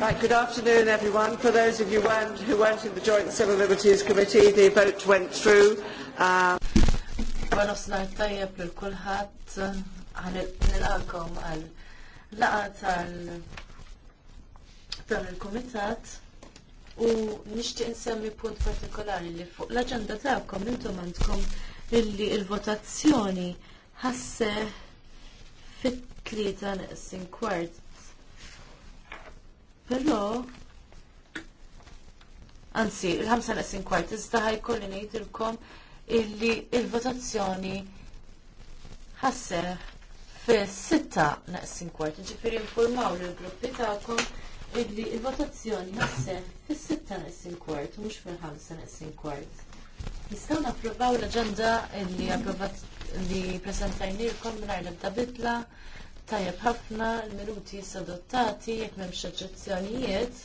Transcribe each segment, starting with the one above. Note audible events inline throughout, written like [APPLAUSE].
Right, good afternoon everyone. For those of you weren't, who weren't in the Joint Civil Liberties Committee, the vote went through. Buenos um, għal dan il u insemmi punt partikolari li fuq l intom għandkom illi il-votazzjoni ħasse fit-tlieta kwart Però anzi, il-ħamsa naqsin kwart, iżda ħajkolli ngħidilkom illi il-votazzjoni ħasse fis-sitta naqsin kwart, ġifieri informaw lill-gruppi tagħkom illi il-votazzjoni ħasse fis-sitta naqsin kwart, mhux fil-ħamsa naqsin kwart. Nistgħu napprovaw l-aġenda illi approvat li presentajnilkom mingħajr nibda bidla. Tajjeb ħafna l-minuti sadottati jekk m'hemmx oġġezzjonijiet.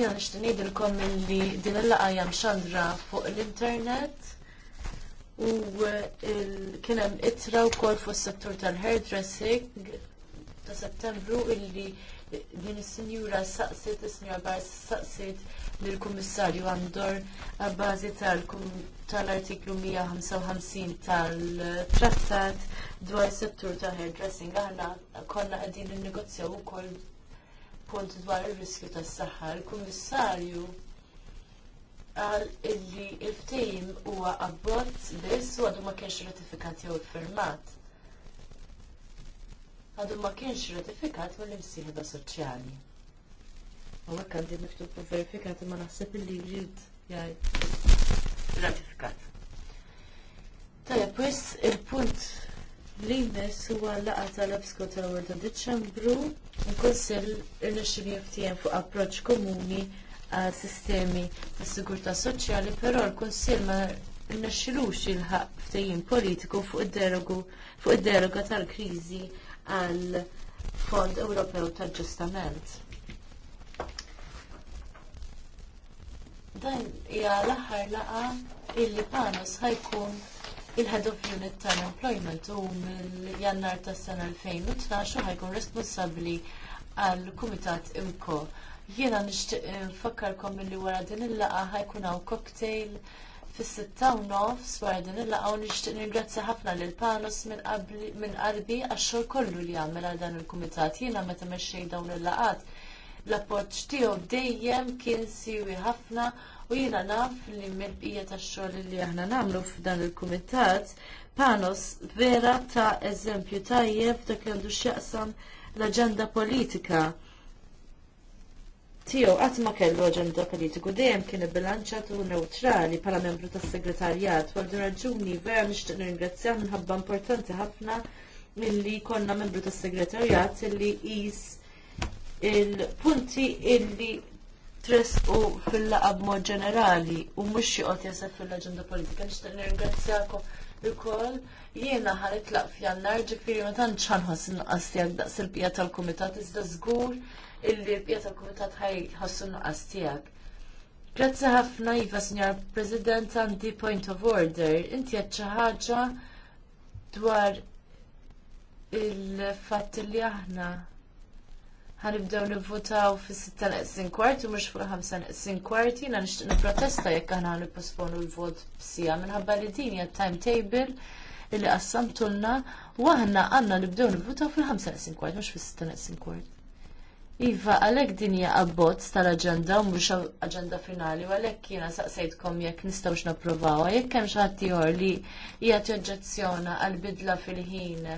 Jena nixtieq ngħidilkom illi din il-laqa jam xandra fuq l-internet u kienem itra u kol fuq settur tal-hairdressing ta' settembru illi din is sinjura saqsit, il-sinjura bar saqsit l-kommissarju għandor għabbażi tal-kommissarju tal-artiklu 155 tal-trattat dwar settur ta' hairdressing aħna konna qegħdin innegozjaw ukoll punt dwar ir-riskju tas-saħħa. Il-Kummissarju qal illi il-ftehim huwa abbozz biss u għadu ma kienx ratifikat jew iffirmat. Għadu ma kienx ratifikat l imsieħba soċjali. U hekk għandi miktub verifikat ma naħseb illi jrid jgħid ratifikat. Tajja, pwess il-punt li jmiss huwa laqa tal-Epsko Tower ta' Diċembru u kunsil irnexxin jiftijem fuq approċċ komuni għal sistemi ta' sigurtà soċjali, però l-Kunsill ma rnexxilux il-ħaq ftehim politiku fuq id-deroga tal-kriżi għal Fond Ewropew tal-Ġustament. dan hija l-aħħar laqa illi Panos ħajkun il-Head of Unit tal-Employment u mill-Jannar tas-sena 2012 ħajkun responsabbli għall kumitat Imko. Jiena nixtieq nfakkarkom milli wara din il laqgħa ħajkun hawn cocktail fis-sitta u nofs wara din il laqgħa u nixtieq ningrazzja ħafna lil Panos minn qalbi għax-xogħol kollu li għamel għal dan il-kumitat. Jiena meta mexxej dawn il-laqgħat l-appoġġ tiegħu dejjem kien siwi ħafna U jiena naf li mill ta' tax-xogħol li aħna nagħmlu f'dan il-kumitat panos vera ta' eżempju tajjeb dak li għandu x'jaqsam l-aġenda politika. Tiegħu qatt ma kellu aġenda politiku dejjem kien bilanċat u neutrali bħala membru tas-segretarjat għaldu raġuni vera nixtieq nirringrazzjah minħabba importanti ħafna milli konna membru tas segretarjat illi jis il-punti illi u fil-laqab mod ġenerali u mhux xi qod jasab fil-aġenda politika. Nixtieq nirringrazzjakom ukoll jiena laq f'jannar ġifieri ma tantx ħanħoss inqas tiegħek daqs il-bqija tal-kumitat iżda żgur illi l-bqija tal-kumitat jħossu inqas tiegħek. Grazzi ħafna Iva, Signor President, għandi point of order. Inti qed xi ħaġa dwar il-fatt li aħna ħanibdew nivvotaw fis-6 naqsin kwart u mhux fil ħamsa naqsin kwart jiena nixtieq nipprotesta jekk aħna nipposponu l-vot b'sija minħabba li din hija timetable illi qassamtulna u aħna għandna nibdew nivvotaw fil ħamsa naqsin kwart mhux fis-6 naqsin kwart. Iva, għalhekk din hija abbozz tal-aġenda u mhux aġenda finali, u għalhekk jiena saqsejtkom jekk nistgħux napprovawha, jekk hemm xi ħadd ieħor li hija oġġezzjona għall bidla fil-ħin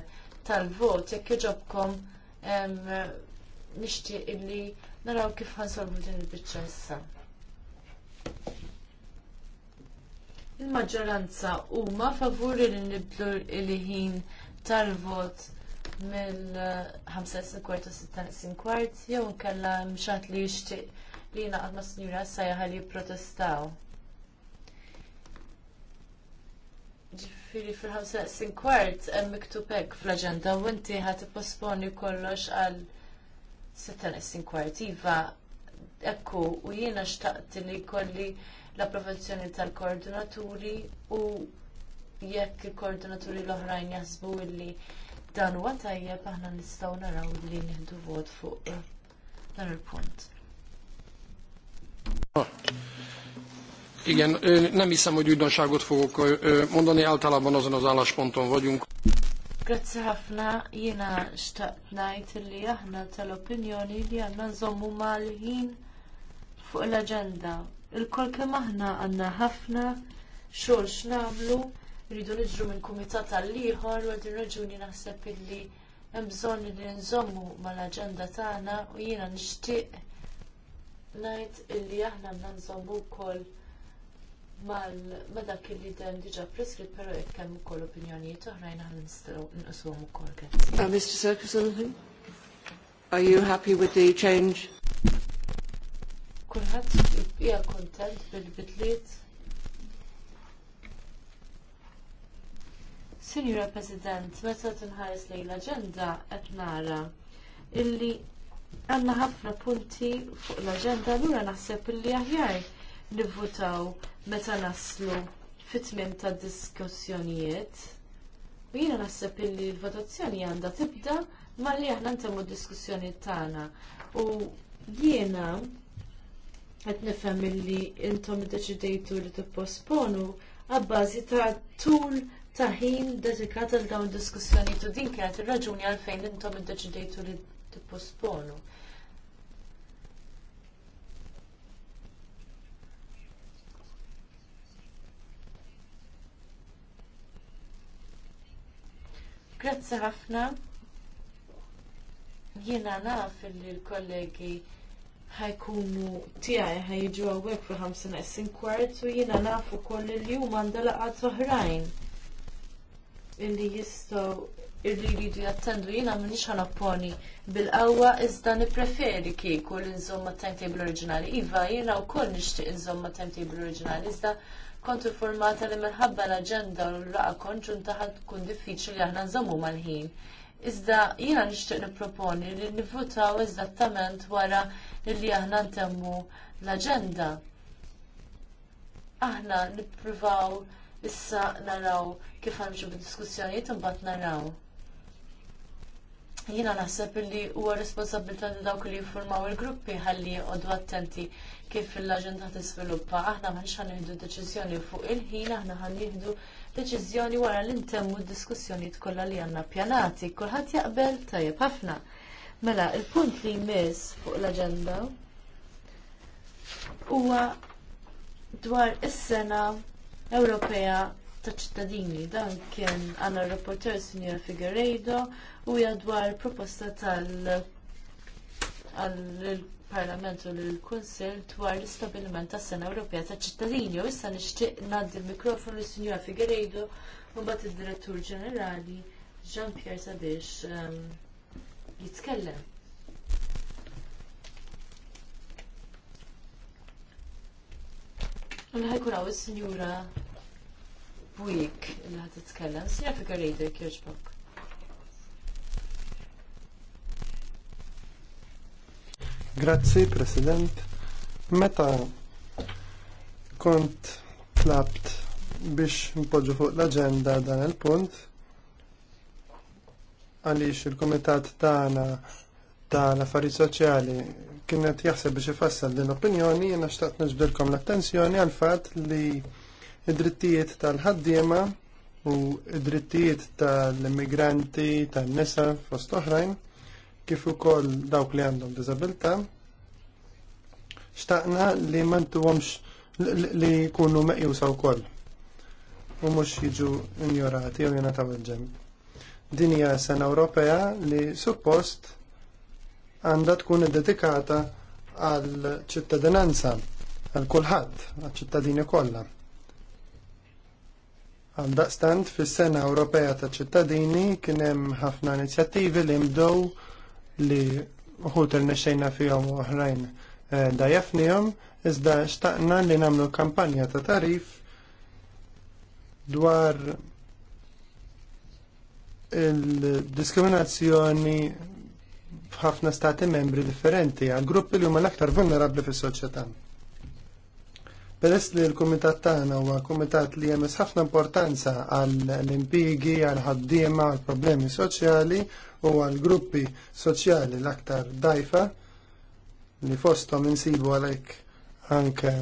tal-vot jekk iġobkom nixtieq illi naraw kif ħansolvu din il-biċċa issa. Il-maġġoranza huma favuri li nibdlu il-ħin tal-vot mill-5 kwart u 6 kwart jew nkella mxat li jixtieq li naqad ma' s sajja li jipprotestaw. Ġifiri fil-ħamsa sin kwart hemm miktubek fl-aġenda u inti ħad tipposponi kollox għal sitta nessin kwartiva, ekku, u jiena xtaqt li kolli l-approvazzjoni tal-koordinaturi u jekk il-koordinaturi l-oħrajn jasbu illi dan huwa tajjeb aħna nistgħu naraw li nieħdu vot fuq eh, dan il-punt. Igen, eh, nem hiszem, hogy fogok eh, mondani, általában azon az vagyunk. Grazzi ħafna jiena xtaqt ngħid li aħna tal-opinjoni li għandna nżommu mal-ħin fuq l-aġenda. Il-kol kemm aħna għandna ħafna xogħol x'nagħmlu, rridu niġru minn kumitat għal ieħor u għadin raġuni naħseb illi hemm bżonn li nżommu mal-aġenda tagħna u jiena nixtieq ngħid illi aħna għandna nżommu wkoll Mal ma dak li dan diġa preskritt, pero jek kemm ukoll opinjonijiet oħrajn aħna nistgħu nqisuhom ukoll grazzi. Uh, Mr. Circus, anything? Are you happy with the change? Kulħadd hija kontent bil-bidliet. Sinjura President, meta tinħares lejn l-aġenda qed nara illi għandna ħafna punti fuq l-aġenda lura naħseb illi aħjar nivvutaw meta naslu fit-tmiem tad diskussjonijiet. U jiena naħseb illi l-votazzjoni għandha tibda malli aħna ntemmu d-diskussjoni tagħna. U jiena qed nifhem illi intom iddeċidejtu li tipposponu għabbażi ta' tul ta' ħin dedikat għal dawn id-diskussjonijiet u din kienet ir-raġuni għalfejn intom iddeċidejtu li tipposponu. Grazzi ħafna. Jiena naf li l-kollegi ħajkunu tiegħi ħajġu hawnhekk fi ħamsa naqsin kwart u jiena naf ukoll li huma għandha laqgħat oħrajn illi jistgħu rridu jridu jattendu jiena minix ħanapponi bil-qawwa iżda nippreferi kieku l-inżomma timetable oriġinali. Iva, jiena wkoll nixtieq inżomma timetable oriġinali, iżda kont informata li minħabba l-aġenda u l-raqa konġunta ħad tkun diffiċli li aħna nżommu mal-ħin. Iżda jiena nixtieq nipproponi li nivvutaw eżattament wara li aħna ntemmu l-aġenda. Aħna nippruvaw issa naraw kif ħanġu bid-diskussjonijiet imbagħad naraw. Jiena naħseb li huwa responsabbilta dawk li jiffurmaw il-gruppi ħalli jqogħdu attenti kif l-aġenda tiżviluppa. Aħna maħniex ħan deċiżjoni fuq il-ħin, aħna ħan deċiżjoni wara li ntemmu d-diskussjoni kollha li għandna pjanati. Kulħadd jaqbel tajjeb ħafna. Mela, il-punt li jmiss fuq l-aġenda huwa dwar is-sena Ewropea ta' ċittadini. Dan kien għana reporter Signora Figueiredo u hija dwar proposta tal lill-Parlament u lill-Kunsill dwar l-istabilment tas-Sena Ewropea taċ-ċittadini u issa nixtieq ngħaddi l-mikrofonu lis-Sinjura Figueiredo u mbagħad id-Direttur Ġenerali Jean Pierre sabiex ehm, jitkellem. Unna mela ħajkun is-Sinjura Buik li ħad titkellem. Sinjura Figueiredo jekk Grazzi, President. Meta kont tlabt biex npoġġu fuq l-agenda dan il-punt, għaliex il-Kumitat tagħna tal-Affarijiet Soċjali kienet jaħseb biex ifassal din opinjoni, jiena xtaqt nġbdilkom l-attenzjoni għal fatt li id-drittijiet tal-ħaddiema u id-drittijiet tal-immigranti, tan nisa fost oħrajn, kif ukoll dawk li għandhom diżabilità, xtaqna li mantuhomx li jkunu meqjusa wkoll u mhux jiġu injorati u jingħataw il ġenb Din hija sena Ewropea li suppost għandha tkun iddedikata għall ċittadinanza għal kulħadd, għaċ ċittadini kollha. Għaldaqstant fis-sena Ewropea ta' ċittadini kien hemm ħafna inizjattivi li mdew li uħut il fihom u oħrajn eh, dajafnihom, iżda xtaqna li nagħmlu kampanja ta' tarif dwar il-diskriminazzjoni f'ħafna stati membri differenti għal gruppi li huma l-aktar vulnerabbli fis-soċjetà. Peress li l-Kumitat tagħna huwa kumitat li jemes ħafna importanza għall-impigi, għal ħaddiema għal problemi soċjali u għal gruppi soċjali l-aktar dajfa li fostom insibu għalek anke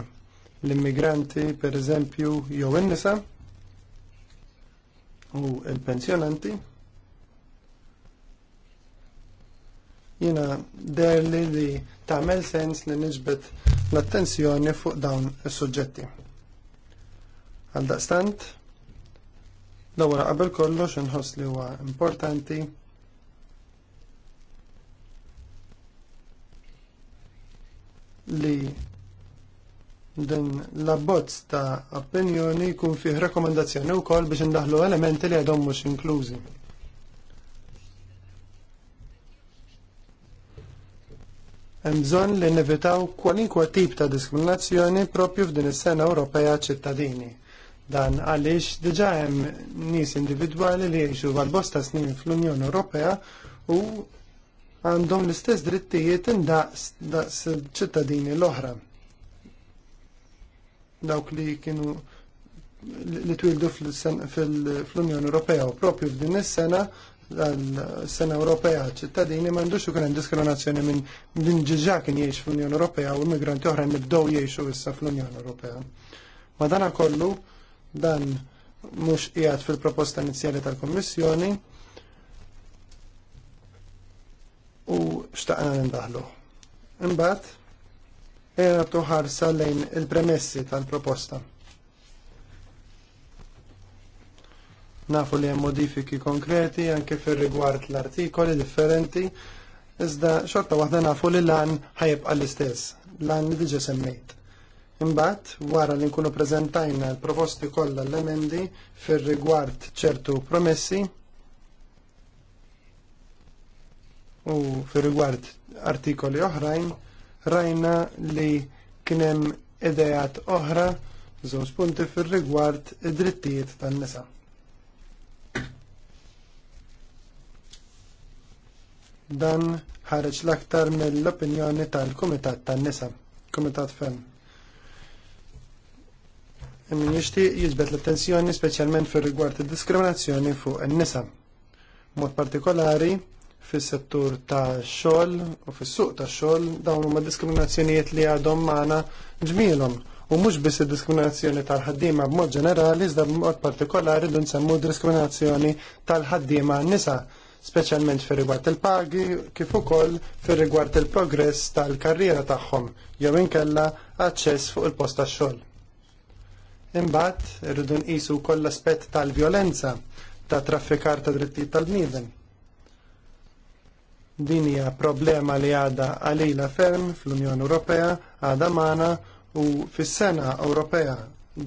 l-immigranti per eżempju, jew in-nisa u l-pensjonanti. Jina derli li tagħmel sens li nġbet l-attenzjoni fuq dawn is-suġġetti. Għal daqstant, l-ewwel qabel kollox inħoss li huwa importanti li din l-abbozz ta' opinjoni jkun fih rekomendazzjoni wkoll biex indaħħlu elementi li għadhom mhux inklużi. Hemm bżonn li nevitaw kwalinkwa tip ta' diskriminazzjoni propju f'din is-sena Ewropea ċittadini. Dan għaliex diġà hemm nies individwali li jgħixu għal-bosta snin fl-Unjoni Ewropea u għandhom l-istess drittijiet indaqs daqs ċittadini l-oħra. Dawk li kienu li twildu fl-Unjoni Ewropea u propju f'din is-sena l-sena Ewropea ċittadini m'għandux ukoll hemm diskriminazzjoni minn din ġiġa kien jgħix fl-Unjoni Ewropea u immigranti oħra nibdew jgħixu issa fl-Unjoni Ewropea. Madana kollu dan mhux qiegħed fil-proposta inizjali tal-Kommissjoni u xtaqna nindaħlu. Imbagħad era tuħarsa lejn il-premessi tal-proposta. Nafu li hemm modifiki konkreti anke fir-rigward l-artikoli differenti, iżda xorta waħda nafu li lan ħajibqa l-istess, lan li diġa semmejt. Imbagħad wara li nkunu preżentajna l-proposti kollha l-emendi fir-rigward ċertu promessi u fir-rigward artikoli oħrajn, rajna li kien hemm idejat oħra żewġ punti fir-rigward id-drittijiet tan-nisa. Dan ħareġ l-aktar mill-opinjoni tal-Kumitat tan-Nisa, Kumitat Fem. Min jixtieq jiġbed l-attenzjoni speċjalment fir rigward id-diskriminazzjoni fuq in-nisa. Mod partikolari fis-settur tax-xogħol u fis-suq tax-xogħol dawn huma diskriminazzjonijiet li għadhom magħna ġmielhom u mhux biss id-diskriminazzjoni tal-ħaddiema b'mod ġenerali iżda b'mod partikolari dun semmu diskriminazzjoni tal-ħaddiema nisa speċjalment fir rigward il-pagi kif ukoll fir rigward il-progress tal-karriera tagħhom jew inkella aċċess fuq il-post tax-xogħol. Imbagħad irridu nqisu wkoll l-aspett tal-vjolenza ta' traffikar ta' drittijiet tal-bniedem. Din hija problema li għadha għalila ferm fl-Unjoni Ewropea għadha magħna u fis-sena Ewropea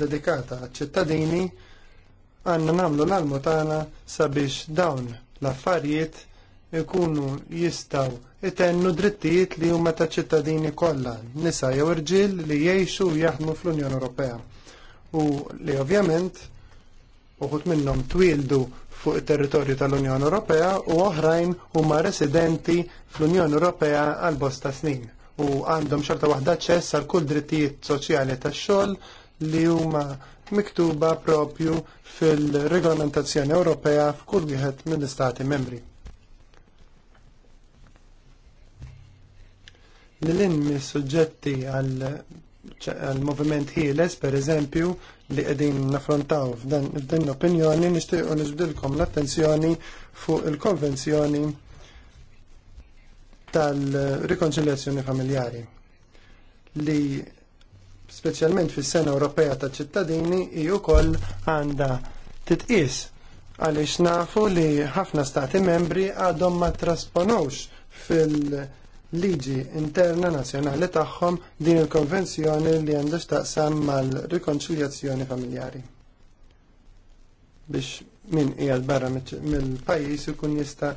dedikata għaċ-ċittadini għandna nagħmlu l-almu tagħna sabiex dawn l-affarijiet ikunu jistaw itennu drittijiet li huma ta' ċittadini kollha, nisa jew irġiel li jgħixu u jaħdmu fl-Unjoni Ewropea. U li ovvjament uħut minnhom twildu fuq it-territorju tal-Unjoni Ewropea u oħrajn huma residenti fl-Unjoni Ewropea għal bosta snin u għandhom xorta waħda ċess għal kull drittijiet soċjali tax-xogħol li huma miktuba propju fil-regolamentazzjoni Ewropea f'kull wieħed mill-istati membri. L-inmi suġġetti għal moviment ħieles, per eżempju, li qegħdin naffrontaw f'dan l-opinjoni nixtiequ niġbdilkom l-attenzjoni fuq il-konvenzjoni tal-rikonċiljazzjoni familjari li speċjalment fis-Sena Ewropea taċ ċittadini hi wkoll għandha titqis għaliex nafu li ħafna stati membri għadhom ma trasponowx fil-liġi interna nazzjonali tagħhom din il-konvenzjoni li għandha x'taqsam mal-rikonċiljazzjoni familjari. Biex min hija barra mill-pajjiż ikun jista'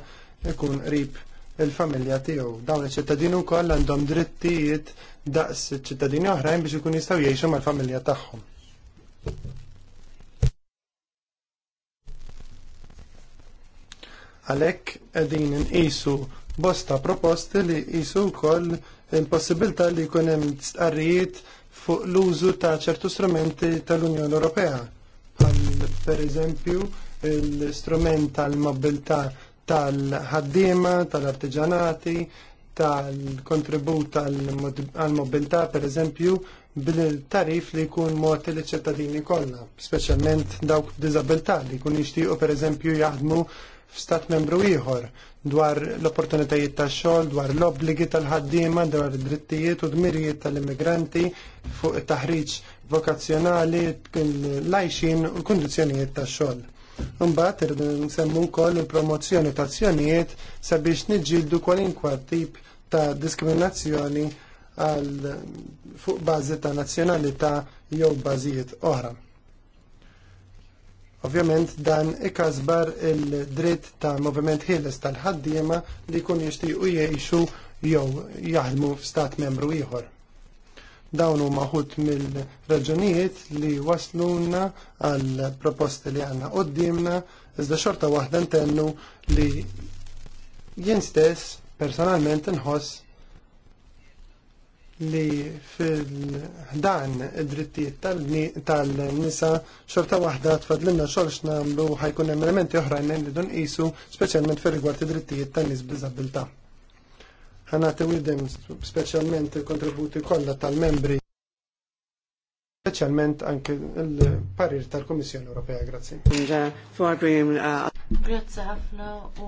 ikun qrib il-familja tiegħu. Dawn iċ-ċittadini wkoll għandhom drittijiet daqs iċ-ċittadini oħrajn biex ikun jistgħu jgħixu mal-familja tagħhom. Għalhekk qegħdin inqisu bosta proposti li qisu wkoll il-possibilità li jkun hemm stqarrijiet fuq l-użu ta' ċertu strumenti tal-Unjoni Ewropea, bħal pereżempju l-istrument tal-mobilità tal-ħaddiema, tal-artiġanati, tal-kontribut tal-mobilità, per eżempju, bil-tarif li jkun mod liċ ċittadini kollha, speċjalment dawk b'diżabilità li jkun jixtiequ per eżempju jaħdmu f'stat membru ieħor dwar l-opportunitajiet tax-xogħol, dwar l-obbligi tal-ħaddiema, dwar id-drittijiet u dmirijiet tal-immigranti fuq it-taħriġ vokazzjonali, l-għajxin u l-kundizzjonijiet tax-xogħol. Imbagħad irdu nsemmu wkoll il-promozzjoni ta' azzjonijiet sabiex niġġieldu kwalinkwa tip ta' diskriminazzjoni għal fuq bażi ta' nazzjonalità jew bażijiet oħra. Ovvjament dan ikasbar il-dritt ta' moviment ħieles tal-ħaddiema li jkun jixtiequ jgħixu jew jaħdmu f'stat membru ieħor. Dawn huma ħut mill-raġunijiet li waslunna għall proposti li għandna qoddimna iżda xorta waħda ntennu li jien stess personalment nħoss li fil-dan id-drittijiet tal-nisa xorta waħda tfadlinna xorx namlu ħajkun hemm elementi oħrajn li dun qisu speċjalment fir rigward id-drittijiet tan-nies b'diżabilità ħanati widem specialment il-kontributi kollha tal-membri specialment anke l parir tal-Komissjoni Ewropea, grazzi. Uh, grazzi ħafna u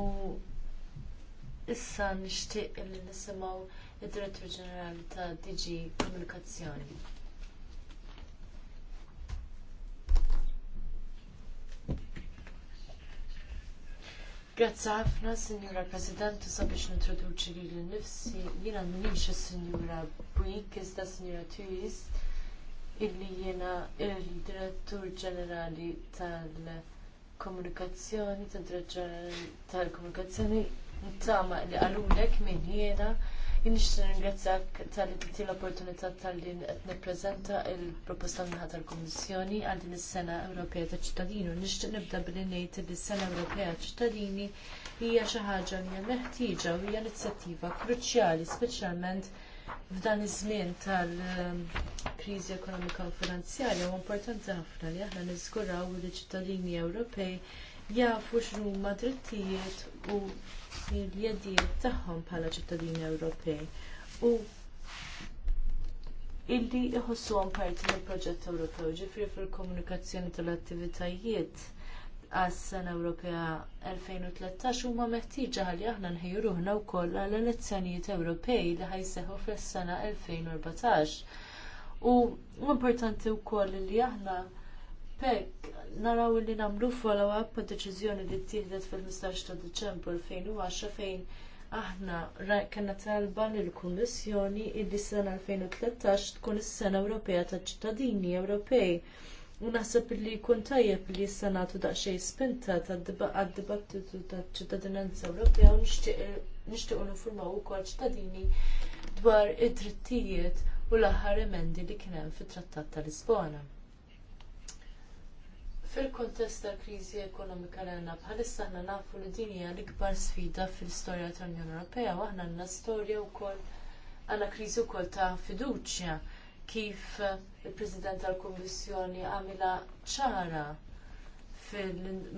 issa nixtieq li nisimgħu id-Direttur Ġenerali ta' DG Komunikazzjoni. Grazzi ħafna, Signora President, sabiex nintroduċi li l-nifsi, jina minix signora Buik, iżda Signora Tuis, illi jiena il-Direttur Ġenerali tal-Komunikazzjoni, tal-Komunikazzjoni, ntama li għalulek minn jiena Jinix ringrazzjak tal-li l-opportunità tal-li qed nippreżenta il-proposta minħa tal komissjoni għal din is-Sena Ewropea tal-Ċittadini u nixtieq nibda billi ngħid li s-Sena Ewropea ċittadini hija xi ħaġa li meħtieġa u hija inizjattiva kruċjali speċjalment f'dan iż-żmien tal-kriżi ekonomika u finanzjarja u importanti ħafna li aħna niżguraw li ċittadini Ewropej jafu x'huma drittijiet u il-jedijiet tagħhom bħala ċittadini Ewropej u illi jħossuhom parti mill-proġett Ewropew, ġifri fil-komunikazzjoni tal-attivitajiet għas-sena Ewropea 2013 huma meħtieġa ħalli aħna nħejju ruħna wkoll għall elezzjonijiet Ewropej li ħajseħħu fis-sena 2014. U importanti wkoll li aħna Bekk naraw li nagħmlu follow-up u deċiżjoni li ttieħdet fil-15 ta' Diċembru 2010 fejn aħna kena talba lill kummissjoni illi sena 2013 tkun is-sena Ewropea taċ ċittadini Ewropej. U naħseb li jkun tajjeb li s-senatu daqxej spinta għad-dibattitu taċ ċittadinanza Ewropea u nixtiequ nifurmaw ukoll ċittadini dwar id-drittijiet u l-aħħar emendi li kien hemm fit-Trattat ta' Lisbona. Fil-kontest tal-kriżi ekonomika li għandna bħalissa aħna nafu li din hija l-ikbar sfida fl-istorja tal-Unjoni Ewropea u aħna għandna storja wkoll għandna kriżi wkoll ta' fiduċja kif il-President tal-Kummissjoni għamilha ċara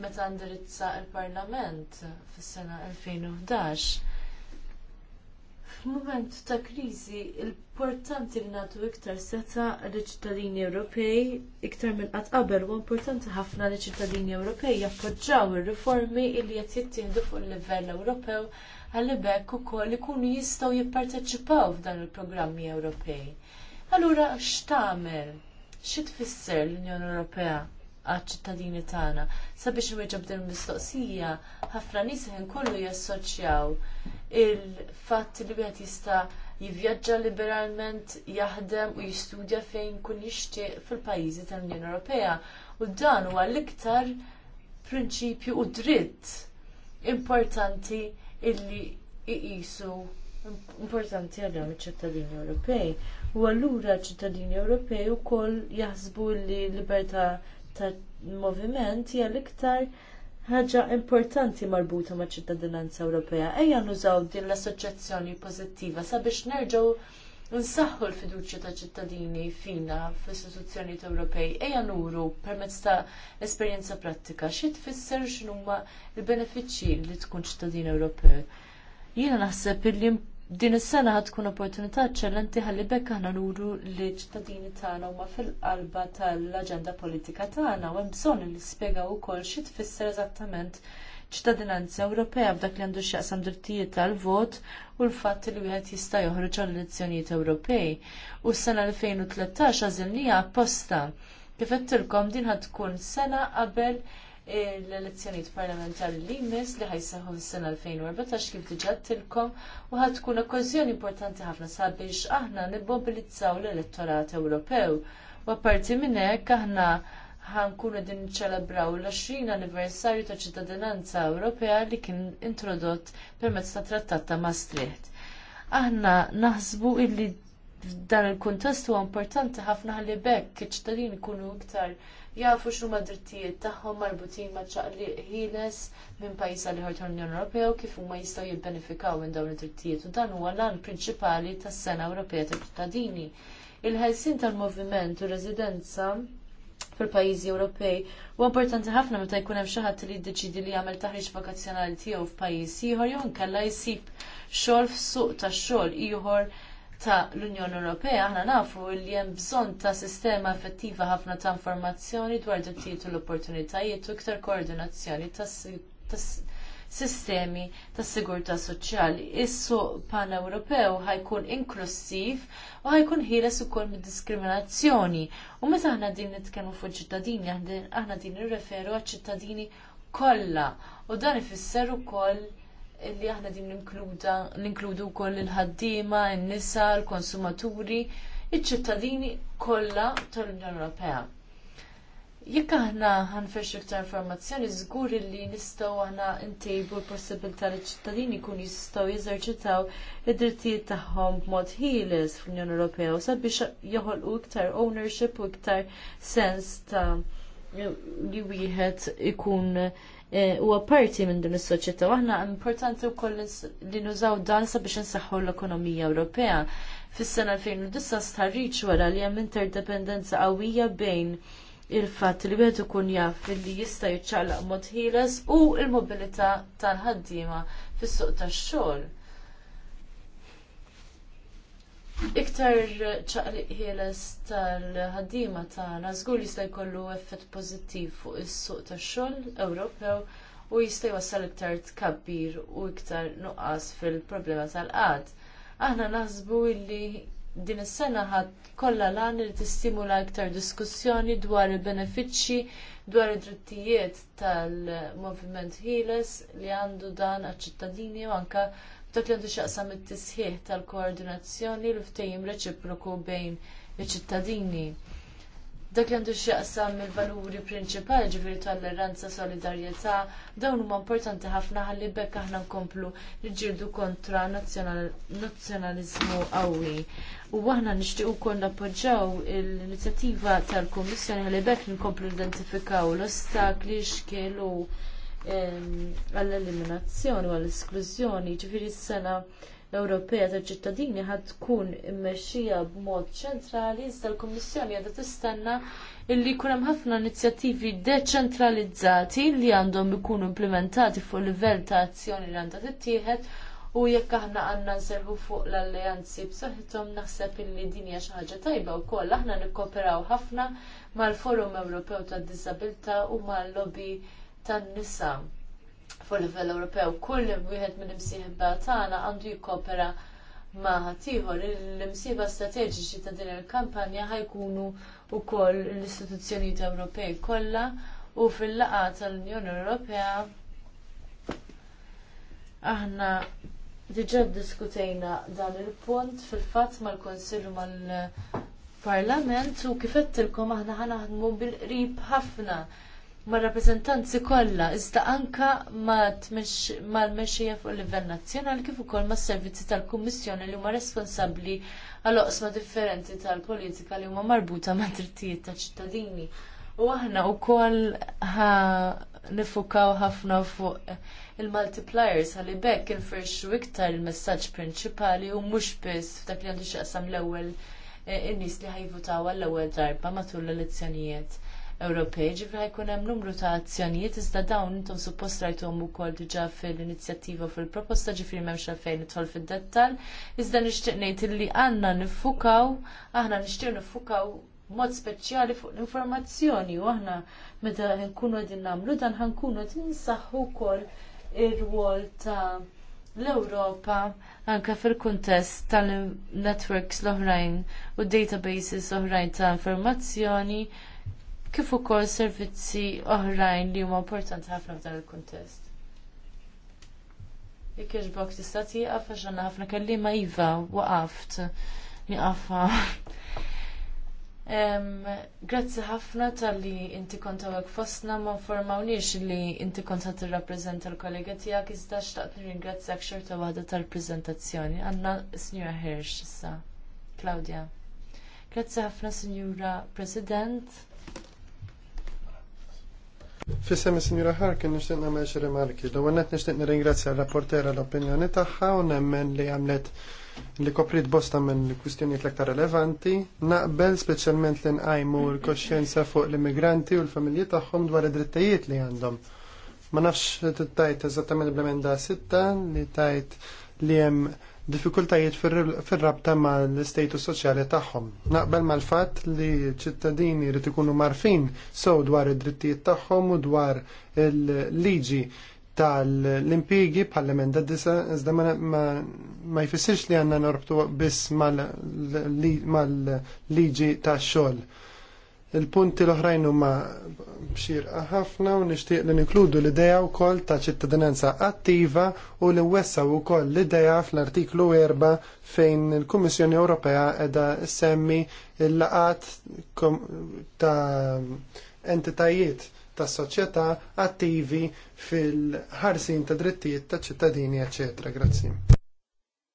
meta indirizza l parlament fis-sena 2011 F'mument ta' kriżi, importanti li nagħtu iktar seta liċ ċittadini Ewropej, iktar minn qatt qabel, u importanti ħafna li ċittadini Ewropej jappoġġaw ir-riformi li qed jittieħdu fuq il-livell Ewropew għall bekk ukoll ikunu jistgħu jipparteċipaw f'dan il-programmi Ewropej. Allura x'tagħmel? Xi tfisser l-Unjoni Ewropea? għal-ċittadini tagħna. Sabiex inweġġeb din mistoqsija, ħafna nies kollu jassoċjaw il-fatt li wieħed jista' jivvjaġġa liberalment, jaħdem u jistudja fejn kun jixtieq fil-pajjiżi tal-Unjoni Ewropea. U dan huwa l-iktar prinċipju u dritt importanti illi iqisu importanti għal iċ ċittadini Ewropej. U allura ċittadini Ewropej ukoll jaħsbu li l libertà tal-moviment hija l-iktar ħaġa importanti marbuta maċ ċittadinanza Ewropea. Ejja nużaw din l-assoċjazzjoni pożittiva sabiex nerġgħu nsaħħu l-fiduċja ta' ċittadini fina fl-istituzzjonijiet Ewropej. Ejja nuru permezz ta' esperjenza prattika xi tfisser x'inhuma l-benefiċċji li tkun ċittadin Ewropej. Jiena naħseb li din is-sena ħad tkun opportunità eċċellenti ħalli bekk aħna nuru li ċittadini tagħna huma fil-qalba tal-aġenda politika tagħna u hemm bżonn li spjegaw ukoll xi tfisser eżattament ċittadinanza Ewropea f'dak li għandu x'jaqsam drittijiet tal-vot u l-fatt li wieħed jista' joħroġ għall elezzjonijiet Ewropej. U s-sena 2013 għażilnija apposta. Kif qedtilkom din ħad tkun sena qabel l-elezzjonijiet parlamentari li jmiss li ħajseħu s-sena 2014 kif diġà tilkom u ħatkun tkun importanti ħafna sabiex aħna nibobilizzaw l-elettorat Ewropew. U apparti minn hekk aħna ħankunu din ċelebraw l-20 anniversarju ta' ċittadinanza Ewropea li kien introdott permezz ta' trattat ta' Maastricht. Aħna naħsbu illi dan il-kuntest huwa importanti ħafna ħalli bekk iċ-ċittadini jkunu iktar jafu xnu mad-drittijiet tagħhom marbutin ma' ċaqli ħieles minn pajjiż għal ħort l-Unjoni Ewropea u kif huma jistgħu jibbenefikaw minn dawn id-drittijiet u dan huwa l-għan prinċipali tas-Sena Ewropea tal-Ċittadini. Il-ħelsin tal-moviment u residenza fil-pajjiżi Ewropej huwa importanti ħafna meta jkun hemm xi ħadd li jiddeċidi li jagħmel taħriġ vakazzjonali tiegħu f'pajjiż ieħor jew inkella jsib xogħol f'suq tax-xogħol ieħor ta' l-Unjoni Ewropea aħna nafu li hemm bżonn ta' sistema effettiva ħafna ta' informazzjoni dwar drittijiet u l-opportunitajiet u iktar koordinazzjoni tas sistemi tas sigurtà soċjali. Issu pan-Ewropew ħajkun inklusiv u ħajkun ħieles ukoll mid-diskriminazzjoni. U meta aħna din nitkellmu fuq ċittadini, aħna din nirreferu għaċ ċittadini kollha. U dan ifisser ukoll illi aħna din ninkluda ninkludu wkoll il-ħaddiema, in-nisa, l-konsumaturi, iċ-ċittadini kollha tal-Unjoni Ewropea. Jekk aħna ħanfex iktar informazzjoni żgur li nistgħu aħna ntejbu l-possibilità li ċittadini jkun jistgħu jeżerċitaw id-drittijiet tagħhom b'mod ħieles fl-Unjoni Ewropea u sabiex joħolqu iktar ownership u iktar sens ta' li wieħed ikun Eh, huwa parti minn din is-soċjetà. Aħna importanti wkoll li nużaw dan sabiex insaħħu l-ekonomija Ewropea. Fis-sena 2009 starriċ wara li hemm interdependenza qawwija bejn il-fatt li wieħed ikun jaf li jista' jiċċaqlaq mod ħieles u l-mobilità tal-ħaddiema fis-suq tax-xogħol. Iktar ċaqliq ħieles tal-ħaddima tagħna żgur jista' jkollu effett pożittiv fuq is-suq tax-xogħol Ewropew u jista' jwassal iktar tkabbir u iktar nuqqas fil-problema tal-qad. Aħna naħsbu li din is-sena ħadd kollha lan li tistimula iktar diskussjoni dwar il-benefiċċji dwar id-drittijiet tal-moviment ħieles li għandu dan għaċ-ċittadini u anke dak li għandu xaqsam it-tisħiħ tal-koordinazzjoni l ftejim reċiproku bejn iċ-ċittadini. Dak li għandu xaqsam il-valuri prinċipali ġifiri tolleranza, solidarjetà, dawn huma importanti ħafna ħalli bekk aħna nkomplu niġġieldu kontra nazzjonaliżmu qawwi. U aħna nixtiequ wkoll nappoġġjaw l-inizjattiva tal-Kummissjoni ħalli bekk nkomplu identifikaw l-ostakli x'kielu għall-eliminazzjoni u għall-esklużjoni, ġifiri s-sena Ewropea tal ċittadini ħad tkun immexxija b'mod ċentrali, iżda l-Kummissjoni għadha tistenna illi jkun hemm ħafna inizjattivi deċentralizzati li għandhom ikunu implementati fuq livell ta' azzjoni li għandha tittieħed u jekk aħna għandna nserħu fuq l-alleanzi b'saħħithom naħseb illi din hija xi ħaġa tajba wkoll aħna nikkooperaw ħafna mal-Forum Ewropew tad diżabilità u mal-lobby tan-nisa fuq livell Ewropew. Kull wieħed mill-imsieħba tagħna għandu jikkopera ma' ħatiħor l-imsieba strateġiċi ta' din il-kampanja ħajkunu wkoll l-istituzzjonijiet Ewropej kollha u fil laqgħa tal-Unjoni Ewropea aħna diġà ddiskutejna dan il-punt fil-fatt mal-Konsillu mal-Parlament u kif kifettilkom aħna ħanaħdmu bil-qrib ħafna ma' rappresentanzi kollha, iżda anka mal-mexxejja fuq livell nazzjonali kif ukoll mas-servizzi tal-Kummissjoni li huma responsabbli għal oqsma differenti tal-politika li huma marbuta ma' drittijiet taċ ċittadini. U aħna wkoll ha nifukaw ħafna fuq il-multipliers għalli bekk infirxu iktar il-messaġġ prinċipali u mhux biss f'dak li għandu x'aqsam l-ewwel eh, in-nies li ħajvutaw għall-ewwel darba matul l-elezzjonijiet. Ewropej, ġifra ħajkun hemm numru ta' azzjonijiet iżda dawn intom suppost rajtuhom ukoll diġà fil-inizjattiva fil-proposta ġifieri m'hemmx fejn nidħol fid-dettall, iżda nixtieq ngħid illi għandna niffukaw, aħna nixtieq niffukaw mod speċjali fuq l-informazzjoni u aħna meta nkunu qegħdin nagħmlu dan ħankunu qed ninsaħħu wkoll ir-rwol ta' l-Ewropa anke fil-kuntest tal networks l-oħrajn u databases oħrajn ta' informazzjoni kif ukoll servizzi oħrajn li huma importanti ħafna f'dan il-kuntest. Jekk iġbok tista' tieqaf għax għandna ħafna kelliema iva waqaft nieqafha. Grazzi ħafna tal-li inti kont hawnhekk fostna ma informawniex li inti kont ħadd irrappreżenta l-kollega tiegħek iżda xtaqt nirringrazzjak xorta waħda tal-preżentazzjoni. Għanna Sinjura Hirsch issa. Claudia. Grazzi ħafna, Sinjura President. Fissem il-Sinjura Harkin nishtiq namel xi remarki L-ewwel qed nixtieq nirringrazzja l rapportera l-opinjoni tagħha u nemmen li għamlet li koprit bosta minn kwistjonijiet l-aktar relevanti. Naqbel speċjalment li nqajmu l kosċenza fuq l-immigranti u l-familji tagħhom dwar id-drittajiet li għandhom. Ma nafx t-tajt eżattament bl-emenda sitta li tajt li hemm diffikultajiet fir-rabta ma' l-istatus soċjali tagħhom. Naqbel mal-fatt li ċittadini jrid ikunu marfin sew dwar id-drittijiet tagħhom u dwar il-liġi tal-impigi pal-emenda disa, iżda ma jfissirx li għanna norbtu biss mal-liġi tax xogħol Il-punti l-oħrajn huma bxirqa ħafna u nixtieq li nikludu l-idea wkoll ta' ċittadinanza attiva u li wessaw ukoll l-idea fl-artiklu 4 fejn il-Kummissjoni Ewropea qiegħda semmi l-laqat ta' entitajiet ta' soċjetà attivi fil-ħarsin ta' drittijiet ta' ċittadini, eċetera. Grazzi.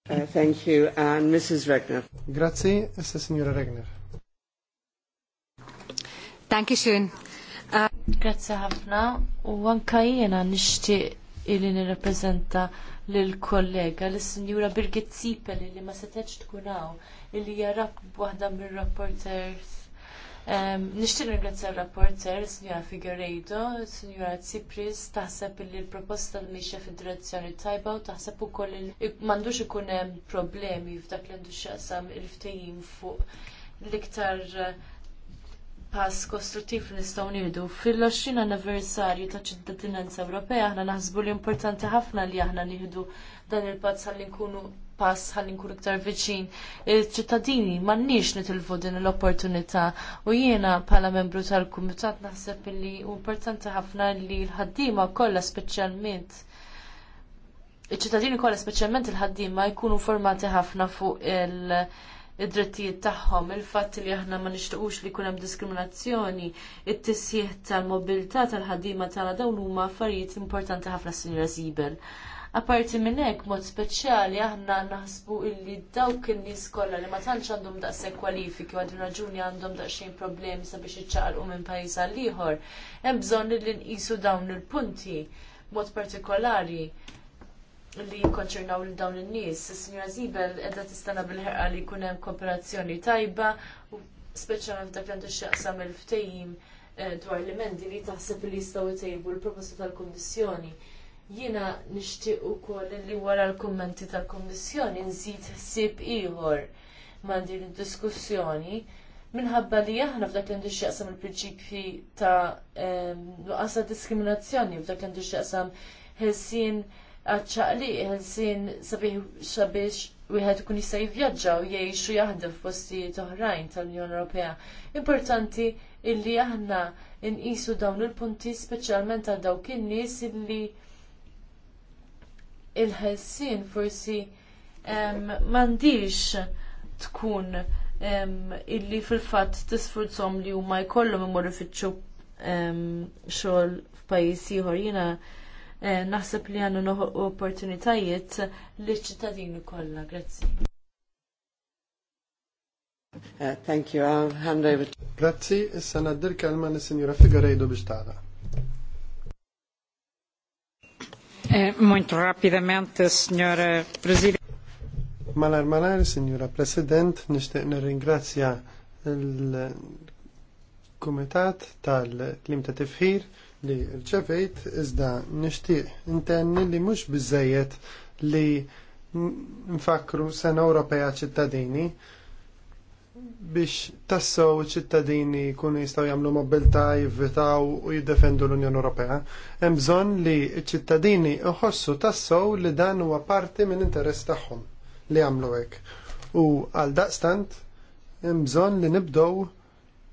Uh, thank you, and Mrs. Regner. Grazzi, Signora Regner. Danke xun. Grazzi ħafna u anka jiena nixtieq illi nirrappreżenta lill kollega l-Sinjura Birgit Sipel li ma setgħetx tkun hawn illi hija waħda mir-rapporters Nishtin ringrazzja l-rapporter, signora Figueiredo, signora Tsipris, taħseb li l-proposta li mixja fil-direzzjoni tajba u taħseb u koll m'għandux mandux hemm problemi f'dak li għandu xaqsam il-ftejjim fuq l-iktar pass kostruttiv li nistgħu nieħdu. Fil-20 anniversarju ta' ċittadinanza Ewropea aħna naħsbu li importanti ħafna li aħna nieħdu dan il-pass ħalli nkunu pass ħalli nkunu iktar viċin il-ċittadini m'għandniex nitilvu din l-opportunità u jiena bħala membru tal-kumitat naħseb li importanti ħafna li l-ħaddiema kollha speċjalment iċ-ċittadini kollha speċjalment il-ħaddiema jkunu formati ħafna fuq il- id-drittijiet tagħhom, il-fatt li aħna ma nixtiequx li jkun hemm diskriminazzjoni, it-tisjieħ tal-mobilità tal-ħaddiema tagħna dawn huma affarijiet importanti ħafna Sinjora Zibel. Aparti minn hekk mod speċjali aħna naħsbu illi dawk in-nies kollha li ma tantx għandhom daqshekk kwalifiki u għadin raġuni għandhom daqsxejn problemi sabiex iċċaqalqu minn pajjiż għal ieħor, hemm bżonn li nqisu dawn il-punti mod partikolari li jikkonċernaw lil dawn in-nies. Is-Sinjora Zibel qiegħda tistana bil-ħerqa li jkun hemm kooperazzjoni tajba, u speċjalment f'dak l għandu x'jaqsam il ftejim eh, dwar l mendi li taħseb li jistgħu jtejbu l-proposta tal-Kummissjoni. Jiena nixtieq ukoll li wara l-kummenti tal-Kummissjoni nżid ħsieb ieħor ma' din id-diskussjoni minħabba li aħna f'dak li għandu x'jaqsam il-prinċipji ta' eh, nuqqasa diskriminazzjoni f'dak li għandu x'jaqsam ħelsien għadċaqli sin sabiħ sabiex wieħed ikun jista' jivvjaġġa u jgħixu jaħdem f'postijiet oħrajn tal-Unjoni Ewropea. Importanti illi aħna nqisu dawn il-punti speċjalment għal dawk in-nies illi il-ħelsin forsi m'għandix tkun illi fil-fatt tisfurzhom li huma jkollhom imorru fiċċu xogħol f'pajjiż ieħor jiena Eh, naħseb li għandu noħolqu opportunitajiet li ċittadini kollha. Grazzi. Eh, thank you, I'll hand over. Grazzi, issa naddir kelma lis-Sinjura Figueiredo biex tara. Eh, molto rapidamente, Signora Presidente. Malar malar, Signora Presidente, nishtiq nirringrazzja il kumitat tal-Klim ta' Tifħir li rċevejt iżda nixtieq intenni li mhux biżejjed li nfakru sena Ewropea ċittadini biex tassew ċittadini jkunu jistgħu jagħmlu mobilta jivvitaw u jiddefendu l-Unjoni Ewropea. Hemm bżonn li ċ-ċittadini iħossu tassew li dan huwa parti minn interess tagħhom li jagħmlu hekk. U għal daqstant hemm bżonn li nibdew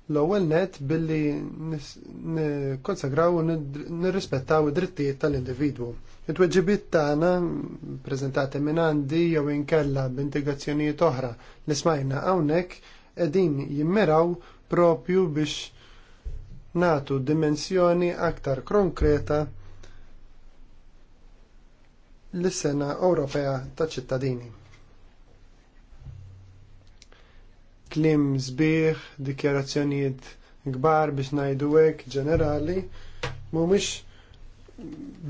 l-ewwel net billi nikkonsagraw u nirrispettaw id-drittijiet tal-individwu. It-tweġibiet tagħna preżentati minn għandi jew inkella b'integrazzjonijiet oħra li smajna hawnhekk qegħdin jimmiraw propju biex natu dimensjoni aktar konkreta lis sena Ewropea taċ ċittadini. klim zbieħ, dikjarazzjonijiet kbar biex ngħidu hekk ġenerali, mhumiex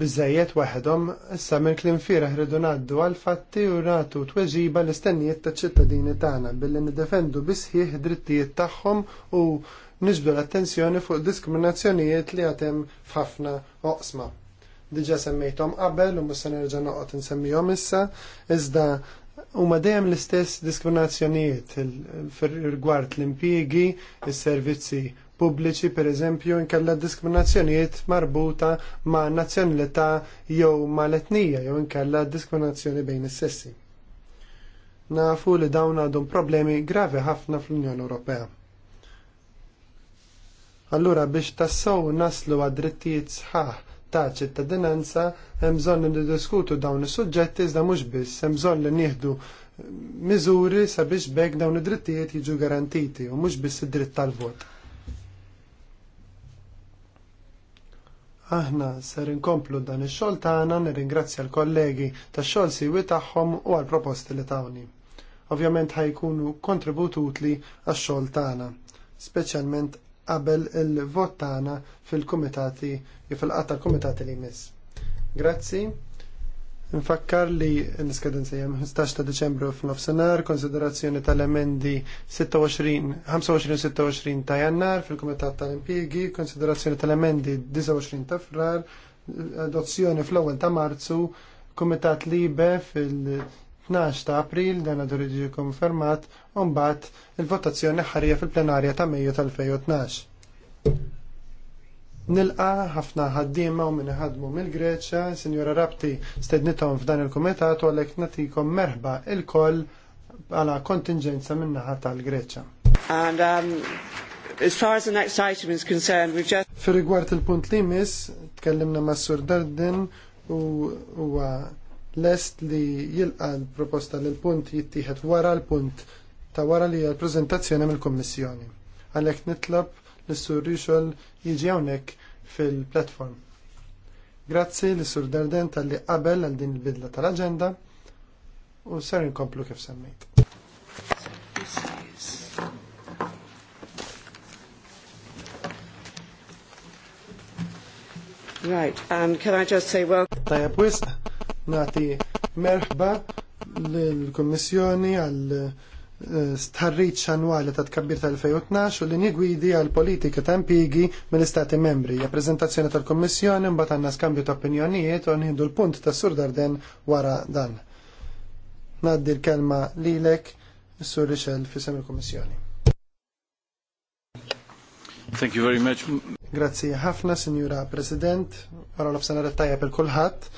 bizzejiet waħedhom, issa minn klim firaħ rridu ngħaddu għal fatti u nagħtu tweġiba l-istennijiet taċ ċittadini tagħna billi niddefendu bisħiħ drittijiet tagħhom u nisbdu l-attenzjoni fuq diskriminazzjonijiet li għatem f'ħafna oqsma. Diġa semmejthom qabel u mhux se nerġa' noqgħod insemmihom issa, iżda ma dejjem l-istess diskriminazzjonijiet rigward l-impjiegi, is-servizzi pubbliċi pereżempju nkella diskriminazzjonijiet marbuta ma' nazzjonalità jew mal-etnija jew nkella diskriminazzjoni bejn is-sessi. Nafu li dawn għadhom problemi gravi ħafna fl-Unjoni Ewropea. Allura biex tassew naslu għad drittijiet sħaħ ta' ċittadinanza hemm bżonn li niddiskutu dawn is-suġġetti iżda mhux biss hemm bżonn li nieħdu miżuri sabiex bekk dawn id-drittijiet jiġu garantiti u mhux biss id-dritt tal-vot. Aħna ser inkomplu dan ix-xogħol tagħna nirringrazzja l-kollegi tax-xogħol siwi tagħhom u għall-proposti li tawni. Ovvjament ħajkunu kontribut utli għax-xogħol tagħna, speċjalment qabel il-vot tagħna fil-kumitati fil-qatt tal-kumitati li jmiss. Grazzi. Nfakkar li n skadenza jem 15 ta' Deċembru f'nofsinhar, konsiderazzjoni tal-emendi 25-26 ta' Jannar fil-Kumitat tal-Impjiegi, konsiderazzjoni tal-emendi 29 ta' Frar, adozzjoni fl-ewwel ta' Marzu, Kumitat Libe fil- 12 ta' april dan għadu jiġi konfermat u mbagħad il-votazzjoni ħarija fil-plenarja ta' Mejju tal-2012. Nilqa ħafna ħaddiema u minn ħadmu mill-Greċja, Sinjora Rabti stednitom f'dan il-kumitat u għalhekk natikom merħba il-koll għala kontingenza min-naħa tal-Greċja. And um, as far as the next item is concerned, we've just... Fi rigward il-punt li tkellimna ma' Sur Dardin u lest li jilqa l-proposta l-punt jittieħed wara l-punt ta' wara li l-prezentazzjoni mill-Kommissjoni. Għalhekk nitlob lis sur Rixol jiġi hawnhekk fil-platform. Grazzi li sur Darden tal-li qabel għal din il-bidla tal-aġenda u ser inkomplu kif semmejt. Right, and um, can I just say well nati merħba l-Kommissjoni għal eh, stħarriċ annwali ta' tkabbir tal-2012 u li gwidi għal politika ta' impigi mill-Istati membri. Ja prezentazzjoni tal-Kommissjoni mbagħad għandna skambju ta' opinjonijiet u nieħdu l-punt ta' Sur Darden wara dan. Naddi l-kelma lilek Sur Richel fisem il-Kommissjoni. Thank you very much. Grazie ħafna, Signora President. Għara l-ofsana tajja per kulħadd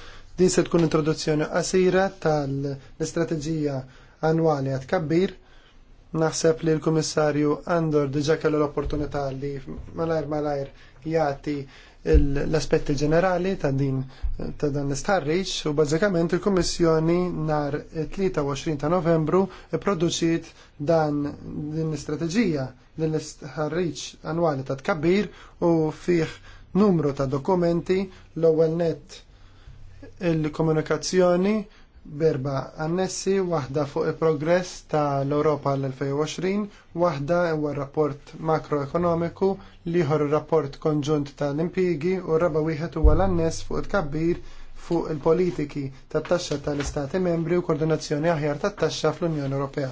Din se tkun introduzzjoni qasira tal-istrateġija annwali għat kabbir. Naħseb li l-Kummissarju Andor diġa kellu l-opportunità li malajr malajr jagħti l-aspetti ġenerali ta' din ta' dan l-istarriċ u bażikament il-Kummissjoni nar 23 ta' Novembru produċit dan din l-istrateġija din l-istarriċ annwali ta' tkabbir u fih numru ta' dokumenti l-ewwel net il-komunikazzjoni berba annessi, waħda fuq il-progress ta' l-Europa l-2020, waħda huwa rapport makroekonomiku, liħor rapport konġunt ta' l-impigi u raba wieħed huwa l anness fuq il-kabbir fuq il-politiki tat taxxa tal-Istati membri u koordinazzjoni aħjar tat taxxa fl-Unjoni Ewropea.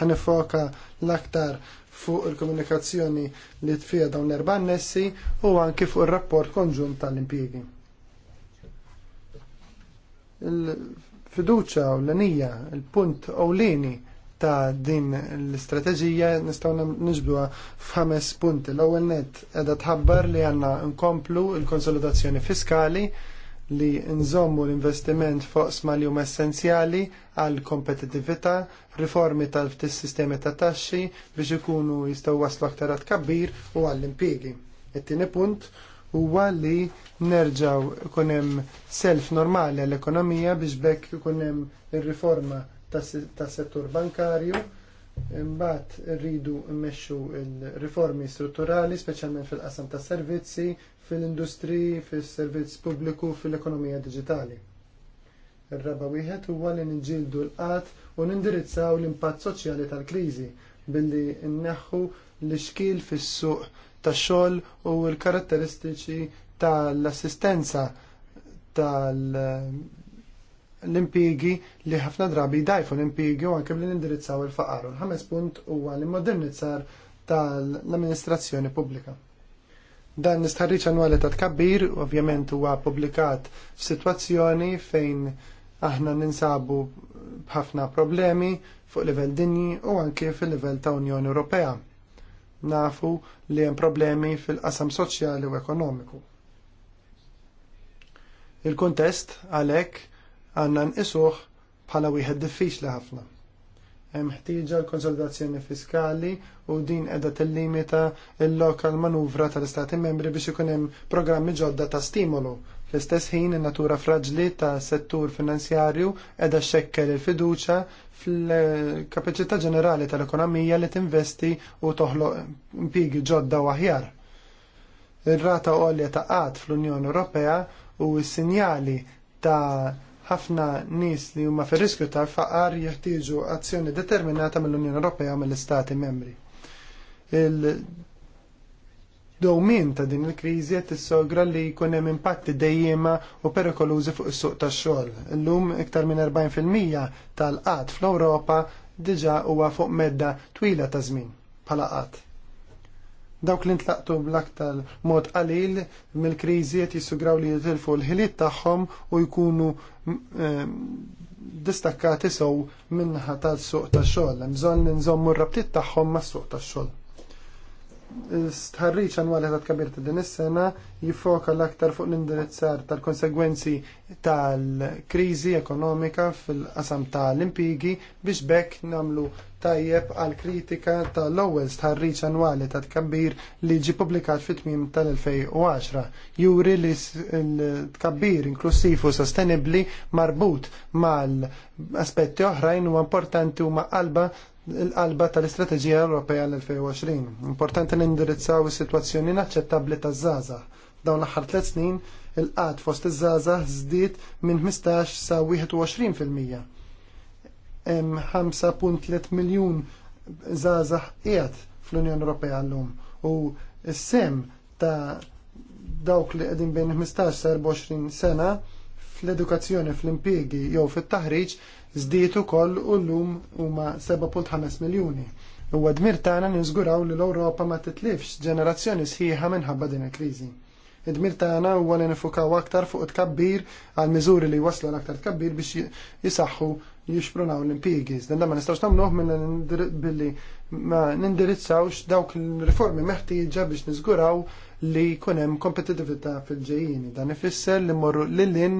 Ħanifoka l-aktar fuq il-komunikazzjoni li tfija dawn l-erba annessi u anki fuq ir rapport konġunt tal impjiegi il-fiduċa u l-anija, il-punt ewlieni ta' din l-istrateġija nistgħu niġbduha f'ħames punti. L-ewwel net qiegħda tħabbar li għandna nkomplu l-konsolidazzjoni fiskali li nżommu l-investiment fuq li huma essenzjali għal kompetitività, riformi tal-sistemi ta' taxxi biex ikunu jistgħu waslu aktar kabbir u għall-impjiegi. It-tieni punt huwa li nerġaw kunem self normali għall-ekonomija biex bekk kunem il-riforma tas settur bankarju imbagħad rridu mmexxu il-riformi strutturali speċjalment fil-qasam tas servizzi, fil-industri, fis-servizz pubbliku, fil-ekonomija diġitali. Ir-raba wieħed huwa li nġildu l-qatt u nindirizzaw l-impatt soċjali tal-kriżi billi nneħħu l-xkil fis-suq tax-xogħol u l-karatteristiċi tal-assistenza tal-impigi li ħafna drabi dajfu l-impigi u anke li nindirizzaw il-faqar. Il-ħames punt huwa li modernizzar tal-amministrazzjoni pubblika. Dan nistħarriċ annwali ta' tkabbir, ovvjament huwa publikat f'sitwazzjoni fejn aħna ninsabu b'ħafna problemi fuq livell dinji u anke fil-livell ta' Unjoni Ewropea nafu li hemm problemi fil-qasam soċjali u ekonomiku. Il-kuntest għalhekk għandna nqisuh bħala wieħed diffiċli ħafna. Hemm ħtieġa l-konsolidazzjoni fiskali u din qiegħda tillimita l-lokal manuvra tal-Istati membri biex ikun hemm programmi ġodda ta' stimolu Fl-istess ħin in-natura fraġli ta' settur finanzjarju qiegħda xekkel il-fiduċja fil-kapaċità ġenerali tal-ekonomija li tinvesti u toħloq impigi ġodda u aħjar. Ir-rata għolja ta' qatt fl-Unjoni Ewropea u s-sinjali ta' ħafna nies li huma fir-riskju ta' faqar jeħtieġu azzjoni determinata mill-Unjoni Ewropea u mill-Istati membri dowmin ta' din il-kriżi qed tissogra li jkun hemm impatti dejjema u perikolużi fuq is-suq tax-xogħol. Illum iktar minn 40% tal-qatt fl-Ewropa diġà huwa fuq medda twila ta' żmien bħala qatt. Dawk li ntlaqtu bl-aktar mod qalil mill-kriżi qed jissugraw li jitilfu l-ħiliet tagħhom u jkunu ehm, distakkati sew minnħa tal-suq tax-xogħol. Bżonn nżommu r-rabtiet tagħhom mas-suq tax-xogħol. Stħarriċ għanwali ta' tkabir ta' din is-sena jifoka l-aktar fuq l-indirizzar tal-konsegwenzi tal-krizi ekonomika fil-qasam tal-impigi biex bekk namlu tajjeb għal kritika tal-ewwel stħarriċ annwali ta' tkabbir li ġi publikat fit-tmiem tal-2010. Juri li l-tkabbir inklusiv u sostenibli marbut mal-aspetti oħrajn u importanti u qalba il-qalba tal-Istrateġija Ewropea l-2020. Importanti nindirizzaw is-sitwazzjoni inaċċettabbli taż-żaza. Dawn l-aħħar tliet snin il qat fost iż-żaza żdied minn 15 sa 21 fil-mija. Hemm 5.3 miljun żaza qiegħed fl-Unjoni Ewropea llum u s-sem ta' dawk li qegħdin bejn 15 sa 24 sena fl-edukazzjoni, fl impjiegi jew fit-taħriġ żdiet ukoll u llum huma 7.5 miljuni. U għadmir tagħna niżguraw li l-Ewropa ma titlifx ġenerazzjoni sħiħa minħabba din il-kriżi. Id-dmir tagħna huwa li nifukaw aktar fuq tkabbir għal miżuri li waslu l-aktar tkabbir biex jisaxħu jixprunaw l-impjegi. da ma nistawx nagħmluh minn billi ma nindirizzawx dawk l-riformi meħtieġa biex niżguraw li jkun hemm kompetitività fil-ġejjini. Dan ifisser li mmorru l-lin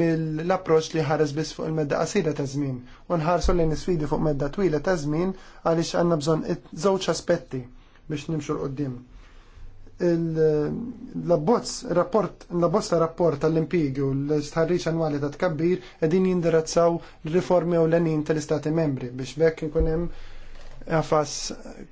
mill-approċċ li ħares biss fuq il-medda qasira ta' żmien u nħarsu lejn isfidi fuq medda twila ta' żmien għaliex għandna bżonn żewġ aspetti biex nimxu l-qoddim. L-abbozz rapport, l-abbozz ta' rapport tal-impigi u l-istħarriċ annwali ta' tkabbir edin jindirazzaw l-riformi u l-enin tal-istati membri biex bekk nkun hemm għafas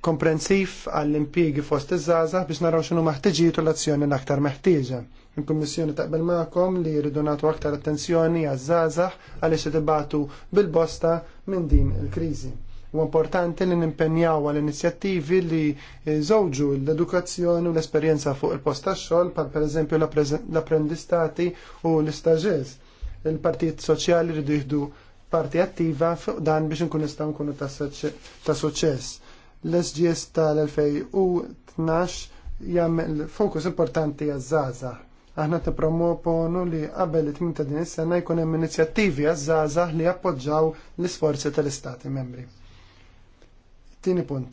komprensiv għall-impiegi fost iż-żaza biex naraw xinu maħtiġijiet u l-azzjoni l-aktar meħtieġa. Il-Kummissjoni taqbel maqom li jridu nagħtu aktar attenzjoni għaż-żazax għaliex dibatu bil-bosta minn din il-kriżi. U importanti li nimpenjaw għal inizjattivi li żewġu l-edukazzjoni u l-esperjenza fuq il-post tax-xogħol, bħal pereżempju l-apprendistati u l-istaġez. il partit soċjali rridu jieħdu parti attiva fuq dan biex nkun nistgħu nkunu ta' suċċess. L-SGS tal-2012 jagħmel fokus importanti għaż-żgħażagħ. Aħna tippromoponu li qabel it ta' din is-sena jkun hemm inizjattivi għaż li jappoġġaw l-isforzi tal-Istati membri. Tieni punt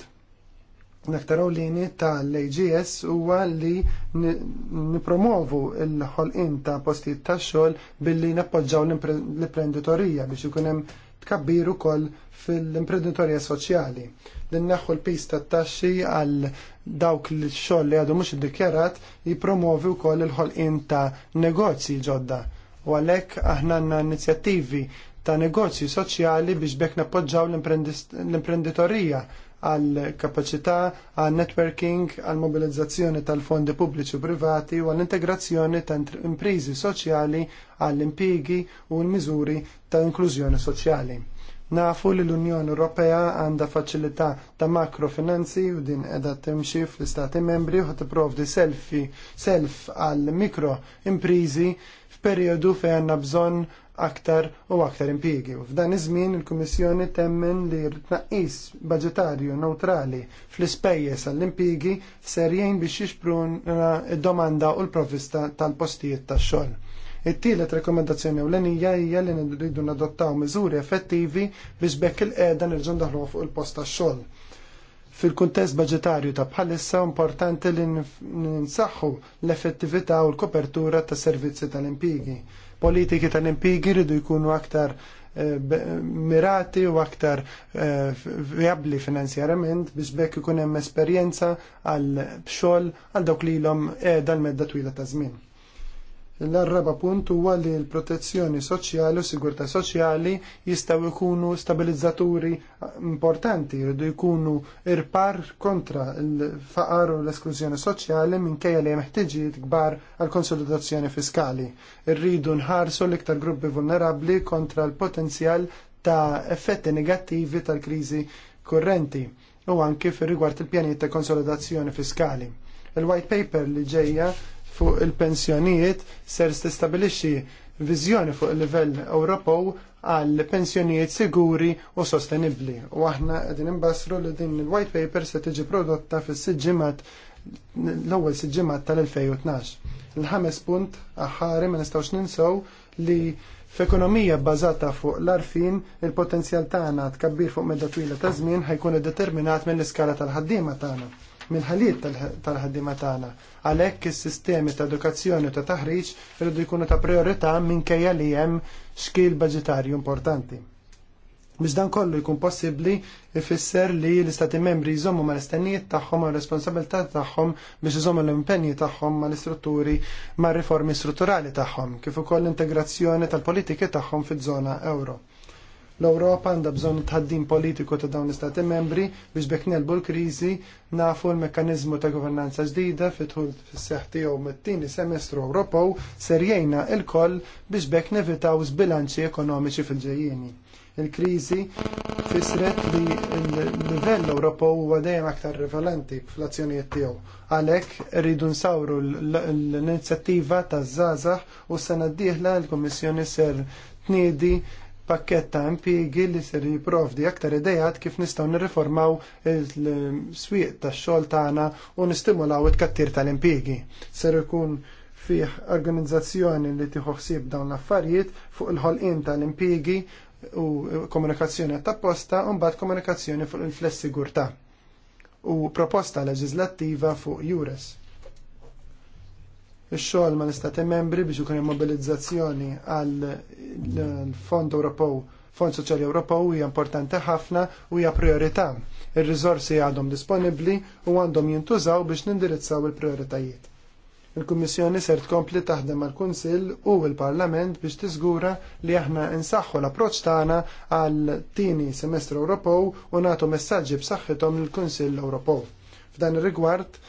l-aktar ewlieni tal-AGS huwa li nipromovu l-ħolqien ta' postijiet ta' xogħol billi nappoġġaw l-imprenditorija biex ikun hemm tkabbir ukoll fil-imprenditorija soċjali. Li naħħu l pista ta' taxxi għal dawk li xogħol li għadu mhux iddikjarat jippromovi wkoll il-ħolqien ta' negozji ġodda. U għalhekk aħna għandna inizjattivi ta' negozji soċjali biex bekk nappoġġaw l-imprenditorija għal kapacità, għal networking, għal mobilizzazzjoni tal-fondi pubbliċi u privati u għal integrazzjoni ta' imprizi soċjali għall impigi u l-miżuri ta' inklużjoni soċjali. Nafu li l-Unjoni Ewropea għandha faċilità ta' makrofinanzi u din qiegħda timxi fl-Istati membri u tipprovdi self għal mikro imprizi f'perjodu fejn għandna bżonn aktar u aktar impiegi. U f'dan iż-żmien il-Kummissjoni temmen li l-tnaqqis budgetarju neutrali fl-ispejjeż għall-impjiegi ser jgħin biex jixpruna eh, d-domanda u l-provista tal-postijiet tax-xogħol. It-tielet rekomendazzjoni ewlenija hija li nridu nadottaw miżuri effettivi biex bekk il qeda nirġgħu daħlu fuq il-post tax-xogħol fil-kuntest budgetarju ta' bħalissa importanti li ninsaħħu l-effettività u l-kopertura ta' servizzi tal-impigi politiki tal-impigi rridu jkunu aktar eh, mirati u aktar eh, viabli finanzjarament biex bekk ikun hemm esperjenza għal xogħol għal dawk li ilhom qiegħda eh, l-medda twila ta' żmien. L-arraba punt huwa li l-protezzjoni soċjali u sigurtà soċjali jistgħu jkunu stabilizzaturi importanti, jridu jkunu irpar kontra l-faqar u l-esklużjoni soċjali minkejja li hemm kbar għal konsolidazzjoni fiskali. Irridu nħarsu l-iktar gruppi vulnerabbli kontra l-potenzjal ta' effetti negattivi tal-kriżi korrenti. u anke fir rigward il-pjanijiet ta' konsolidazzjoni fiskali. Il-white paper li ġejja fuq il-pensjonijiet ser tistabilixxi viżjoni fuq il-livell Ewropew għal pensjonijiet siguri u sostenibbli. U aħna qegħdin imbassru li din il-white paper se tiġi prodotta fis-siġġimat l-ewwel siġġimat tal-2012. Il-ħames punt aħħari ma nistgħux ninsew li F'ekonomija bbażata fuq l-arfin, il-potenzjal tagħna tkabbir fuq medda twila ta' żmien ħajkun determinat mill-iskala tal-ħaddiema tagħna mill ħalit tal-ħaddima tagħna. Għalhekk is-sistemi ta' edukazzjoni u ta' taħriġ irridu jkunu ta' priorità minkejja li hemm xkil budgetarju importanti. Biex dan kollu jkun possibbli ifisser li l-istati membri jżommu mal istennijiet tagħhom u responsabilità tagħhom biex jżommu l-impenji tagħhom mal-istrutturi mar riformi strutturali tagħhom kif ukoll l-integrazzjoni tal-politiki tagħhom fiż-żona euro. L-Ewropa għandha bżonn tħaddim politiku ta' dawn l-istati membri biex bekk nelbu l-kriżi nafu l-mekkaniżmu ta' governanza ġdida fitħul fis-seħħ tiegħu mit-tieni semestru Ewropew ser jgħinna l-koll biex bekk nevitaw żbilanċi ekonomiċi fil-ġejjieni. Il-kriżi fisret li l-livell Ewropew huwa dejjem aktar rivalenti fl-azzjonijiet tiegħu. Għalhekk rridu nsawru l-inizjattiva taż-żgħażagħ u s-sena d-dieħla l-Kummissjoni ser tniedi pakket ta' impjiegi li ser jipprovdi aktar idejat kif nistgħu nirriformaw il-swieq tax-xogħol tagħna u nistimulaw it-kattir tal-impjiegi. Ser ikun fih organizzazzjoni li tieħu ħsieb dawn l-affarijiet fuq il-ħolqien tal-impjiegi u komunikazzjoni ta' posta u mbagħad komunikazzjoni fuq il-flessigurtà u proposta leġislattiva fuq Jures ix-xogħol ma' l-istati membri biex ikun il mobilizzazzjoni għall fond Ewropew Fond Soċjali Ewropew hija importanti ħafna u hija priorità. Ir-riżorsi għadhom disponibbli u għandhom jintużaw biex nindirizzaw il-prioritajiet. Il-Kummissjoni ser tkompli taħdem mal kunsill u l-Parlament biex tiżgura li aħna insaħħu l-approċċ tagħna għal tieni semestru Ewropew u nagħtu messaġġi b'saħħithom lill-Kunsill Ewropew. F'dan ir-rigward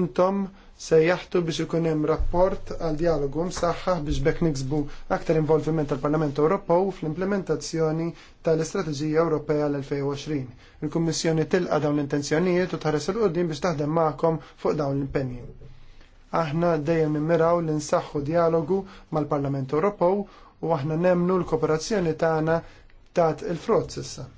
intom se jaħtu biex ikun hemm rapport għal dialogu msaħħaħ biex bekk niksbu aktar involviment tal-Parlament Ewropew fl-implementazzjoni tal-Istrateġija Ewropea l-2020. Il-Kummissjoni tilqa dawn l-intenzjonijiet u tħares il qudiem biex taħdem magħkom fuq dawn l-impenji. Aħna dejjem immiraw li nsaħħu dialogu mal-Parlament Ewropew u aħna nemnu l-kooperazzjoni tagħna tat il-frott issa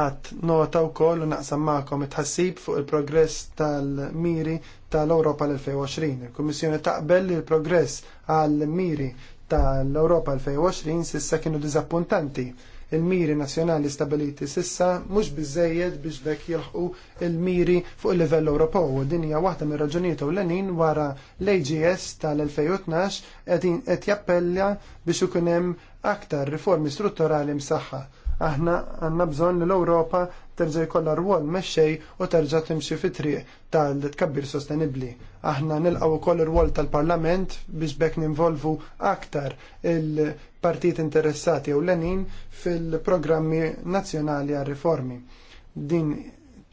ħadd nota wkoll u naqsam magħkom it-ħassib fuq il-progress tal-miri tal-Ewropa l-2020. Il-Kummissjoni taqbel li l-progress għall miri tal-Ewropa l-2020 sissa kienu diżappuntanti. Il-miri nazzjonali stabiliti sissa mhux biżejjed biex dak jilħqu il-miri fuq il-livell Ewropew u din hija waħda mir-raġunijiet ewlenin wara l-AGS tal-2012 qed jappella biex ikun hemm aktar riformi strutturali msaħħa Aħna għandna bżonn li l-Ewropa terġa' jkollha rwol mexxej u terġa' timxi fi triq tal-tkabbir sostenibbli. Aħna nilqgħu wkoll ir-rwol tal-Parlament biex bekk ninvolvu aktar il-partit interessati u l fil-programmi nazzjonali għal riformi Din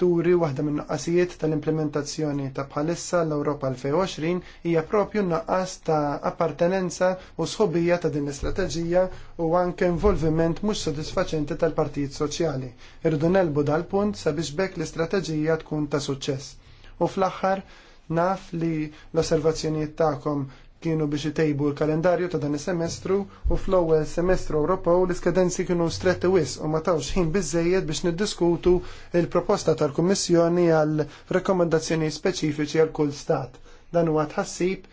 turi waħda minn naqqasijiet tal-implementazzjoni ta' bħalissa l-Europa 2020 hija propju naqqas ta' appartenenza u sħobija ta' din l-istrateġija u anke involviment mhux sodisfaċenti tal partit soċjali. Irridu nelbu dal-punt sabiex bekk l-istrateġija tkun ta' suċċess. U fl-aħħar naf li l-osservazzjonijiet tagħkom kienu biex itejbu l-kalendarju ta' dan is-semestru u fl-ewwel semestru Ewropew l-iskadenzi kienu stretti wis u ma tawx ħin biżejjed biex niddiskutu il-proposta tal-Kummissjoni għal rekomendazzjoni speċifiċi għal kull stat. Dan huwa tħassib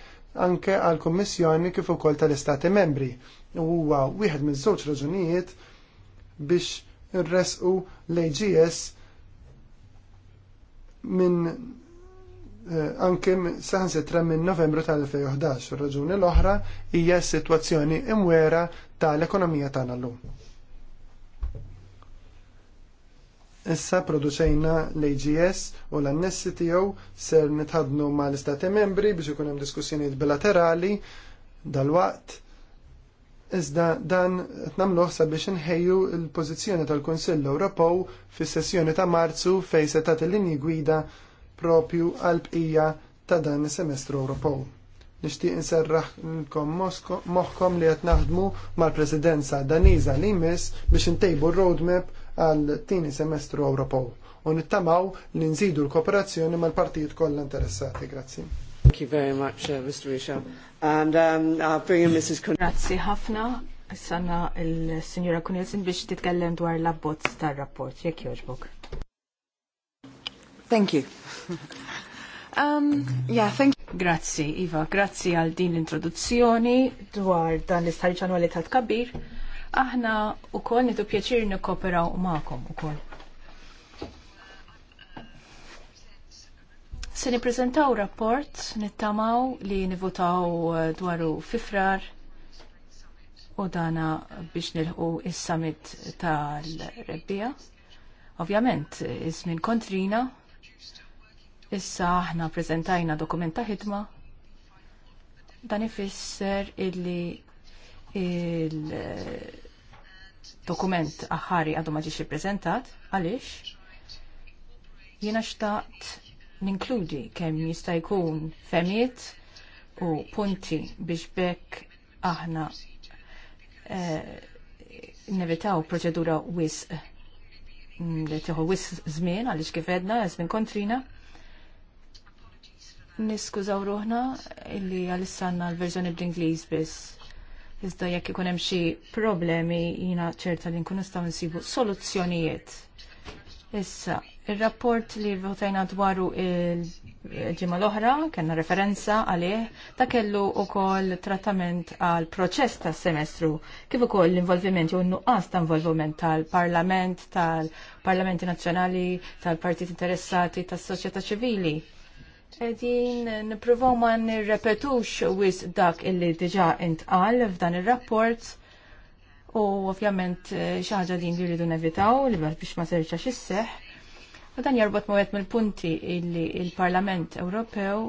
anke għal Kummissjoni kif ukoll tal-Istati membri. U huwa wieħed minn żewġ raġunijiet biex irresqu l-AGS minn Eh, anke saħansitra minn novembru tal-2011. Raġuni l-oħra hija s-sitwazzjoni imwera tal-ekonomija tagħna llum. Issa produċejna l-AGS u l-annessi tiegħu ser nitħadnu mal-Istati membri biex ikun hemm diskussjonijiet bilaterali dal-waqt. Iżda dan namluħ nagħmluh sabiex inħejju l-pożizzjoni tal-Kunsill Ewropew fis-sessjoni ta' Marzu fejn se tagħti linji gwida propju għal-bqija ta' dan is-semestru Ewropew. Nixtieq inserraħkom moħħkom li qed naħdmu mal-Presidenza Daniża li jmiss biex intejbu r-roadmap għal-tieni semestru Ewropew u nittamaw li nżidu l-kooperazzjoni mal-partijiet kollha interessati. Grazzi. Thank you very much, uh, Mr. Risha. And um, I'll bring in Mrs. Kun. Grazie ħafna. Sanna il-Signora Kunilsin biex titkellem dwar l-abbozz tar-rapport. Jekk jogħġbok. Thank you. [LAUGHS] Um, yeah, thank you. Grazzi, Iva, grazzi għal din l-introduzzjoni dwar dan l-istarġ annwali tal kabir. Aħna u kol nitu pjaċir nikoperaw ma'kom u kol. Se niprezentaw rapport, nittamaw li nivotaw uh, dwaru fifrar u dana biex nilħu is-summit tal-rebbija. Ovvjament, ismin kontrina, Issa aħna prezentajna dokumenta ħidma. Dan ifisser illi il-dokument eh, aħħari għadu ma ġiex ippreżentat għaliex jiena xtaqt ninkludi kemm jista' jkun femiet u punti biex bekk aħna eh, nevitaw proċedura wisq mm, li tieħu wisq żmien għaliex kif edna żmien kontrina niskużaw ruħna illi għalissanna l-verżjoni bl-Ingliż biss. Iżda jekk ikun hemm xi problemi jiena ċerta li nkun nistgħu nsibu soluzzjonijiet. Issa, ir-rapport li votajna dwaru il-ġimgħa l-oħra kellna referenza għalih ta' kellu wkoll trattament għal proċess tas semestru kif ukoll l-involviment jew nuqqas ta' involviment tal-Parlament, tal-Parlamenti Nazzjonali, tal-Partit Interessati, tas-Soċjetà Ċivili Edin nipruvaw ma nirrepetux wis dak illi diġa intqal f'dan ir-rapport u ovvjament eh, xi ħaġa din li rridu nevitaw li biex ma serċa xisseħ. U dan jarbot ma mill-punti illi il-Parlament Ewropew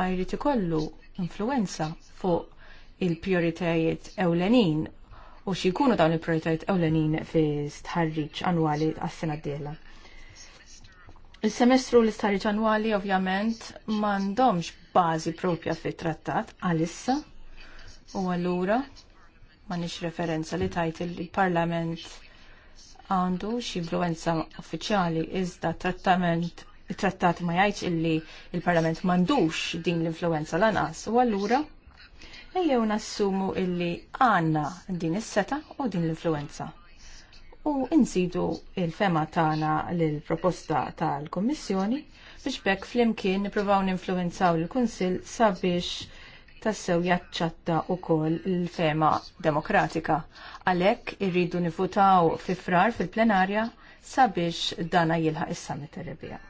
għajrit ikollu influenza fuq il-prioritajiet ewlenin u xikunu dawn il-prioritajiet ewlenin fi stħarriċ annwali għas-sena d-dieħla. Il-semestru l-istari ġanwali ovvjament mandomx bazi propja fit trattat għalissa u għallura ma nix referenza li tajt il-parlament għandu influenza uffiċjali iżda trattament il-trattat ma jgħidx illi il-parlament mandux din l-influenza lanqas u allura ejjew nassumu illi għanna din is-seta u din l-influenza u insidu il-fema tagħna lill-proposta tal-Kummissjoni biex bekk flimkien nippruvaw ninfluwenzaw il-Kunsill sabiex tassew jaċċatta wkoll il-fema demokratika. Għalhekk irridu nifutaw fi frar fil-plenarja sabiex dana jilħaq is-summit ir-rebija.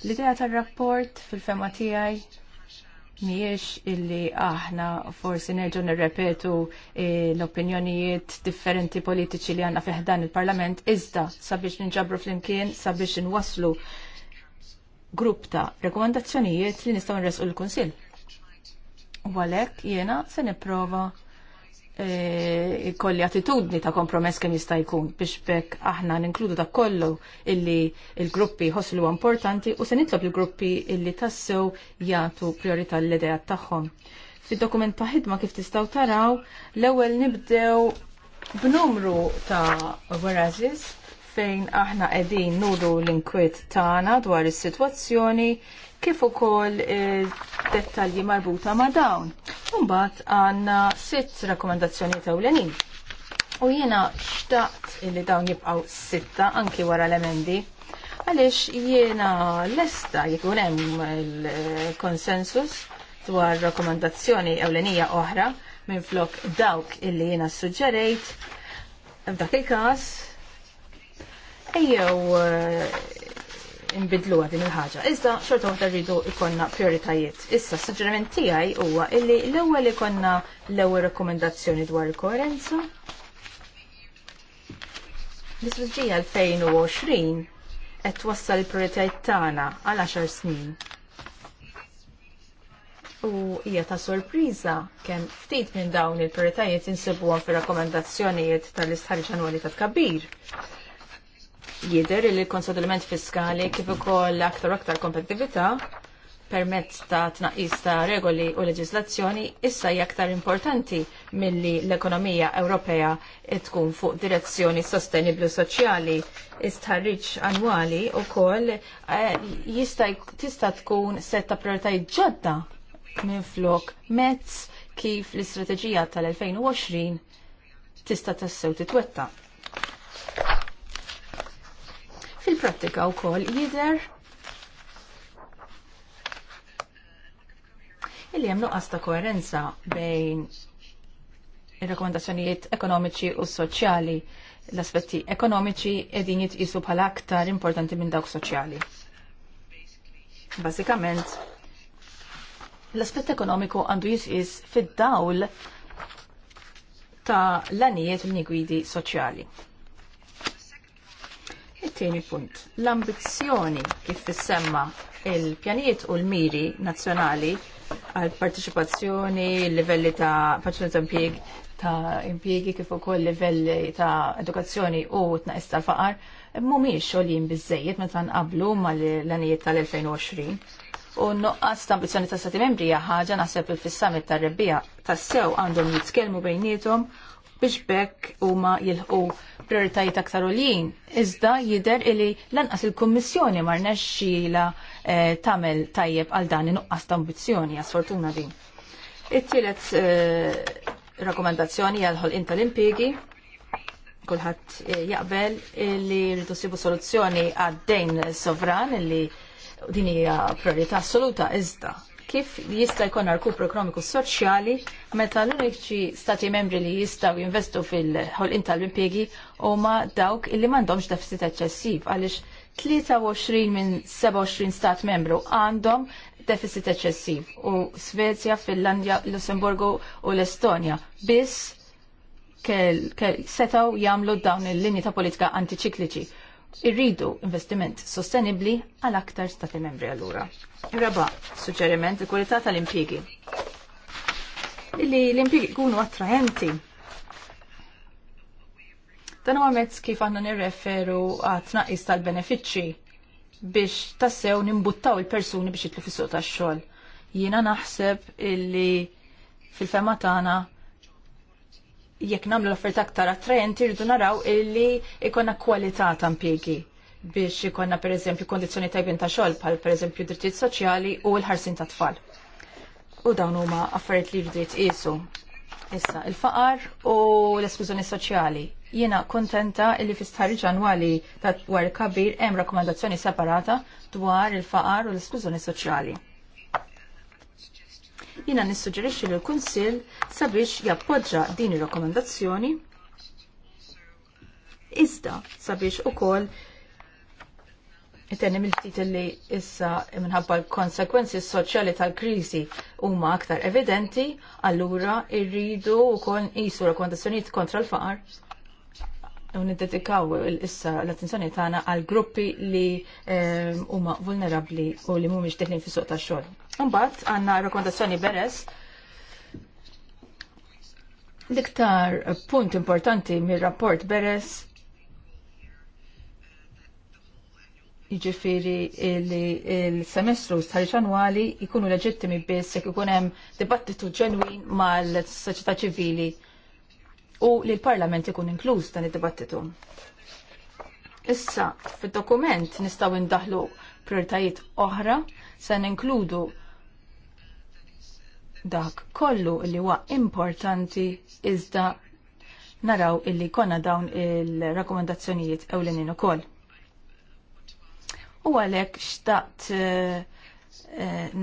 L-idea tar-rapport fil-fema tiegħi Miex illi aħna forsi nerġu nirrepetu eh, l-opinjonijiet differenti politiċi li għanna fiħdan il-parlament, iżda sabiex ninġabru fl-imkien, sabiex nwaslu grupp ta' rekomandazzjonijiet li nistaw nresqu l konsil U għalek jena se niprofa E, ikolli attitudni ta' kompromess kien jista' jkun biex bekk aħna ninkludu dak kollu illi il-gruppi ħoslu importanti u se nitlob il-gruppi illi tassew jagħtu priorità l-idea tagħhom. Fid-dokument ta' ħidma kif tistgħu taraw, l-ewwel nibdew b'numru ta' warazis fejn aħna qegħdin nuru l-inkwiet tagħna dwar is-sitwazzjoni kif ukoll dettalji marbuta ma' dawn. Mbagħad għandna sitt rakkomandazzjoni ewlenin. U jiena xtaqt li dawn jibqgħu sitta anki wara l-emendi għaliex jiena lesta esta hemm il-konsensus dwar rakkomandazzjoni ewlenija oħra minn flok dawk illi jiena suġġerejt f'dak il-każ ejjew eh, nbidluha din il-ħaġa. Iżda xorta waħda rridu ikonna prioritajiet. Issa s-suġġeriment tiegħi huwa illi l-ewwel ikonna l-ewwel rekomendazzjoni dwar il-koerenza. L-istraġġija 2020 qed wassal il-prioritajiet tagħna għal 10 snin. U hija ta' sorpriża kemm ftit minn dawn il-prioritajiet insibuhom fir-rakkomandazzjonijiet tal-istħarriġ annwali ta' kabir jidher li l-konsolidament fiskali kif ukoll aktar aktar kompetitività permezz ta' tnaqqis ta' regoli u leġislazzjoni issa hija aktar importanti milli l-ekonomija Ewropea tkun fuq direzzjoni sostenibli u soċjali. Istħarriġ annwali wkoll eh, tista' tkun setta prioritajiet ġodda minflok mezz kif l-istrateġija tal-2020 tista' tassew titwetta fil-prattika wkoll jidher illi hemm nuqqas ta' koerenza bejn ir rekomendazzjonijiet ekonomiċi u soċjali l-aspetti ekonomiċi qegħdin jitqisu bħala aktar importanti minn dawk soċjali. Bażikament, l-aspett ekonomiku għandu jisqis fid-dawl ta' l-anijiet l-nigwidi soċjali. It-tieni punt, l-ambizzjoni kif issemma il-pjanijiet u l-miri nazzjonali għal partiċipazzjoni, livelli ta' faċilità impieg, ta' impjiegi kif ukoll livelli ta' edukazzjoni u tnaqis tal-faqar mhumiex xogħlin biżejjed meta nqablu mal anijiet tal-2020. U nuqqas ta' ambizjoni ta' stati membri hija ħaġa naħseb il-fissamit tar-rebbija tas-sew għandhom jitkellmu bejnietom biex bekk huma jilħu prioritajiet aktar ulin. Iżda jider illi lanqas il-Kummissjoni mar nexxila eh, tagħmel tajjeb għal dan inuqqas ta' ambizzjoni fortuna din. It-tielet eh, rakkomandazzjoni għal in tal-impjegi kulħadd eh, jaqbel li rridu sibu soluzzjoni għad-dejn sovran illi din hija priorità assoluta iżda kif jista' jkun rkupru ekonomiku soċjali meta l-uniċi stati membri li jistgħu jinvestu fil-ħolqien tal-impjegi huma dawk illi m'għandhomx deficit eċċessiv għaliex 23 minn 27 stat membru għandhom deficit eċessiv u Svezja, Finlandja, Lussemburgu u l-Estonja biss setaw jamlu dawn il-linji ta' politika antiċikliċi irridu investiment sostenibli għal aktar stati membri għallura. Raba, suġġeriment il kualità tal-impjegi. Illi l-impjegi kunu attraenti. Dan huwa mezz kif għandna nirreferu għat tnaqqis tal-benefiċċji biex tassew nimbuttaw il-persuni biex jitlu fis-suq tax-xogħol. Jiena naħseb illi fil-fema tagħna jekk namlu l-offerta aktar attrajenti rridu naraw illi ikonna kwalità ta' impjiegi biex ikonna per eżempju kondizjoni tajbin ta' xogħol bħal per eżempju drittijiet soċjali u l-ħarsin ta' tfal. U dawn huma affarijiet li rridu jitqiesu. Issa, il-faqar u l esklużjoni soċjali. Jiena kontenta illi fi stħarri ġanwali ta' dwar kabir hemm rakkomandazzjoni separata dwar il-faqar u l esklużjoni soċjali. Jiena nissuġġerixxi l kunsill sabiex jappoġġa din ir-rakkomandazzjoni iżda sabiex ukoll it-tenni mill-ftit li issa minħabba l-konsekwenzi soċjali tal-kriżi huma aktar evidenti, allura irridu wkoll nqisu rakkomandazzjonijiet kontra l-faqar u niddedikaw issa l-attenzjoni tagħna għal gruppi li ehm, huma um, vulnerabbli u li mhumiex deħlin fis-suq tax-xogħol. Imbagħad għandna rakkomandazzjoni beres L-iktar punt importanti mir-rapport beres jiġifieri li l-semestru stħarriġ annwali jkunu leġittimi biss jekk ikun hemm dibattitu ġenwin mal-soċjetà ċivili u li l-Parlament ikun inkluż dan id-dibattitu. Issa, fil-dokument nistaw indaħlu prioritajiet oħra, se ninkludu dak kollu li huwa importanti iżda naraw illi konna dawn il-rakomendazzjonijiet ewlenin ukoll. U għalhekk xtaqt eh,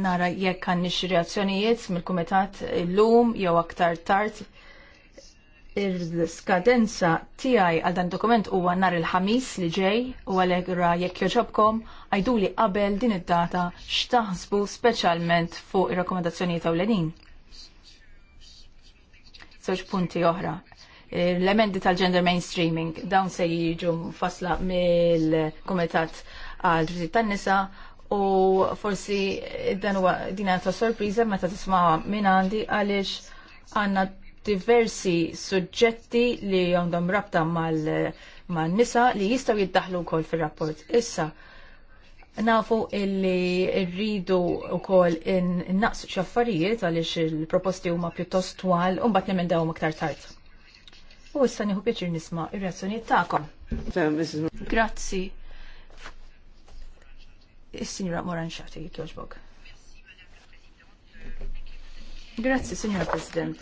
nara jekk għandix reazzjonijiet mill-kumitat illum jew aktar tard il-skadenza tiegħi għal dan dokument huwa nhar il-ħamis li ġej u għalegra jekk joġobkom għajduli qabel din id-data x'taħsbu speċjalment fuq ir-rakkomandazzjonijiet ewlenin. Żewġ punti oħra. L-emendi tal-gender mainstreaming dawn se jiġu fasla mill-Kumitat għal drittijiet tan-nisa u forsi dan huwa din għandha sorpriża meta tisma' minn għandi għaliex għandna diversi suġġetti li għandhom rabta mal-nisa li jistaw jiddaħlu wkoll fir rapport Issa, nafu illi rridu wkoll innaqsu xi affarijiet għaliex il-proposti huma pjuttost twal u mbagħad nemmen dawhom aktar tard. U issa nieħu pieċir nisma' ir-reazzjonijiet tagħkom. Grazzi. Is-Sinjura Moran Xati, jogħġbok. Grazzi, Signor President.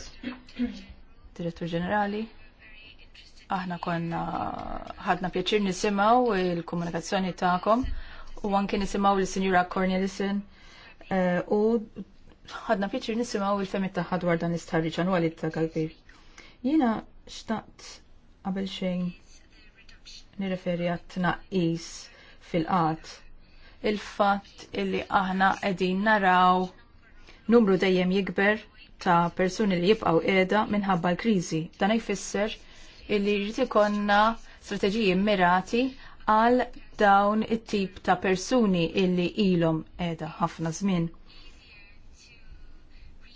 Direttur Ġenerali, aħna konna ħadna pjaċir nisimaw il-komunikazzjoni ta'kom u anke nisimaw il signora Cornelison eh, u ħadna pjaċir nisimaw il-femit taħħa dwar dan l-istħarriċ annwali ta' kalbir. Jina xtaqt qabel xejn nirreferi għat tnaqqis fil-qat il-fatt illi aħna qegħdin naraw numru dejjem jikber ta' persuni li jibqgħu qiegħda minħabba l-kriżi. Dan jfisser illi jrid ikollna strateġiji mirati għal dawn it-tip ta' persuni illi ilhom qiegħda ħafna żmien.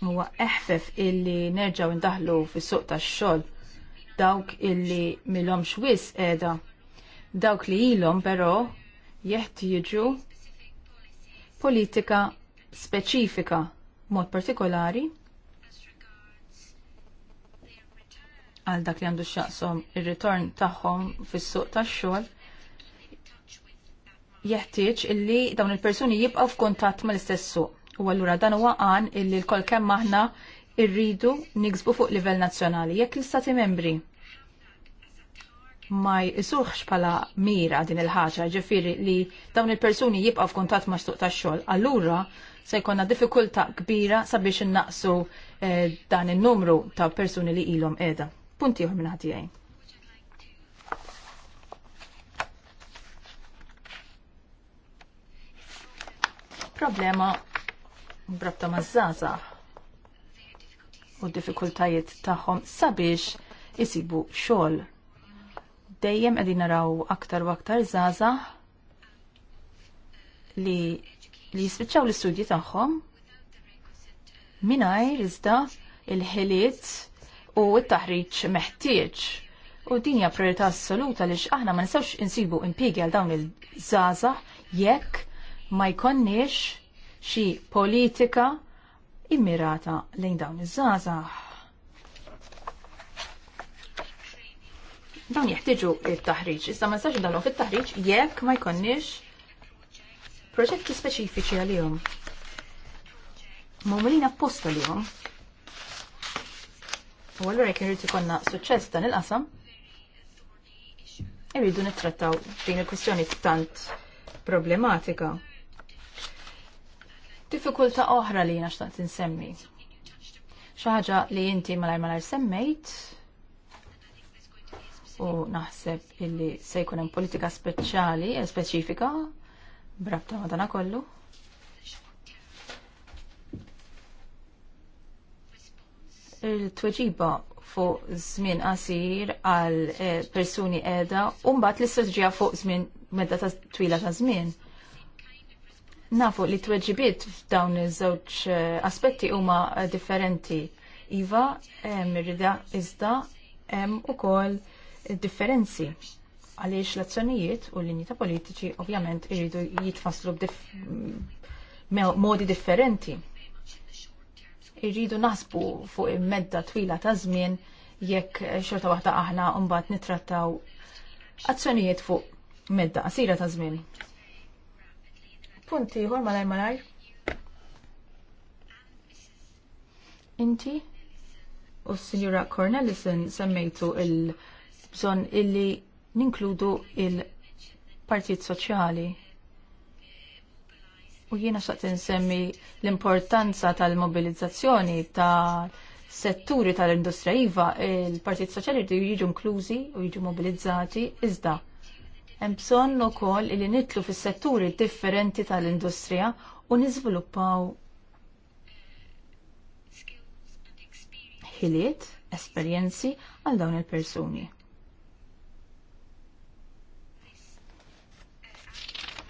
Huwa eħfef illi nerġgħu ndaħlu fis-suq tax-xogħol dawk illi milhomx wis qiegħda. Dawk li ilhom però jeħtieġu politika speċifika mod partikolari għal dak li għandu xaqsom ir-ritorn tagħhom fis-suq tax-xogħol jeħtieġ illi dawn il-persuni jibqgħu f'kuntatt mal-istess suq. U allura dan huwa għan illi l-kol kemm aħna irridu niksbu fuq livell nazzjonali. Jekk l-istati membri ma jisuħx pala mira din il-ħaġa ġifiri li dawn il-persuni jibqa f'kuntatt ma' xtuq ta' xol. Allura, se jkollna diffikulta kbira sabiex innaqsu eh, dan in-numru ta' persuni li ilhom qiegħda. Punt ieħor minn ħatijaj. Problema brabta maż-żaża u d-diffikultajiet tagħhom sabiex isibu xogħol. Dejjem qegħdin naraw aktar u aktar żgħażagħ li li jispiċċaw l-istudji tagħhom mingħajr iżda il-ħiliet u t-taħriġ meħtieġ. U din hija priorità assoluta li aħna ma nistgħux insibu impjiegi għal dawn il-żgħażagħ jekk ma jkollniex xi politika immirata lejn dawn iż-żgħażagħ. Dawn jeħtieġu t taħriġ iżda ma nistax dalhom fit-taħriġ jekk ma jkollniex proġetti speċifiċi għalihom. Mamulina apposta jom. U għallura jek irrid ikonna suċċess dan il-qasam, irridu nittrattaw din il-kwistjoni tant problematika. Difikulta oħra li jina xtaqt insemmi. ħaġa li inti malaj malaj semmejt, u naħseb illi se jkun hemm politika speċjali speċifika Brabta ma dana kollu. Il-tweġiba fuq żmien qasir għal eh, persuni qiegħda u mbagħad s istraġija fuq żmien medda ta' twila ta' żmien. Nafu li t tweġibiet f'dawn iż-żewġ eh, aspetti huma eh, differenti. Iva, mirrida iżda hemm ukoll differenzi għaliex l-azzjonijiet u l-linji ta' politiċi ovvjament iridu jitfasslu modi differenti. Irridu nasbu fuq medda twila ta' żmien jekk xorta waħda aħna mbagħad nitrattaw azzjonijiet fuq medda qasira ta' żmien. Punti ieħor malaj malaj. Inti u s-Sinjura Cornelison semmejtu il-bżonn illi ninkludu il-Partit Soċjali. U jiena xaqt insemmi l-importanza tal-mobilizzazzjoni ta' setturi tal-industrija iva, il-Partit Soċjali jiġu inklużi u jiġu mobilizzati iżda. Hemm bżonn ukoll li nitlu fis-setturi differenti tal-industrija u niżviluppaw ħiliet, esperjenzi għal dawn il-persuni.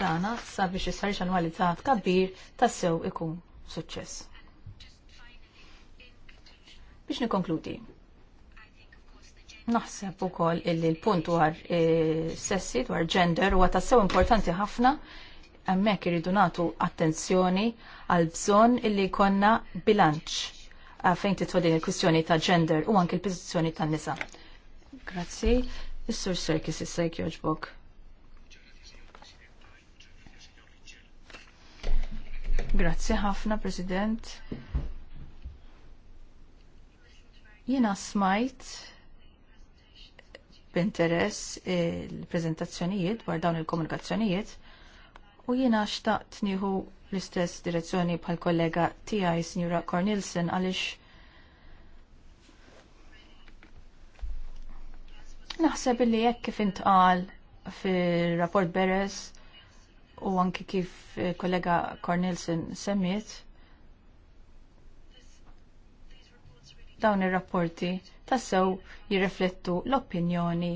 tagħna sabiex is-sarġ annwalità tkabbir tassew ikun suċċess. Biex nikkonkludi. Naħseb ukoll illi l-punt dwar e, sessi dwar gender huwa tassew importanti ħafna hemmhekk iridu nagħtu attenzjoni għal bżonn illi jkollna bilanċ fejn titwa din il-kwistjoni ta' gender u anke l-pożizzjoni tan-nisa. Grazzi. Is-Sur Serkis issa jogħġbok. Grazzi ħafna, President. Jina smajt b'interess il-prezentazzjonijiet dwar dawn il-komunikazzjonijiet u jiena xtaqt nieħu l-istess direzzjoni bħal kollega tiegħi Sinjura Cornilson għaliex naħseb li jekk kif intqal fir-rapport Beres u anki kif eh, kollega Cornelsen semmiet, dawn ir-rapporti tassew jirriflettu l-opinjoni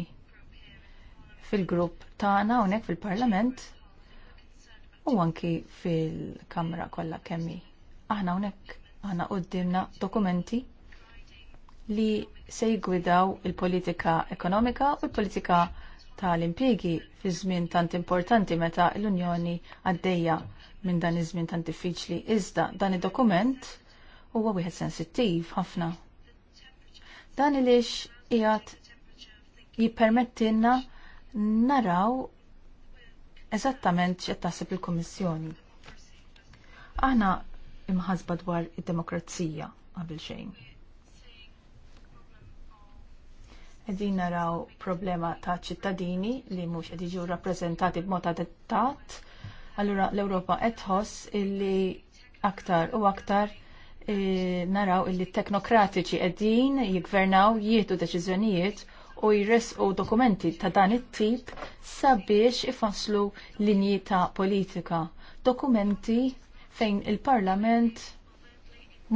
fil-grupp tagħna hawnhekk fil-Parlament u anki fil-Kamra kollha kemmi. Aħna hawnhekk aħna qudiemna dokumenti li se jgwidaw il-politika ekonomika u l-politika tal-impjegi fi żmien tant importanti meta l-Unjoni għaddejja minn dan iż-żmien tant diffiċli. Iżda dan id-dokument huwa wieħed sensittiv ħafna. Dan ilix qiegħed jippermettilna naraw eżattament x'qed taħseb il-Kummissjoni. Aħna imħasba dwar id-demokrazija qabel xejn. Għedin naraw problema ta' ċittadini li mhux qed rappresentati rappreżentati b'mod adattat. Allura l-Ewropa qed tħoss illi aktar u aktar e, naraw illi teknokratiċi qegħdin jikvernaw jietu deċiżjonijiet u u dokumenti ta' dan it-tip sabiex ifasslu linji ta' politika. Dokumenti fejn il-Parlament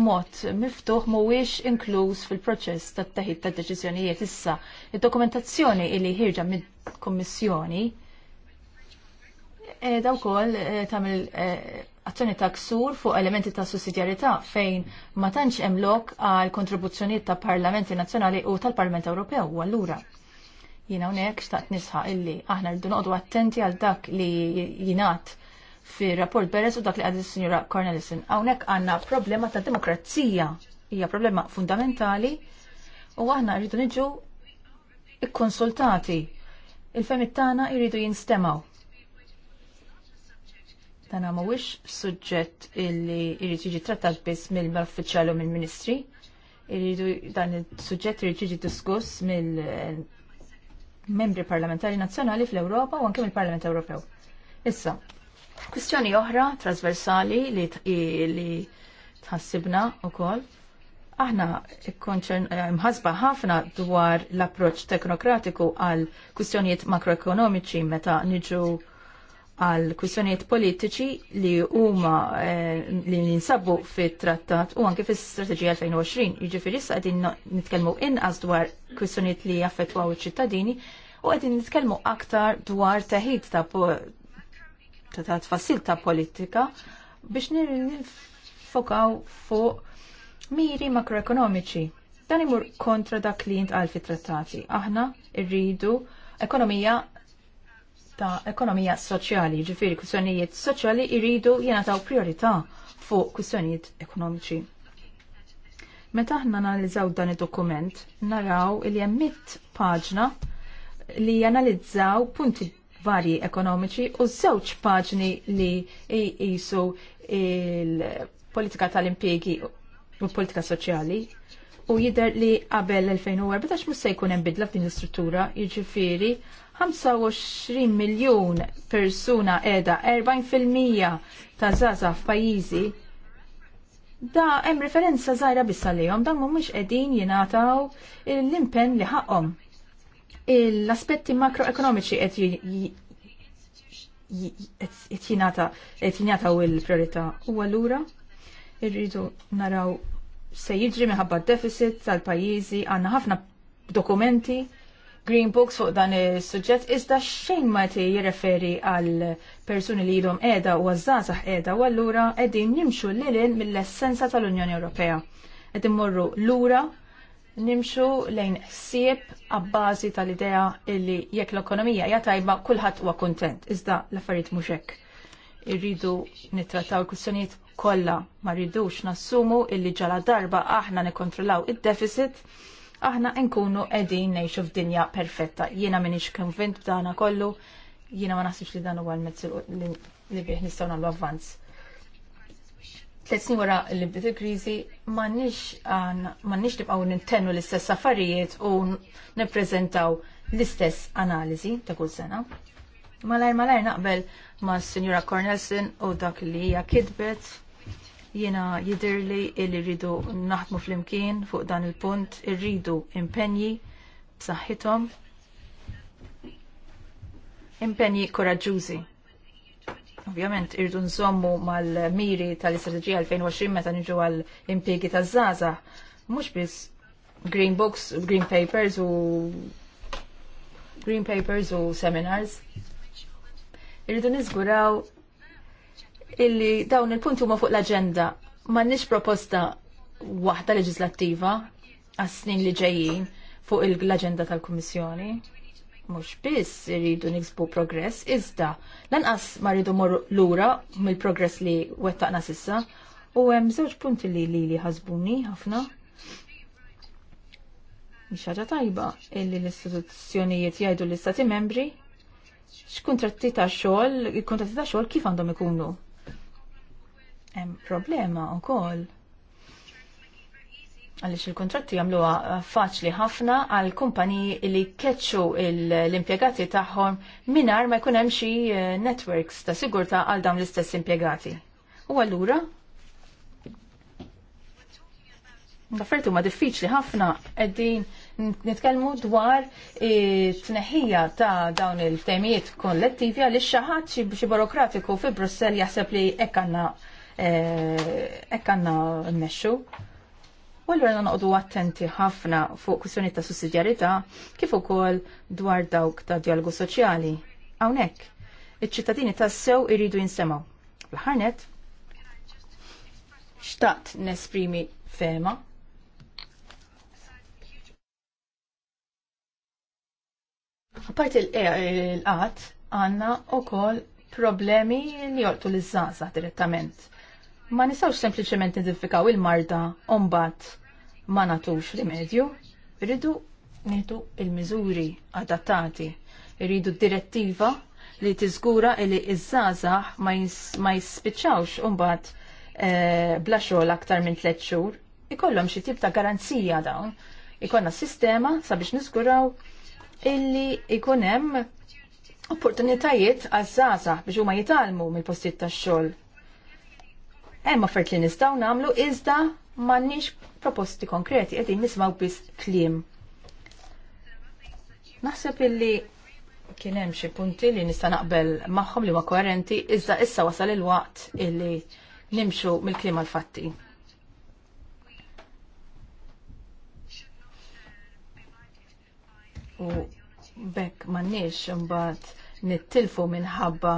mod miftuħ mhuwiex inkluż fil-proċess tat taħid tad deċiżjonijiet issa. Id-dokumentazzjoni li ħirġa mid-Kummissjoni eh, daw wkoll eh, tagħmel eh, azzjoni ta' ksur fuq elementi ta' sussidjarità fejn ma tantx hemm lok għal kontribuzzjonijiet ta' parlamenti nazzjonali u tal-Parlament Ewropew u allura. Jiena hawnhekk xtaqt nisħaq illi aħna rridu noqogħdu attenti għal dak li jingħad fir rapport Beres u dak li għadis signora Cornelison, Hawnhekk għandna problema ta' demokrazija. Hija problema fundamentali u aħna rridu niġu ikkonsultati. Il-femit tagħna jridu jinstemaw. Dan mhuwiex suġġett illi jrid jiġi trattat biss mill-uffiċjali u mill-ministri. Irridu dan il-suġġett irid jiġi diskuss mill-membri parlamentari nazzjonali fl-Ewropa u anke mill-Parlament Ewropew. Issa, Kwistjoni oħra trasversali li, li tħassibna u kol. Aħna eh, mħasba ħafna dwar l-approċ teknokratiku għal kwistjonijiet makroekonomiċi meta niġu għal kwistjonijiet politiċi li huma eh, li ninsabu fit-trattat u anke fis-strateġija 2020. Jiġifieri issa qegħdin nitkellmu inqas dwar kwistjonijiet li jaffettwaw iċ-ċittadini u qegħdin nitkellmu aktar dwar teħid ta' ta' tfassil ta' politika biex nifokaw fuq miri makroekonomiċi. Dan imur kontra dak li jintqal fi trattati. Aħna rridu ekonomija ta' ekonomija soċjali, ġifiri kwistjonijiet soċjali irridu ta' priorità fuq kwistjonijiet ekonomiċi. Meta aħna analizzaw dan id-dokument, naraw li hemm mitt paġna li janalizzaw punti varji ekonomiċi u żewġ paġni li jisu il-politika tal impiegi u politika soċjali u jider li qabel 2014 mhux se jkun hemm bidla f'din l-istruttura, jiġifieri 25 miljun persuna qiegħda 40% ta' żgħażagħ f'pajjiżi da hemm referenza żgħira biss għalihom dan mhumiex qegħdin jingħataw l-impenn li ħaqhom l-aspetti makroekonomiċi qed jingħata u l-priorità. U allura irridu naraw se jiġri minħabba deficit tal-pajjiżi għandna ħafna dokumenti Green Books fuq dan is-suġġett iżda xejn ma jirreferi għal persuni li ilhom qiegħda u għażżażaħ qiegħda u allura qegħdin nimxu lilin mill-essenza tal-Unjoni Ewropea. Qed immorru lura nimxu lejn ħsieb għabbażi tal-idea illi jekk l-ekonomija hija tajba kulħadd huwa kuntent. Iżda l-affarijiet mhux hekk. Irridu nittrattaw il-kwistjonijiet kollha ma rridux nassumu illi ġala darba aħna nikkontrollaw id-deficit aħna nkunu qegħdin ngħixu f'dinja perfetta. Jiena m'iniex konvint b'dana kollu, jiena ma naħsibx li dan huwa l-mezz li bih nistgħu nagħmlu avvanz tlet snin wara l-imbdiet il-kriżi m'għandniex nibqgħu nintennu l-istess affarijiet u nippreżentaw l-istess analiżi ta' kull sena. Malajr malajr naqbel ma' s-Senjura Cornelson u dak li hija kidbet jiena jidirli li rridu naħdmu fl-imkien fuq dan il-punt, irridu impenji b'saħħithom, impenji koraġġużi Ovvjament irdu nżommu mal-miri tal-istrateġija 2020 meta niġu għall-impjegi taż-żaża. Mhux biss green books, green papers u green papers u seminars. Irridu niżguraw illi dawn il-punti huma fuq l-aġenda m'għandniex proposta waħda leġislattiva għas-snin li ġejjin fuq l-aġenda tal-Kummissjoni mhux biss iridu niksbu progress, iżda lanqas ma rridu morru lura mill-progress li wettaqna sissa u hemm żewġ punti li li ħasbuni ħafna. Mhix ħaġa tajba illi l-istituzzjonijiet jgħidu l-istati membri x'kuntratti ta' xogħol, il-kuntratti ta' xogħol kif għandhom ikunu. Hemm problema wkoll għalix il-kontratti għamluwa eh, faċli ħafna għal kumpaniji li keċċu l-impiegati tagħhom minar ma jkun hemm xi eh, networks ta' sigurta għal dawn l-istess impiegati. U allura Daffertu ma diffiċli ħafna qegħdin nitkellmu dwar t eh, tneħħija ta' dawn il-temijiet kollettivi għaliex xi ħadd xi burokratiku fi Brussell jaħseb li hekk għandna meċu. U allura noqdu attenti ħafna fuq kwistjoni ta' sussidjarità kif ukoll dwar dawk ta' dialogu soċjali. Hawnhekk, iċ-ċittadini tassew iridu jinsemgħu. L-ħarnet, xtaqt nesprimi fema Apart il-qat, għanna u kol problemi li joltu l-żaza direttament ma nistawx sempliċement nidifikaw il-marda umbat ma natux rimedju, rridu nieħdu il-miżuri adattati, rridu direttiva li tiżgura li iż-żazax ma jispiċċawx umbat eh, bla xogħol aktar minn tliet xhur, ikollhom xi tip ta' garanzija dawn. Ikonna sistema sabiex niżguraw illi ikun hemm opportunitajiet għaż-żazax biex huma jitalmu mill-postijiet tax-xogħol Emma fert li nistgħu nagħmlu iżda m'għandniex proposti konkreti qegħdin nismaw biss kliem. Naħseb illi kien hemm xi punti li nista' naqbel magħhom li ma koerenti iżda issa wasal il-waqt illi nimxu mill-kliem għal fatti. U bekk m'għandniex imbagħad nittilfu minħabba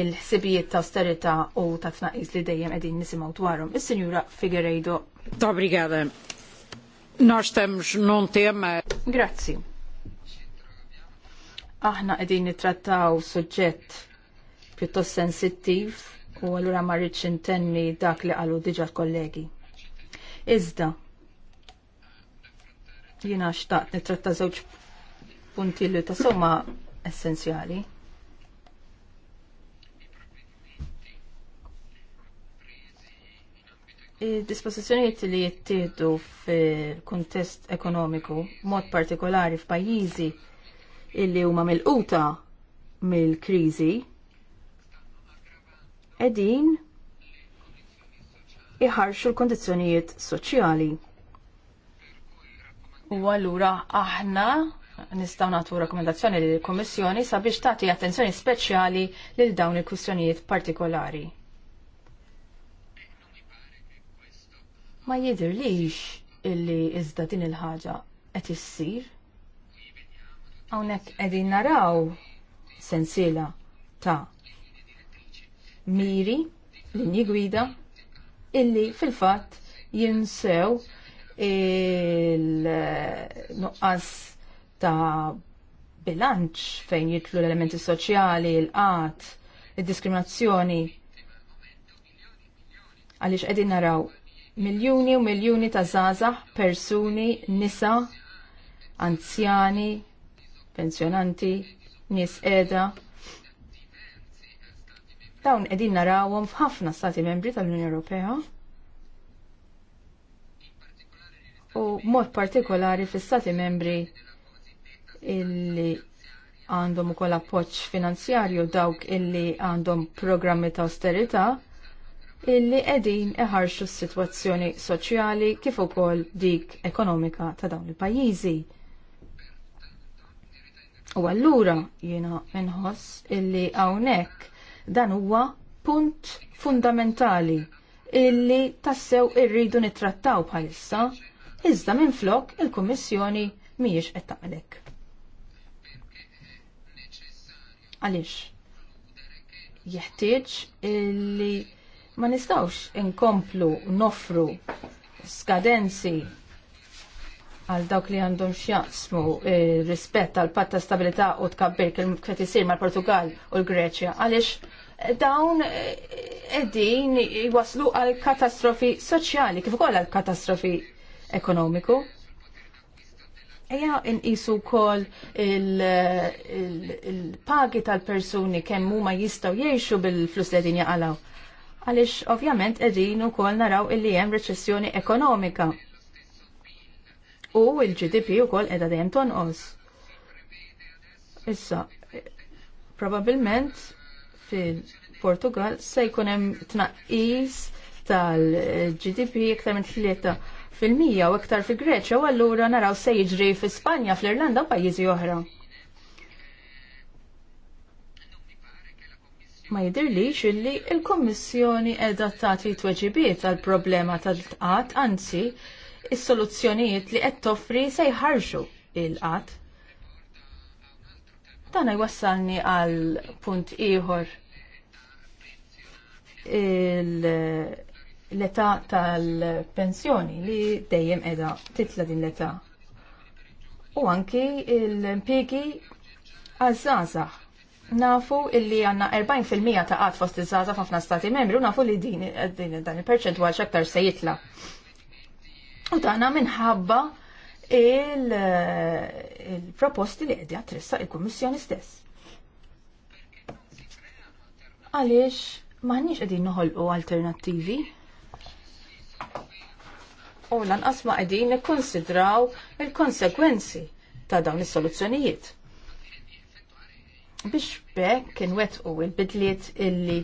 il-ħsibijiet ta' austerita u ta' tnaqis li dejjem qegħdin nisimgħu dwarhom. Is-Sinjura Figueiredo. Obrigada. Nós temos num tema. Grazzi. Aħna qegħdin nittrattaw suġġett pjuttost sensittiv u allura ma rridx intenni dak li qalu diġà kollegi. Iżda, jiena xtaqt nitratta żewġ punti li ta' somma essenzjali. Disposizjonijiet li jittieħdu f'kuntest ekonomiku mod partikolari f'pajjiżi illi huma mill mill-kriżi qegħdin iħarxu l-kondizzjonijiet soċjali. U allura aħna nistgħu nagħtu rakkomandazzjoni lill-Kummissjoni sabiex tagħti attenzjoni speċjali lil dawn il-kwistjonijiet partikolari. ma jidirlix illi iżda din il-ħaġa qed issir. Hawnhekk qegħdin naraw sensiela ta' miri linji gwida illi fil-fatt jinsew il-nuqqas ta' bilanċ fejn jitlu l-elementi soċjali, l-qat, il-diskriminazzjoni. Għaliex qegħdin naraw miljuni u miljuni ta' zazah, persuni, nisa, anzjani, pensjonanti, nis edha. Dawn edin narawhom f'ħafna stati membri tal-Unjoni Ewropea. U mod partikolari fis-stati membri illi għandhom ukoll appoġġ finanzjarju dawk illi għandhom programmi ta' austerità illi qegħdin iħarxu s-sitwazzjoni soċjali kif ukoll dik ekonomika ta' dawn il-pajjiżi. U allura jiena inħoss illi hawnhekk dan huwa punt fundamentali illi tassew irridu nittrattaw bħalissa iżda minflok il-Kummissjoni mhijiex qed taqlek. Għaliex? Jeħtieġ illi ma nistawx inkomplu nofru skadenzi għal dawk li għandhom xjaqsmu eh, rispett għal patta stabilità u tkabbir kif isir mal-Portugal u l-Greċja għaliex eh, dawn eh, qegħdin jwaslu għal katastrofi soċjali kif ukoll għal katastrofi ekonomiku. Eja nqisu wkoll il-pagi tal-persuni kemm huma jistgħu jgħixu bil-flus li jaqalaw. jaqalgħu għaliex ovvjament qegħdin ukoll naraw illi hemm reċessjoni ekonomika. U l-GDP ukoll qiegħda dejjem tonqos. Issa, probabbilment fil-Portugal se jkun hemm tnaqqis tal-GDP iktar minn tlieta fil-mija u iktar fil-Greċja u allura naraw se jiġri fi Spanja, fl-Irlanda u pajjiżi oħra. ma jidirlix illi il-Kommissjoni edha tagħti tweġibiet għal problema tal tqad anzi, is-soluzzjonijiet li qed toffri se jħarxu il-qat. Dan jwassalni għal punt ieħor l-età tal-pensjoni li dejjem edha titla din l-età. U anki l-impjegi għazzazax Nafu illi għanna 40% ta' għad fost iż-żaza f'ħafna stati membru, nafu li din, din dan il-perċentwal xaktar se jitla. U tagħna minħabba il-proposti li għedja trissa il-Kommissjoni stess. Għaliex m'għandniex qegħdin noħolqu alternativi u lanqas ma qegħdin nikkonsidraw il-konsekwenzi ta' dawn is-soluzzjonijiet biex bekk inwetqu il-bidliet illi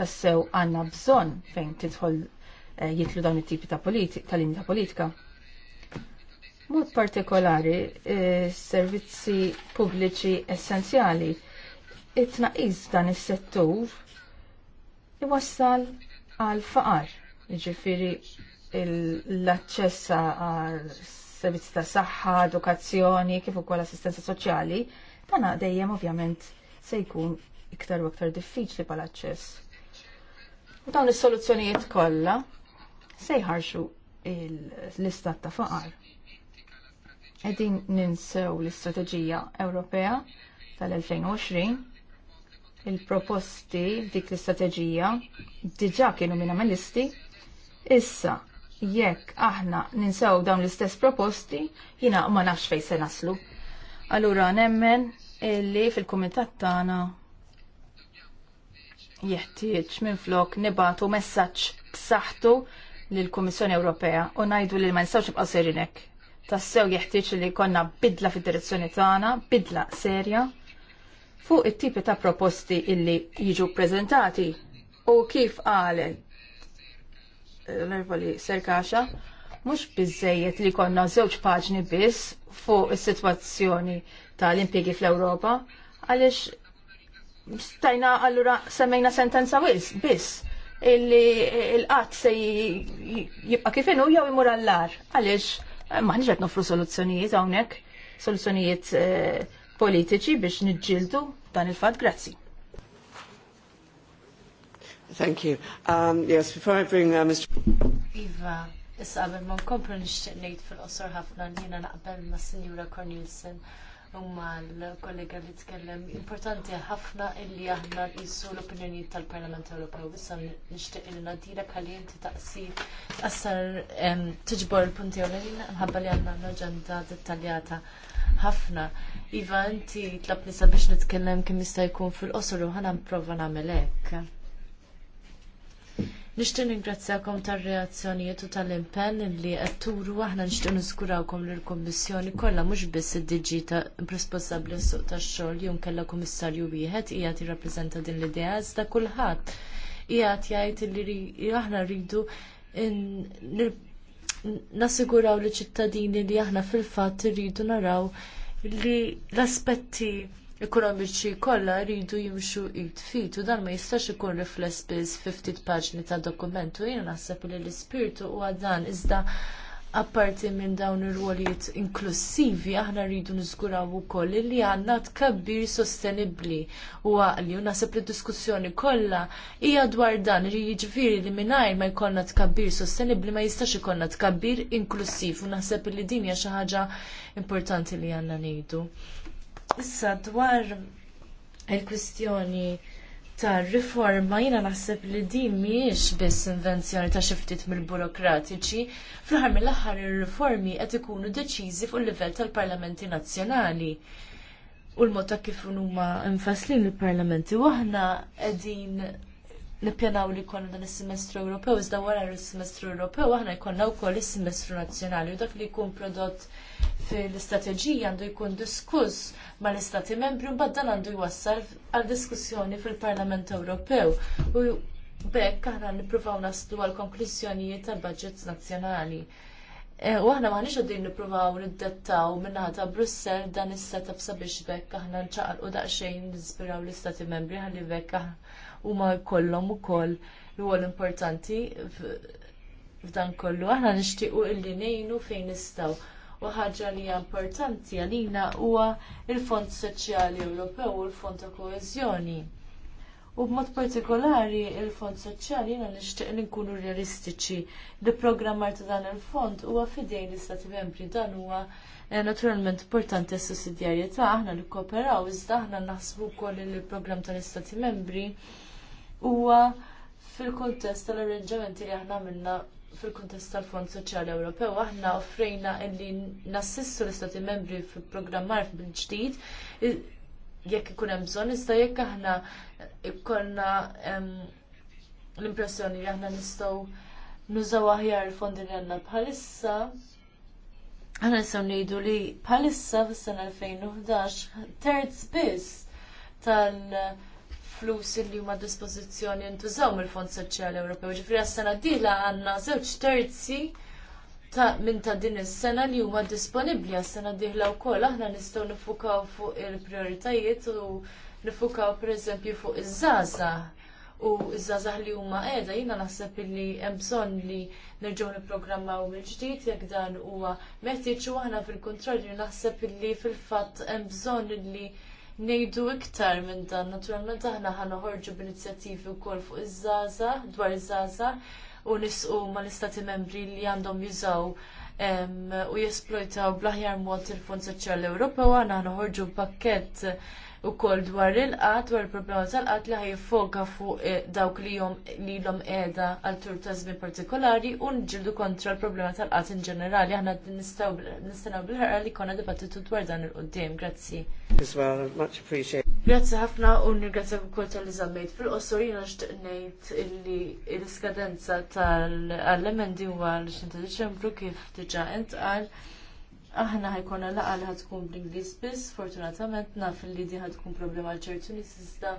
tassew għanna bżon fejn tidħol eh, jitlu dawn it-tipi ta' tal-linja ta' politika. Mod partikolari, eh, servizzi pubbliċi essenzjali, it-tnaqis dan is-settur iwassal għal faqar, ġifiri l-access għal servizzi ta' saħħa, edukazzjoni, kif ukoll assistenza soċjali, dan għaddejjem ovvjament se jkun iktar u iktar diffiċli bħala aċċess. U dawn is-soluzzjonijiet kollha se jħarxu l-istat ta' faqar. Qegħdin ninsew l-istrateġija Ewropea tal-2020 il-proposti dik l-istrateġija diġà kienu minimalisti issa jekk aħna ninsew dawn l-istess proposti, jina ma nafx fej se naslu. Allura nemmen illi fil-kumitat tagħna jeħtieġ minflok nibatu messaġġ b'saħħtu lill-Kummissjoni Ewropea u ngħidu li ma nistgħux nibqgħu serin hekk. Tassew jeħtieġ li jkollna bidla fid-direzzjoni tagħna, bidla serja fuq it-tipi ta' proposti illi jiġu ppreżentati u kif qalet l-ervoli serkaxa, mux bizzejiet li konna zewċ paġni biss fuq is sitwazzjoni tal impiegi fl-Ewropa għaliex stajna allura semmejna sentenza wis biss illi il-qatt se jibqa' kif inhu jew imur għall-ar għaliex eh, qed nofru soluzzjonijiet hawnhekk soluzzjonijiet eh, politiċi biex niġġieldu dan il-fatt. Grazzi. Thank you. Um, yes, before I bring uh, Mr. Iva, issa qabel ma nkomplu nixtieq ngħid fil-qosor ħafna jiena naqbel ma' Sinjura Cornelsen huma l-kollega li tkellem. Importanti ħafna illi aħna nqisu l-opinjonijiet tal-Parlament Ewropew. Issa nixtieq li nadilek ħalli inti taqsi tqassar tiġbor il-punti ewlenin minħabba li għandna l-aġenda dettaljata ħafna. Iva, inti tlabni sabiex nitkellem kemm jista' jkun fil-qosor u ħana nipprova nagħmel hekk. Nixtieq ningrazzjakom tar-reazzjonijiet u tal-impenn li qed turu aħna nixtieq niskurawkom lill kummissjoni kollha mhux biss id-DG ta' responsabbli suq tax-xogħol jew kellha kummissarju wieħed hija tirrappreżenta din l-idea iżda kulħadd qiegħed jgħid li aħna rridu nassiguraw li ċittadini li aħna fil-fatt irridu naraw li l-aspetti ekonomiċi kollha jridu jimxu id-fit u dan ma jistax ikun rifless biss fi ftit paġni ta' dokumentu jiena naħseb li l-ispirtu huwa dan iżda apparti minn dawn ir-rwolijiet inklusivi aħna rridu niżguraw ukoll li għandna tkabbir sostenibbli u għaqli u naħseb li diskussjoni kollha hija dwar dan li jiġifieri li mingħajr ma jkollna tkabbir sostenibbli ma jistax ikollna tkabbir inklusiv u naħseb li din hija xi ħaġa importanti li għandna ngħidu. Issa dwar il-kwistjoni ta' riforma jiena naħseb li din mhijiex biss invenzjoni ta' xi ftit mill-burokratiċi, fl-aħħar mill-aħħar il riformi qed ikunu deċiżi fuq livell tal-parlamenti nazzjonali. U l-mod ta' kif huma mfasslin il-parlamenti waħna qegħdin nippjanaw li jkollna dan is-semestru Ewropew, iżda wara is-semestru Ewropew aħna jkollna wkoll is-semestru nazzjonali u dak li jkun prodott fil-istrateġija għandu jkun diskuss mal-istati membri bad dan għandu jwassal għal diskussjoni fil-Parlament Ewropew. U bekk aħna nippruvaw naslu għal konklużjonijiet tal budget nazzjonali. E, u aħna maħniex għaddin nipruvaw niddettaw minna ta' Brussel dan is-setup sabiex bekk aħna u daqsxejn nispiraw l-istati membri għalli bekk aħna huma jkollhom ukoll rwol importanti f'dan kollu. Aħna nixtiequ illi ngħinu fejn nistgħu. U ħaġa li hija importanti għalina huwa l fond Soċjali Ewropew u l-Fond ta' Koezjoni. U b'mod partikolari l fond Soċjali jiena nixtieq li nkunu realistiċi. li programmar ta' dan il-fond huwa fidejn l-Istati Membri dan huwa eh, naturalment importanti s sussidjarjetà aħna kkoperaw iżda aħna naħsbu wkoll il programm tal-Istati Membri huwa fil-kuntest tal-arranġamenti li aħna għamilna fil-kuntest tal-Fond Soċjali Ewropew aħna offrejna illi nassistu l-Istati Membri fil-programmar bil-ġdid jekk ikun hemm bżonn iżda jekk aħna ikollna l-impressjoni li aħna nistgħu nużaw aħjar il-fondi li għandna bħalissa. Aħna nistgħu ngħidu li bħalissa fis-sena 2011 terz biss tal- flus li huma dispożizzjoni ntużaw mill-Fond Soċjali Ewropew. Ġifri għas-sena dila għandna żewġ terzi minn ta' din is-sena li huma disponibbli għas-sena dieħla wkoll aħna nistgħu nifukaw fuq il-prijoritajiet u nifukaw pereżempju fuq iż-żgħażagħ u iż-żgħażagħ li huma qiegħda jiena naħseb li hemm bżonn li nerġgħu nipprogrammaw mill-ġdid jekk dan huwa meħtieġ u aħna fil-kontrarju naħseb illi fil-fatt hemm bżonn li ngħidu iktar minn dan. Naturalment aħna ħa noħorġu b'inizjattivi wkoll fuq iż-żgħażagħ dwar iż-żgħażagħ u nisqu mal-istati membri li għandhom jużaw u jesplojtaw bl-aħjar mod il-Fond Soċjali Ewropew aħna noħorġu pakkett u kol dwar il-qat, dwar il-problema tal-qat li ħaj ħajfoka fuq eh, dawk li jom li l edha għal-tur ta' żmien partikolari u nġildu kontra l-problema tal-qat in ġenerali. Aħna nistennaw bil-ħarqa li konna dibattitu dwar dan il-qoddim. Grazzi. Grazzi ħafna u nirgrazzja kol tal izammejt Fil-qosor Jina xtieq ngħid illi l-iskadenza tal-emendi huwa l-20 ta' Diċembru kif diġà intqal. Aħna ħajkonna laqa li ħatkun bl-Inglis biss, fortunatament naf li di ħatkun problema l-ċertu nis iżda.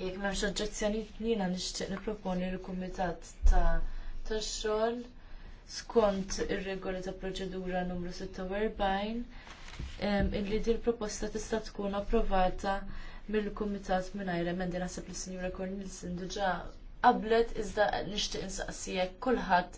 Jekk m'hemmx oġġezzjonijiet jiena nixtieq nipproponi l-Kumitat ta' tax-xogħol skont ir-regoli ta' proċedura numru 46 illi din proposta tista' tkun approvata mill-Kumitat mingħajr emendi naħseb li Sinjura Cornelsen diġà qablet iżda nixtieq insaqsijek kulħadd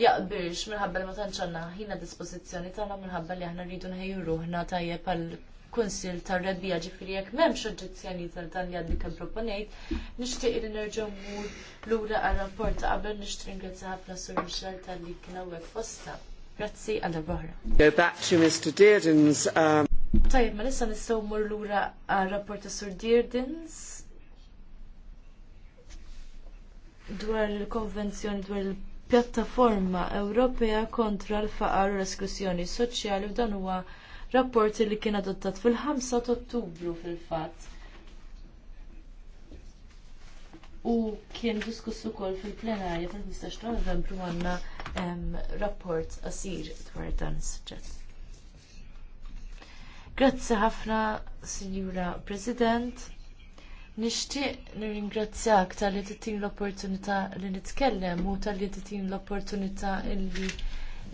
jaqbirx minħabba li ma tanċanna ħina dispożizzjoni tagħna minħabba li aħna rridu nħejju ruħna tajjeb għal kunsil tar-rebbija ġifieri jekk m'hemmx oġġezzjonijiet tal dan li għaddi kemm proponejt, nixtieq li nerġa' mmur lura għar-rapport ta' qabel nixtieq ringrazzja ħafna Sur Michel tal-li kien hawnhekk fosta. Grazzi għal boħra. Go back to Mr. Um, ma nissa nistgħu mmur lura għar rapport ta' Sur Dirdins dwar il-konvenzjoni dwar il pjattaforma Ewropea kontra l-faqar u l eskussjoni soċjali u dan huwa rapporti li kien adottat fil-5 ta' Ottubru fil-fatt. U kien diskuss ukoll fil-plenarja fil-15 ta' Novembru għandna rapport qasir dwar dan is-suġġett. Grazzi ħafna, Signora President. Nixtieq nirringrazzjak tal-li titin l-opportunità li nitkellem u tal-li titin l-opportunità li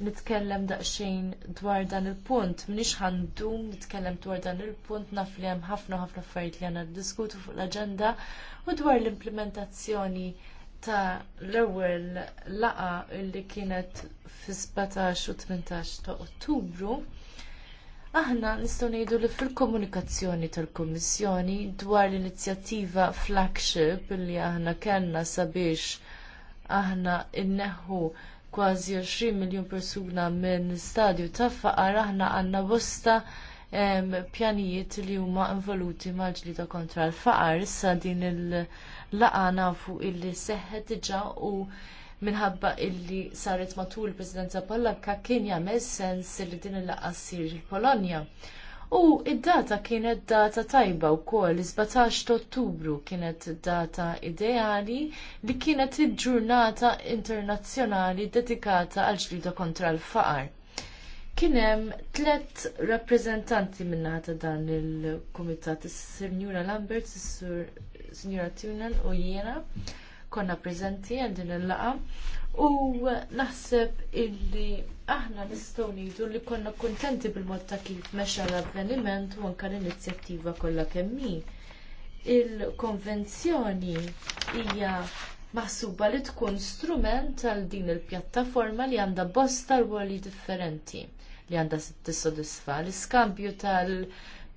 nitkellem daqsxejn dwar dan il-punt. Mnix ħandum nitkellem dwar dan il-punt naf li hemm ħafna ħafna affarijiet li għandna diskutu fuq l-aġenda u dwar l-implementazzjoni ta' l-ewwel laqgħa li kienet fi 17 u 18 ta' Ottubru. Aħna nistgħu ngħidu li fil-komunikazzjoni tal-Kummissjoni dwar l-inizjattiva flagship li aħna kellna sabiex aħna inneħħu kważi 20 miljun persuna minn stadju ta' faqar aħna għandna bosta pjanijiet li huma involuti mal ġlieda kontra l-faqar. Issa din il laqgħa nafu illi seħħet diġà u minħabba illi saret matul il-presidenza Pollakka kien jagħmel sens li din il-laqgħa ssir il-Polonja. U id-data kienet data tajba wkoll kol, 17 ottubru kienet data ideali li kienet il-ġurnata internazzjonali dedikata għal ġlida kontra l-faqar. Kien hemm tliet rappreżentanti min-naħa ta' dan il kumitat is sinjura Lambert, is-Sinjura Tunan u jiena konna preżenti għal din il laqgħa u naħseb illi aħna nistgħu ngħidu li konna kuntenti bil-mod ta' kif mexa l-avveniment u anke l-inizjattiva kollha kemm Il-konvenzjoni hija maħsuba li tkun strument għal din il-pjattaforma li għandha bosta rwoli differenti li għandha tissodisfa l-iskambju tal-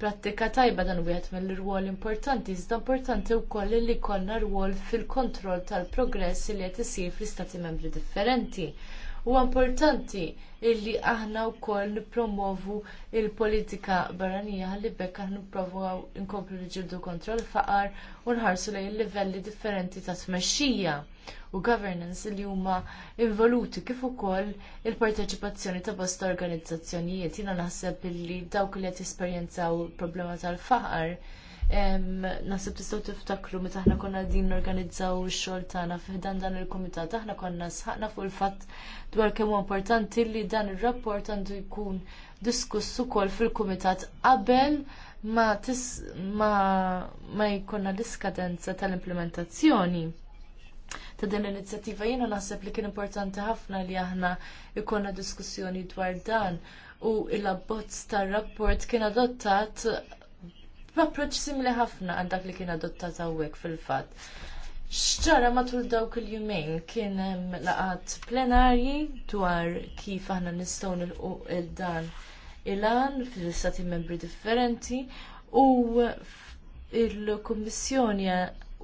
prattika tajba dan wieħed mill-rwol importanti, iżda importanti wkoll li jkollna rwol fil-kontroll tal-progress li qed isir fl-istati membri differenti. Huwa importanti illi aħna wkoll nippromovu l politika barranija li bekk aħna nipprovaw inkomplu niġibdu kontra l-faqar u nħarsu lejn livelli differenti ta' tmexxija u governance li huma involuti kif ukoll il-parteċipazzjoni ta' bosta organizzazzjonijiet. Jiena naħseb illi dawk li qed jesperjenzaw problema tal-faqar Nasib tistgħu tiftakru meta aħna konna din organizzaw ix-xogħol tagħna fiħdan dan il-kumitat aħna konna sħaqna fuq il-fatt dwar kemm huwa importanti li dan ir-rapport għandu jkun diskuss ukoll fil-kumitat qabel ma tis ma ma jkollna l-iskadenza tal-implementazzjoni ta' din l-inizjattiva jiena naħseb li kien importanti ħafna li aħna jkollna diskussjoni dwar dan u l-abbozz tar rapport kien adottat b'approċċ simili ħafna għal dak li kien adotta tawwek fil-fatt. Xċara matul dawk il-jumejn kien hemm laqat plenarji dwar kif aħna nistgħu nilqu il-dan il-għan fil-istati membri differenti u il-Kummissjoni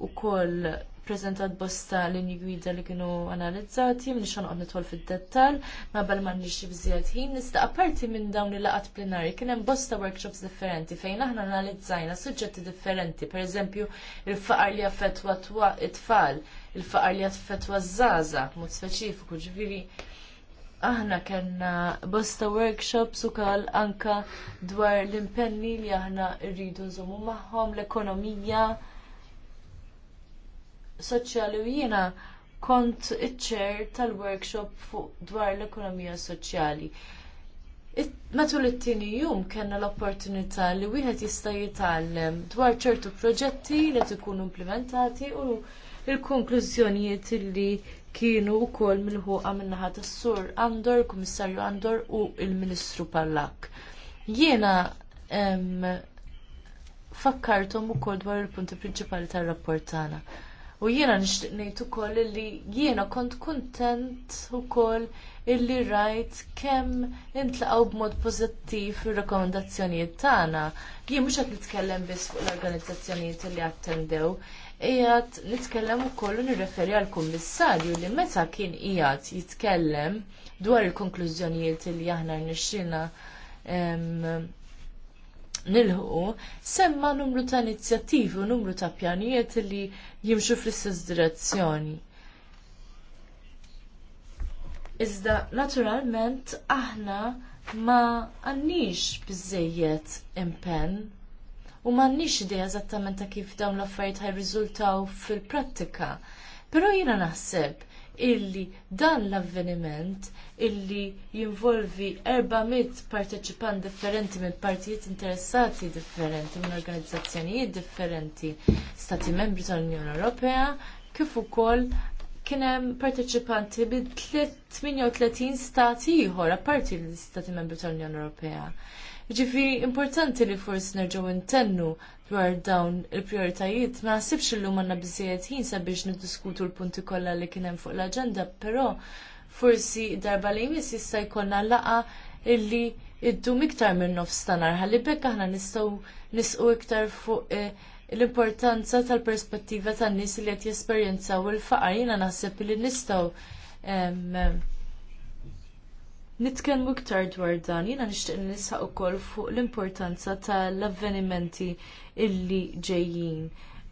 u koll prezentat bosta linji gwida li kienu analizzati, minn xan għon tol fil-dettal, ma bal ma nix bżijat ħin, nista apparti minn dawn li laqat plenari, kienem bosta workshops differenti, fejn aħna analizzajna suġġetti differenti, per eżempju il-faqar li affetwa it-tfal, il-faqar li għaffetwa z-zaza, mod speċifiku ġviri aħna kellna bosta workshops u kal anka dwar l-impenni li aħna rridu nżomu magħhom l-ekonomija, soċjali u jiena kont iċ-ċer tal-workshop fuq dwar l-ekonomija soċjali. Matul it-tieni jum kellna l-opportunità li wieħed jista' jitgħallem dwar ċertu proġetti li qed ikunu implementati u l-konklużjonijiet li kienu wkoll milħuqa min-naħa tas-sur Andor, Kummissarju Andor u l-Ministru Pallak. Jiena fakkarthom ukoll dwar il-punti prinċipali tar-rapport tagħna. U jiena nixtieq ngħid ukoll li jiena kont kuntent ukoll illi rajt kemm intlaqgħu b'mod pożittiv ir-rakkomandazzjonijiet tagħna. Jien mhux qed nitkellem biss fuq l-organizzazzjonijiet li attendew, qiegħed nitkellem ukoll u nirreferi għall kummissarju li meta kien qiegħed jitkellem dwar il-konklużjonijiet li aħna rnexxina ehm, nilħu semma numru ta' inizjattivi u numru ta' pjanijiet li jimxu fl-istess direzzjoni. Iżda naturalment aħna ma għandniex bizzejiet impenn u ma għandniex ideja eżattament ta' kif dawn l-affarijiet ħaj fil-prattika. Però jiena naħseb illi dan l-avveniment illi jinvolvi 400 parteċipant differenti minn partijiet interessati differenti, minn organizzazzjonijiet differenti, stati membri tal-Unjoni Ewropea, kif ukoll kien hemm parteċipanti minn 38 stat ieħor apparti l-istati membri tal-Unjoni Ewropea. Ġifi importanti li forsi nerġgħu intennu dwar dawn il-prioritajiet, ma nasibx illum għandna biżejjed ħin sabiex niddiskutu l-punti kollha li kien hemm fuq l-aġenda, però forsi darba li jmiss jista' jkollna laqa illi iddum iktar minn nofs tanar ħalli bekk aħna nistgħu nisqu iktar fuq eh, l-importanza tal-perspettiva tan-nies li qed jesperjenzaw il-faqar jiena naħseb li nistgħu nitkellmu iktar dwar dan, jiena nixtieq nisaq ukoll fuq l-importanza tal-avvenimenti illi ġejjin.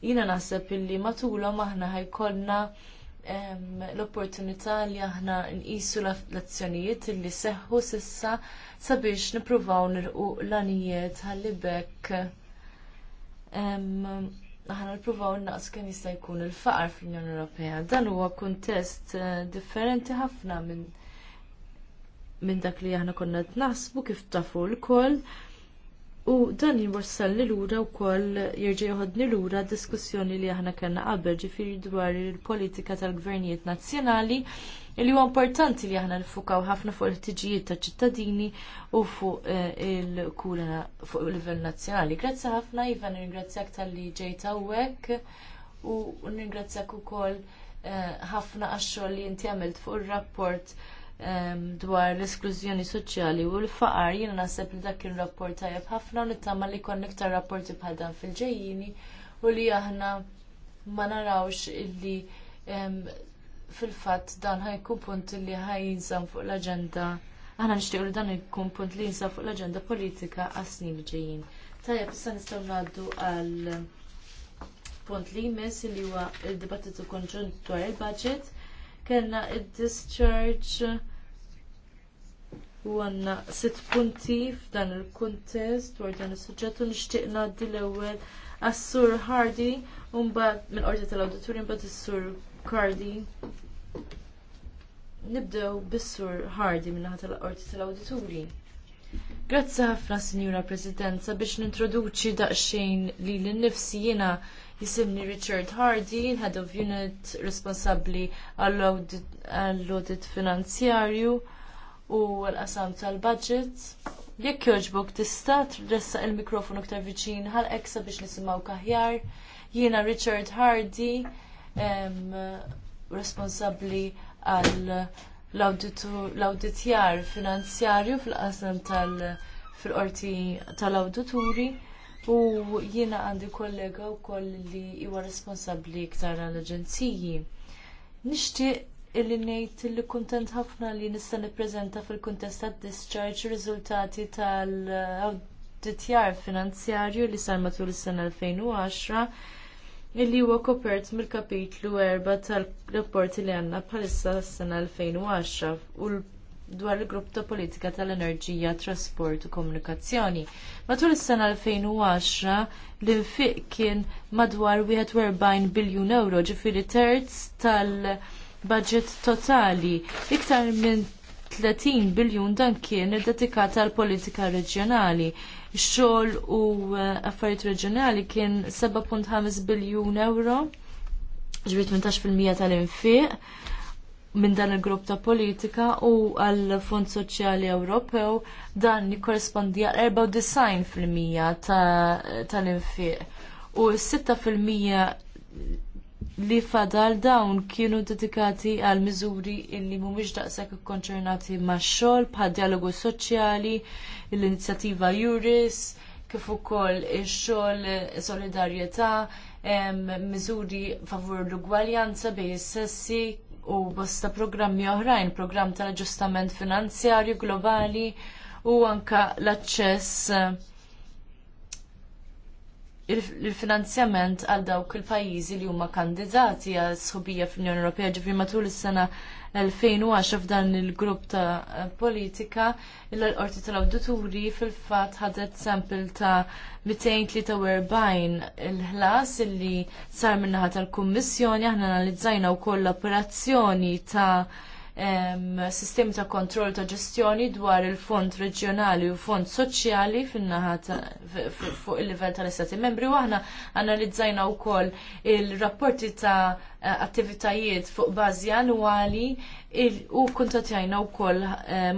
Jiena naħseb illi matulhom aħna ħajkollna l-opportunità li aħna nqisu l-azzjonijiet illi seħħu sissa sabiex nippruvaw nilqu l-anijiet ħalli bekk aħna nippruvaw naqs kemm jista' jkun il-faqar fl-Unjoni Ewropea. Dan huwa kuntest eh, differenti ħafna minn minn dak li aħna konna t-nasbu kif tafu l-koll. U dan jimwassal li lura wkoll jerġa' joħodni lura d diskussjoni li aħna kellna qabel ġifieri dwar il-politika tal-gvernijiet nazzjonali li huwa importanti li aħna nfukaw ħafna fuq il-ħtiġijiet taċ ċittadini u fuq eh, il-kura fuq il livell nazzjonali. Grazzi ħafna Ivan, ringrazzjak tal-li ġejt għek u nringrazzjak ukoll eh, ħafna għax-xogħol li inti għamilt fuq ir-rapport dwar l-esklużjoni soċjali u l-faqar jiena naħseb li dak kien rapport tajjeb ħafna u nittama li kon iktar rapporti bħal dan fil-ġejjini u li aħna ma narawx illi fil-fatt dan ħajkun punt li ħajinżam fuq l-aġenda aħna nixtiequ li dan ikun punt li jinsam fuq l agenda politika għas-snin ġejjin. Tajjeb, issa nistgħu ngħaddu għal punt li jmiss li huwa il dibattitu konġunt dwar il-budget. Kellna id-discharge u għanna sitt punti f'dan il-kuntest dwar dan is-suġġett u nixtieq ngħaddi l-ewwel għas-sur Hardy u mbagħad minn qorti tal-awditurju mbagħad is-sur Cardi. Nibdew bis-sur Hardy minn naħa tal-qorti tal-awditurji. Grazzi ħafna Sinjura Presidenza biex nintroduċi daqsxejn li l-nifsi jiena jisimni Richard Hardy, Head of Unit responsabbli għall-audit finanzjarju u l-qasam tal-budget. Jekk joġbok tista' tressa il-mikrofonu aktar viċin ħal eksa biex nisimgħu kaħjar. Jiena Richard Hardy, responsabbli għal l-auditjar finanzjarju fil-qasam tal- fil-qorti tal-awdituri. U jiena għandi kollega wkoll li huwa responsabbli iktar għal aġenziji Nixtieq illi ngħid illi kuntent ħafna li nista' nippreżenta fil-kuntest tad-discharge riżultati tal-awditjar finanzjarju li sar matul is-sena 2010 illi huwa kopert mill-kapitlu 4 tal-rapporti li għandna bħalissa s-sena 2010 u dwar il-grupp ta' politika tal-enerġija, trasport u komunikazzjoni. Matul is-sena 2010 l-infiq kien madwar 41 biljun euro ġifieri terz tal- budget totali. Iktar minn 30 biljun dan kien dedikat għal politika reġjonali. Xogħol u eh, affarijiet reġjonali kien 7.5 biljun euro, ġbir 18% tal-infiq minn dan il-grupp ta' politika u għal Fond Soċjali Ewropew dan jikorrespondi għal 94% tal-infiq. U s-6% li fadal dawn kienu dedikati għal miżuri illi mhumiex daqshekk ikkonċernati max-xogħol bħal dialogu soċjali, l-inizjattiva Juris, kif ukoll ix-xogħol solidarjetà, miżuri favur l-ugwaljanza bejn is-sessi u bosta programmi oħrajn, programm tal-aġġustament finanzjarju globali u anke l-aċċess il-finanzjament għal dawk il-pajjiżi li huma kandidati għal sħubija fl-Unjoni Ewropea ġifri matul is-sena 2010 f'dan il-grupp ta' politika l-qorti tal-awdituri fil-fatt ħadet sample ta' 243 il-ħlas illi sar min-naħa tal-Kummissjoni aħna analizzajna wkoll l-operazzjoni ta' sistemi ta' kontroll ta' ġestjoni dwar il-fond reġjonali u fond soċjali fin-naħa fuq il-livell tal-Istati membri u aħna analizzajna wkoll il-rapporti ta' attivitajiet fuq bażi annwali u kuntatjajna wkoll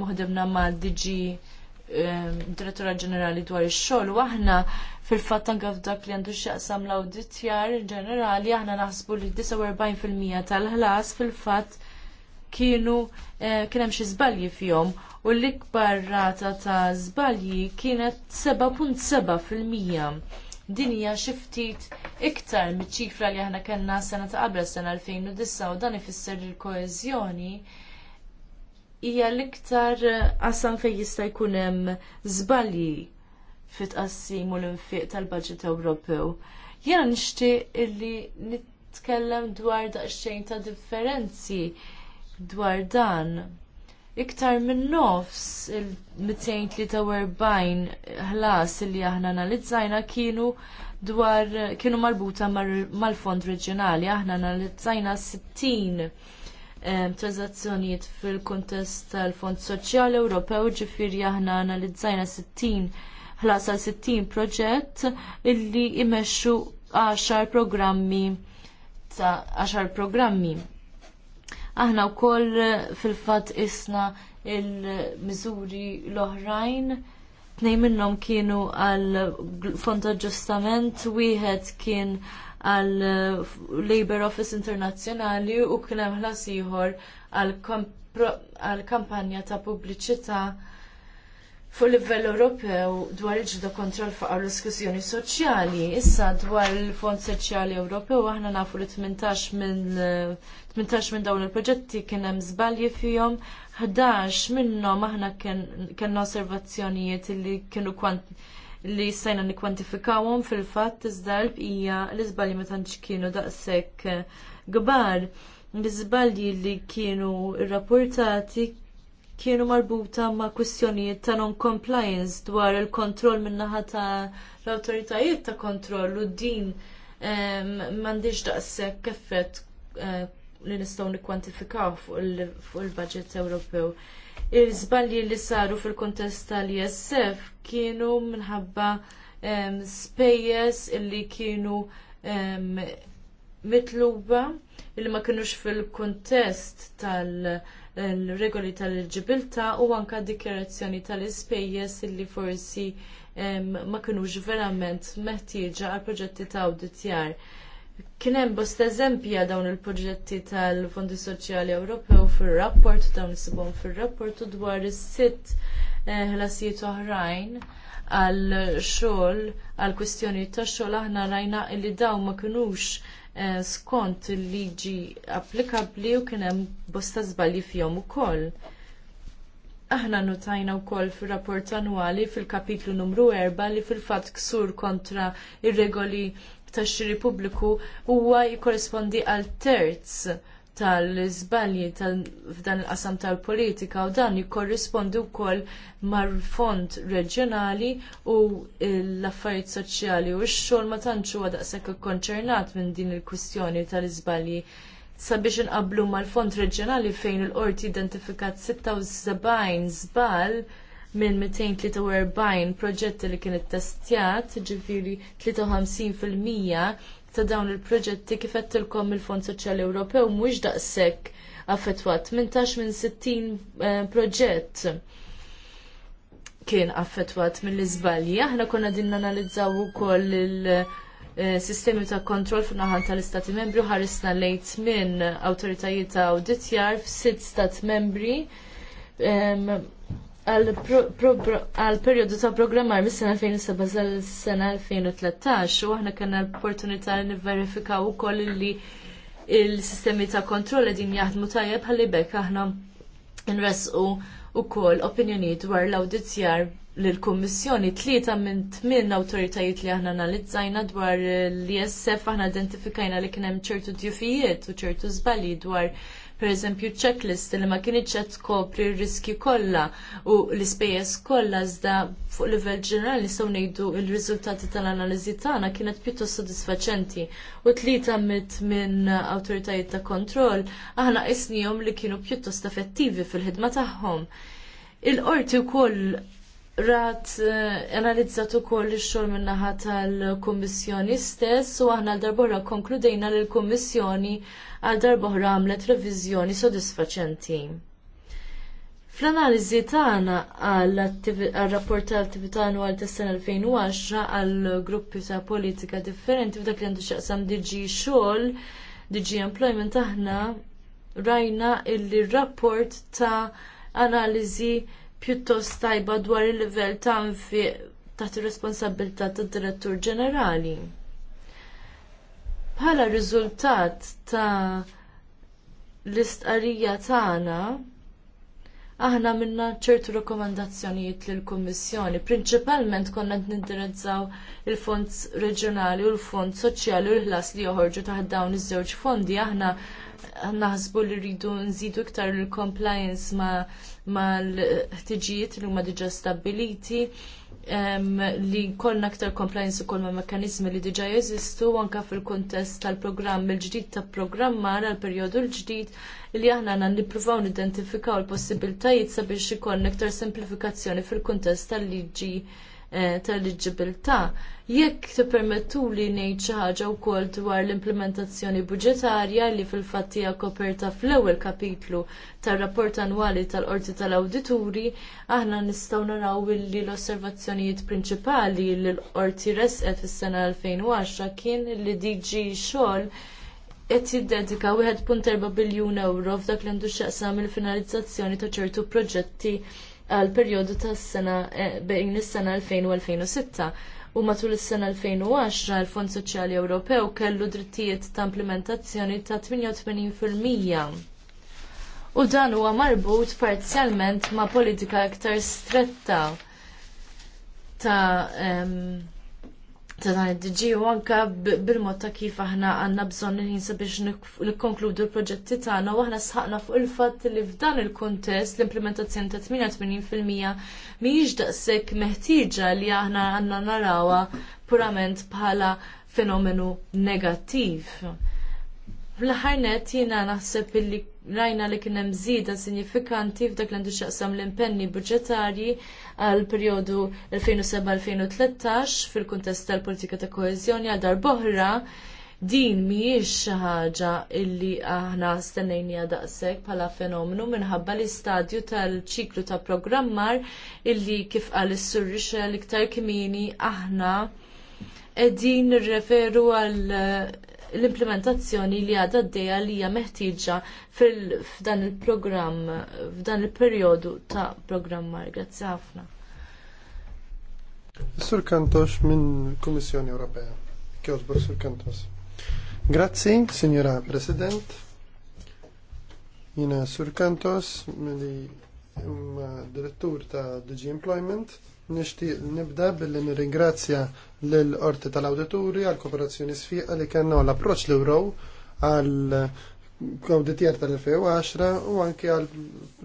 moħdemna ma' DG Direttura Ġenerali dwar ix-xogħol u aħna fil-fatt anke f'dak li għandu x'jaqsam l-awditjar ġenerali aħna naħsbu li 49% tal-ħlas fil-fatt kienu eh, kien hemm xi żbalji fihom u l-ikbar rata ta' żbalji kienet 7.7 fil-mija. Din hija xi ftit iktar miċ-ċifra li aħna kellna sena ta' qabel sena 2009 u dan ifisser il-koeżjoni hija l-iktar eh, qasam fejn jista' jkun hemm żbalji fit-qassim u l-infiq tal-Baġit Ewropew. Jiena nixtieq illi nitkellem dwar daqsxejn ta' differenzi dwar dan, iktar minn nofs il-243 ħlas li aħna analizzajna kienu dwar kienu marbuta mal-fond reġjonali. Aħna analizzajna 60 eh, transazzjonijiet fil-kontest tal-Fond Soċjali Ewropew ġifieri aħna analizzajna 60 ħlas għal 60 proġett illi imexxu 10 programmi ta' 10 programmi. Aħna wkoll eh, fil-fatt isna il-miżuri l-oħrajn. Tnejn minnhom kienu għal fond aġġustament, wieħed kien għal eh, Labor Office Internazzjonali u kien hemm ħlas ieħor għal kampanja ta' pubbliċità fuq livell Ewropew dwar il kontroll kontra l-faqar diskussjoni soċjali. Issa dwar il-Fond Soċjali Ewropew aħna nafu li 18 minn 18 minn dawn il-proġetti kien hemm żbalji fihom, 11 minnhom aħna kellna osservazzjonijiet li kienu kwant li jistajna nikwantifikawhom fil-fatt iżda l-bqija l-iżbalji ma tantx kienu daqshekk kbar. L-iżbalji li kienu rrappurtati kienu marbuta ma' kwistjonijiet ta' non-compliance dwar il-kontroll min-naħa ta' l-autoritajiet ta' kontroll u din m'għandix daqshekk effett eh, li nistgħu nikkwantifikaw fuq il-budget Ewropew. Il-żbalji li saru fil-kontest tal-ISF kienu minħabba spejjeż illi kienu mitluba illi ma kinux fil-kontest tal- l-regoli tal-eligibilta u anke dikjarazzjoni tal-ispejjeż illi forsi ma kinux verament meħtieġa għal proġetti ta' awditjar. Kien hemm bosta eżempji għal dawn il-proġetti tal-Fondi Soċjali Ewropew fir-rapport, dawn isibhom fir-rapport u dwar is-sitt eh, ħlasijiet oħrajn għal xogħol għal kwistjoni tax xogħol aħna rajna li dawn ma kinux Eh, skont il-liġi applikabbli u kien hemm bosta żbalji fihom ukoll. Aħna notajna wkoll fir-rapport annwali fil-kapitlu numru 4 li fil-fatt ksur kontra ir-regoli tax-xiri pubbliku huwa jikkorrispondi għal terz tal-izbalji f'dan il-qasam tal-politika u dan jikkorrispondi wkoll mal-fond reġjonali u l-affarijiet soċjali u x-xogħol ma tantx huwa daqshekk ikkonċernat minn din il-kwistjoni tal-iżbalji sabiex inqabblu mal-fond reġjonali fejn il-qorti identifikat 76 żball minn 243 proġetti li kien ittestjat, ġifiri 53% ta' dawn il-proġetti kif tilkom il-Fond Soċjali Ewropew mhux daqshekk affettwat. 18 minn 60 eh, proġett kien affettwat mill-iżbalji. Aħna konna din analizzaw ukoll il-sistemi eh, ta' kontroll fuq naħal tal-Istati Membri u ħarisna lejt minn awtoritajiet ta' awditjar f'sitt Stat Membri għal periodu ta' programmar mis sena 2007 sal sena 2013 u aħna kanna l-opportunità li nivverifikaw ukoll li il-sistemi ta' kontrol din jaħdmu tajjeb għalli bekk aħna nresqu ukoll opinjoni dwar l-awdizzjar l-Kummissjoni tlieta minn tmien awtoritajiet li aħna analizzajna dwar l-ISF aħna identifikajna li kien hemm ċertu djufijiet u ċertu żbalji dwar pereżempju checklist li ma kienx qed tkopri r-riski kollha u l-ispejjeż kollha iżda fuq livell ġenerali nistgħu ngħidu r-riżultati tal-analiżi tagħna kienet pjuttost sodisfaċenti u tlieta mit minn awtoritajiet ta' kontroll aħna qisnihom li kienu pjuttost effettivi fil-ħidma tagħhom. Il-qorti wkoll Rat eh, analizzat ukoll ix-xogħol min-naħa tal-Kummissjoni stess u aħna l-darbora konkludejna li l-Kummissjoni għal oħra għamlet reviżjoni sodisfaċenti. Fl-analiżi tagħna għall-rapport tal-attività annwali tas-sena 2010 għall gruppi ta' politika differenti f'dak li għandu x'aqsam DG xogħol, DG employment aħna rajna illi rapport ta' analiżi pjuttost tajba dwar il-livell ta' taħt ir responsabilità tad direttur ġenerali. Bħala riżultat ta' l-istqarija tagħna aħna minna ċertu rakkomandazzjonijiet lill kummissjoni prinċipalment konna qed nindirizzaw il-fond reġjonali u l-fond soċjali u l-ħlas li joħorġu taħt dawn iż-żewġ fondi aħna naħsbu li rridu nżidu iktar il compliance ma' l-ħtiġijiet li huma diġà stabbiliti li kollna aktar compliance u kollna mekkanizmi li diġa jeżistu anke fil-kontest tal-programm il-ġdid ta' programmar għal perjodu l-ġdid li aħna għanna nippruvaw nidentifikaw il-possibiltajiet sabiex ikon aktar semplifikazzjoni fil-kuntest tal-liġi eh, tal-liġibilità. Jekk tippermettu li ngħid xi ħaġa wkoll dwar l-implementazzjoni budġetarja li fil-fatt hija koperta fl-ewwel kapitlu tar-rapport annwali tal-Qorti tal-Awdituri, aħna nistgħu naraw li l-osservazzjonijiet prinċipali li l-Qorti resqet fis-sena 2010 kien li DG xogħol qed jiddedika 1.4 biljun euro f'dak li għandu x'jaqsam il-finalizzazzjoni ta' ċertu proġetti għal perjodu tas sena eh, bejn is-sena 2000 u 2006 u matul is-sena 2010 il-Fond Soċjali Ewropew kellu drittijiet ta' implementazzjoni ta' 88%. U dan huwa marbut parzjalment ma' politika iktar stretta ta' Ta'dan id-DG u anka bil-mod ta' kif aħna għandna bżonn ninsa biex nikkonkludu l-proġetti tagħna u aħna sħaqna fuq il-fatt li f'dan il-kuntest l-implementazzjoni ta' 88% mhijiex daqshekk meħtieġa li aħna għandna narawha purament bħala fenomenu negattiv. Fl-aħħar net jiena naħseb illi rajna li kien hemm signifikanti sinifikanti f'dak li għandu xaqsam l-impenni budġetarji għal perjodu 2007-2013 fil-kuntest tal-politika ta' koeżjoni għal darboħra din mhijiex ħaġa illi aħna stennejnija daqshekk bħala fenomenu minħabba li stadju tal-ċiklu ta' programmar illi kif qal is-sur iktar kmieni aħna qegħdin referu għal l-implementazzjoni li għadha d-dejja li hija meħtieġa f'dan il-programm, f'dan il-perjodu ta' programmar. Grazzi ħafna. Sur Kantos minn Kummissjoni Ewropea. Kjosbor Sur Kantos. Grazzi, Signora President. Jina Sur Kantos, mill-direttur ta' DG Employment Nixtieq nibda billi nirringrazzja lill qorti tal-Awdituri għall kooperazzjoni sfiqa li kellna l-approċċ li wrow għal kawditjar tal-2010 u anke għal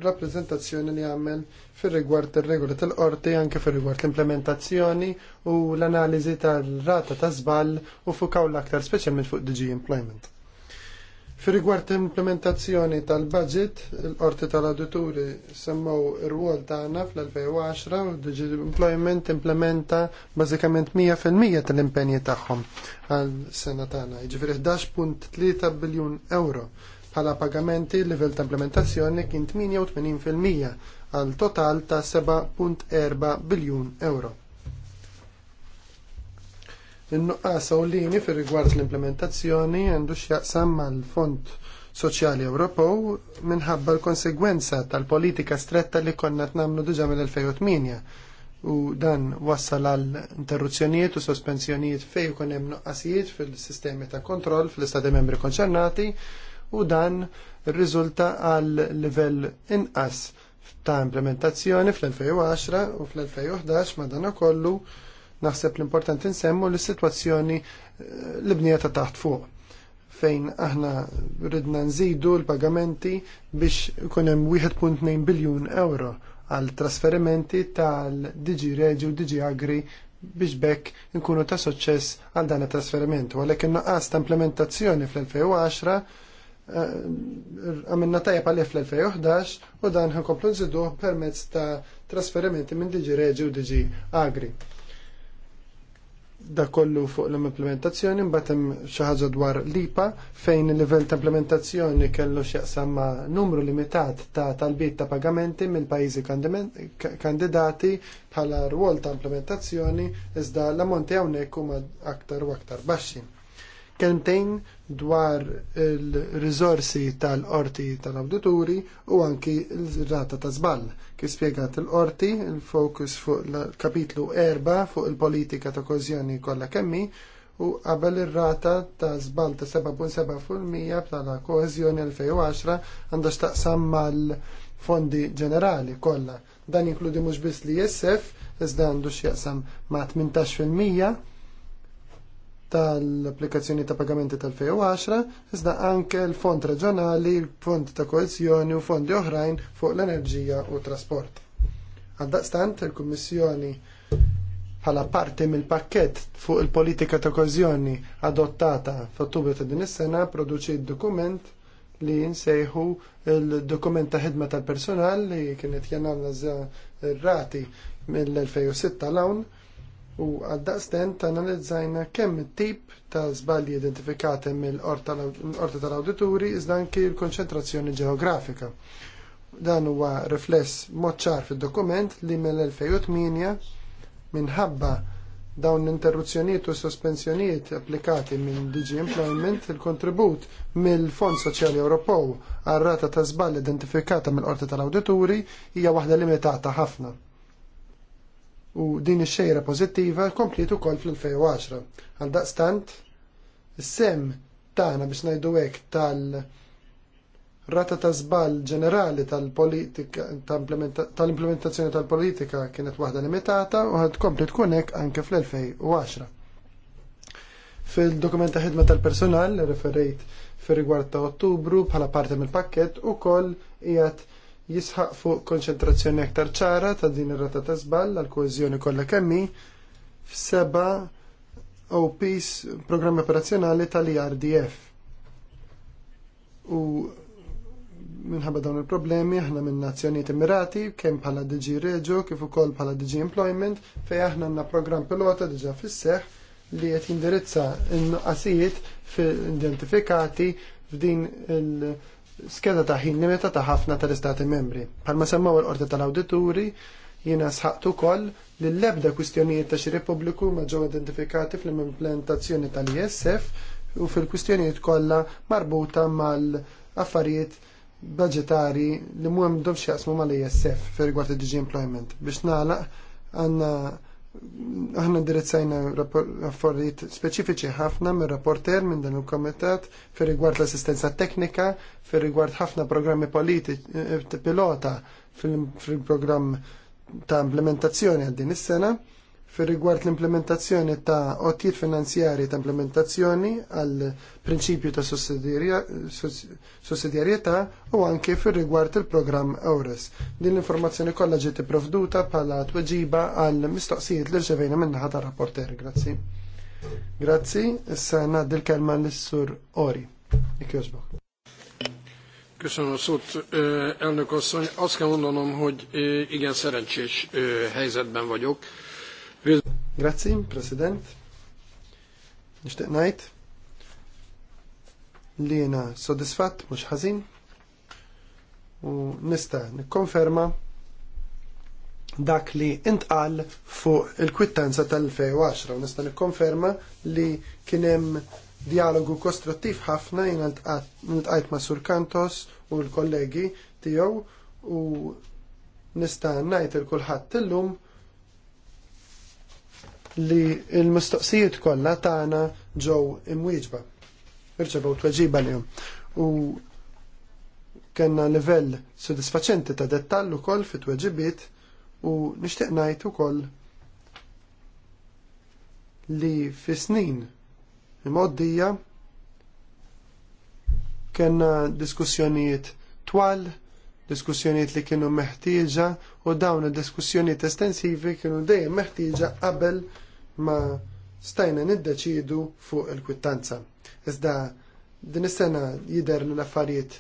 rappreżentazzjoni li għamel fir rigward ir-regoli tal-qorti anke fir rigward l-implementazzjoni u l-analiżi tal-rata ta' żball u fukaw l-aktar speċjalment fuq DG Employment. Fi rigward implementazzjoni tal-budget, l-Qorti tal-Awdituri semmaw ir-rwol tagħna fl-2010 u Digi Employment implementa bażikament 100% tal-impenji tagħhom għal sena tagħna, jiġifieri 11.3 biljun euro bħala pagamenti l livell ta' implementazzjoni kien 88% għal total ta' 7.4 biljun euro. In-nuqqas ewlieni fir-rigward l-implementazzjoni għandu x'jaqsam mal-Fond Soċjali Ewropew minħabba l-konsegwenza tal-politika stretta li konna tnamlu diġa mill-2008 u dan wassal għal interruzzjonijiet u sospensjonijiet fej kun hemm nuqqasijiet fil-sistemi ta' kontroll fl-istati membri konċernati u dan rriżulta għal livell inqas ta' implementazzjoni fl-2010 u fl-2011 madanakollu kollu Naħseb l-importanti nsemmu l-situazzjoni eh, l-bnija ta' taħt fuq fejn aħna ridna nżidu l-pagamenti biex kunem 1.2 biljun euro għal trasferimenti tal-Digi Regi u Digi Agri biex bekk nkunu ta' suċċess għal dan it-trasferiment. Għalhekk innaqqas ta' implementazzjoni fl-2010 eh, għamilna tajjeb għalih fl-2011 u dan ħankomplu nżiduh permezz ta' trasferimenti minn Digi Regi u Digi Agri da kollu fuq l-implementazzjoni, mbagħad hemm xi ħaġa dwar l-IPA fejn il-livell ta' implementazzjoni kellu xieqsam ma' numru limitat ta' talbiet ta' pagamenti mill-pajjiżi kandidati bħala rwol ta' implementazzjoni iżda l-ammonti hawnhekk huma aktar u aktar baxxi kelmtejn dwar il-rizorsi tal-qorti tal-awdituri u anki l-rata ta' żball. Kif spjegat il-qorti, il-fokus fuq l-kapitlu 4 fuq il-politika ta' kozjoni kollha kemmi u qabel ir-rata ta' żball ta' 7.7% bħala koeżjoni 2010 għandha x'taqsam mal-fondi ġenerali kollha. Dan jinkludi mhux biss li jessef, iżda għandu x'jaqsam ma' 18% tal-applikazzjoni ta' pagamenti tal-2010, iżda anke l-fond reġjonali, l-fond ta' koezjoni u fondi oħrajn fuq l-enerġija u trasport. Għaldaqstant, il-Kummissjoni bħala parti mill-pakket fuq il-politika ta' koezjoni adottata f'Ottubru ta' din is-sena produċi dokument li jinsejħu il-dokument ta' ħidma tal-personal li kienet jananna rati mill-2006 l-awn u għaddaqstent analizzajna kemm tip ta' żbalji identifikati mill-qorti tal-awdituri iżda anki l-konċentrazzjoni ġeografika. Dan huwa rifless mod ċar fid-dokument li mill-2008 minħabba dawn l-interruzzjonijiet u sospensjonijiet applikati minn DG Employment il-kontribut mill-Fond Soċjali Ewropew għar-rata ta' żball identifikata mill-Qorti tal-Awdituri hija waħda limitata ħafna u din ix-xejra pożittiva komplet ukoll fl-2010. Għal daqstant, is-sem tagħna biex ngħidu hekk tal- rata ta' żball ġenerali tal-politika tal-implementazzjoni tal-politika kienet waħda limitata u għad kompli tkun hekk anke fl-2010. Fil-dokument ta' ħidma tal-personal referejt fir rigward ta' Ottubru bħala parti mill-pakket ukoll qiegħed jisħaq fuq konċentrazzjoni aktar ċara ta' din ir-rata ta' żball għal koeżjoni kollha kemmi f'seba OPs programm operazzjonali tal-IRDF. U minħabba dawn il-problemi aħna minn nazzjonijiet Emirati kemm bħala DG Reġo kif ukoll bħala DG Employment fejn aħna għandna programm pilota diġà fis-seħħ li qed jindirizza n-nuqqasijiet identifikati f'din il- skeda ta' ħin limita ta' ħafna tal-istati membri. Palma semmaw il-qorti tal-awdituri jina sħaqtu koll li l-lebda kwistjonijiet ta' xi Repubbliku ma ġew identifikati fl-implementazzjoni tal-ISF u fil-kwistjonijiet kollha marbuta mal-affarijiet budgetari li mu għandhom jaqsmu mal-ISF fir rigward il-DG Employment. Biex nagħlaq għandna aħna direzzajna rapporti speċifiċi ħafna minn rapporter minn dan il komitet fir rigward l-assistenza teknika, fir rigward ħafna programmi politiċi eh, pilota fil-programm ta' implementazzjoni għaddin din is-sena fir rigward l-implementazzjoni ta' ottijiet finanzjarji ta' implementazzjoni għal prinċipju ta' sussidjarjetà u anke fir rigward il-programm EURES. Din l-informazzjoni kollha ġiet ipprovduta bħala tweġiba għal mistoqsijiet li rċevejna minnaħa tar rapporter. Grazzi. Grazzi, issa ngħaddi l-kelma lis-sur Ori. Ikjożbok. Köszönöm a szót, elnök asszony. Azt kell mondanom, hogy igen szerencsés helyzetben vagyok. Grazzi, President. Nishtiq najt li jena soddisfatt mhux ħażin u nista nikkonferma dak li intqal fuq il-kwittanza tal-2010 u nista nikkonferma li kien hemm dialogu kostruttiv ħafna jena niltqajt ma' Sur Kantos u l-kollegi tiegħu u nista' ngħid il kulħadd illum li l-mistoqsijiet kollha tagħna ġew imwieġba. Irċevew tweġiba lihom. U kellna livell sodisfaċenti ta' dettall ukoll fit tweġibiet u nixtieq ngħid ukoll li fi snin imgħoddija kellna diskussjonijiet twal diskussjonijiet li kienu meħtieġa u dawn id-diskussjonijiet estensivi kienu dejjem meħtieġa qabel ma stajna niddeċidu fuq il-kwittanza. Iżda din is-sena jidher li l-affarijiet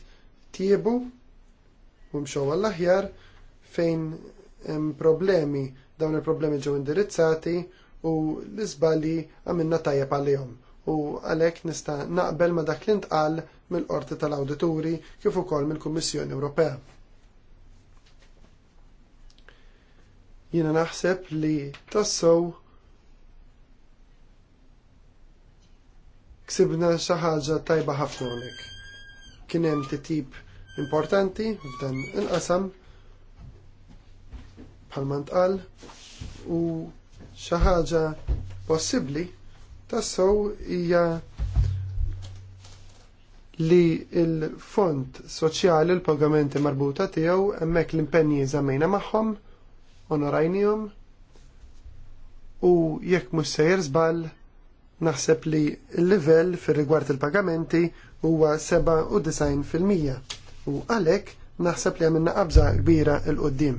tiebu u mxew għall-aħjar fejn hemm problemi dawn il-problemi ġew indirizzati u l iżbalji għamilna tajjeb għalihom u għalhekk nista naqbel ma dak li ntqal mill-Qorti tal-Awdituri kif ukoll mill-Kummissjoni Ewropea. Jiena naħseb li tassow ksibna xi ħaġa tajba ħafna hawnhekk. Kien hemm titjib importanti f'dan il-qasam bħalma ntqal u xi ħaġa possibbli tassew hija li il-fond soċjali l-pagamenti marbuta tiegħu hemmhekk l-impenji żamejna magħhom, onorajnihom u jekk mhux sejr żball Naħseb li l-livell fir rigward il-pagamenti huwa 97% u għalhekk naħseb li għamilna qabża kbira il qoddim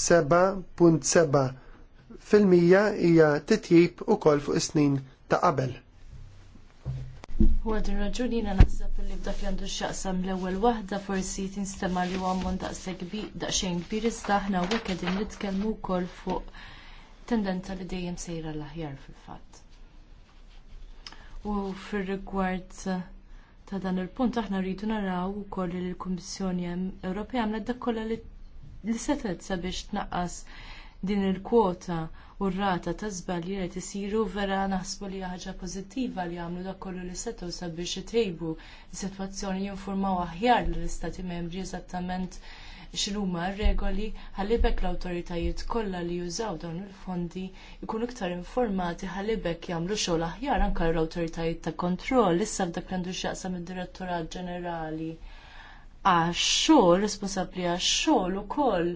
7.7% hija titjib ukoll fuq is-snin ta' qabel. Għad il raġuni jina naħseb li b'dak jandu xaqsam l-ewwel waħda forsi tinstema li huwa ammont daqsxejn kbir iżda aħna u qegħdin nitkellmu wkoll fuq tendenza li dejjem sejra l-aħjar fil-fatt. U fir-rigward ta' dan il-punt aħna rridu naraw ukoll li l-Kummissjoni Ewropea għamlet dak kollha li setet sabiex tnaqqas din il-kwota u r-rata ta' żbalji li isiru vera naħsbu li ħaġa pożittiva li għamlu dak kollu li setgħu sabiex itejbu is-sitwazzjoni jinformaw aħjar lill istati membri eżattament x'inhuma r-regoli ħallibek l-awtoritajiet kollha li jużaw dawn il-fondi jkunu iktar informati ħallibek jagħmlu xogħol aħjar anke l-awtoritajiet ta' kontroll issa f'dak li għandu x'jaqsam id-Direttorat Ġenerali għax-xogħol responsabbli għax-xogħol ukoll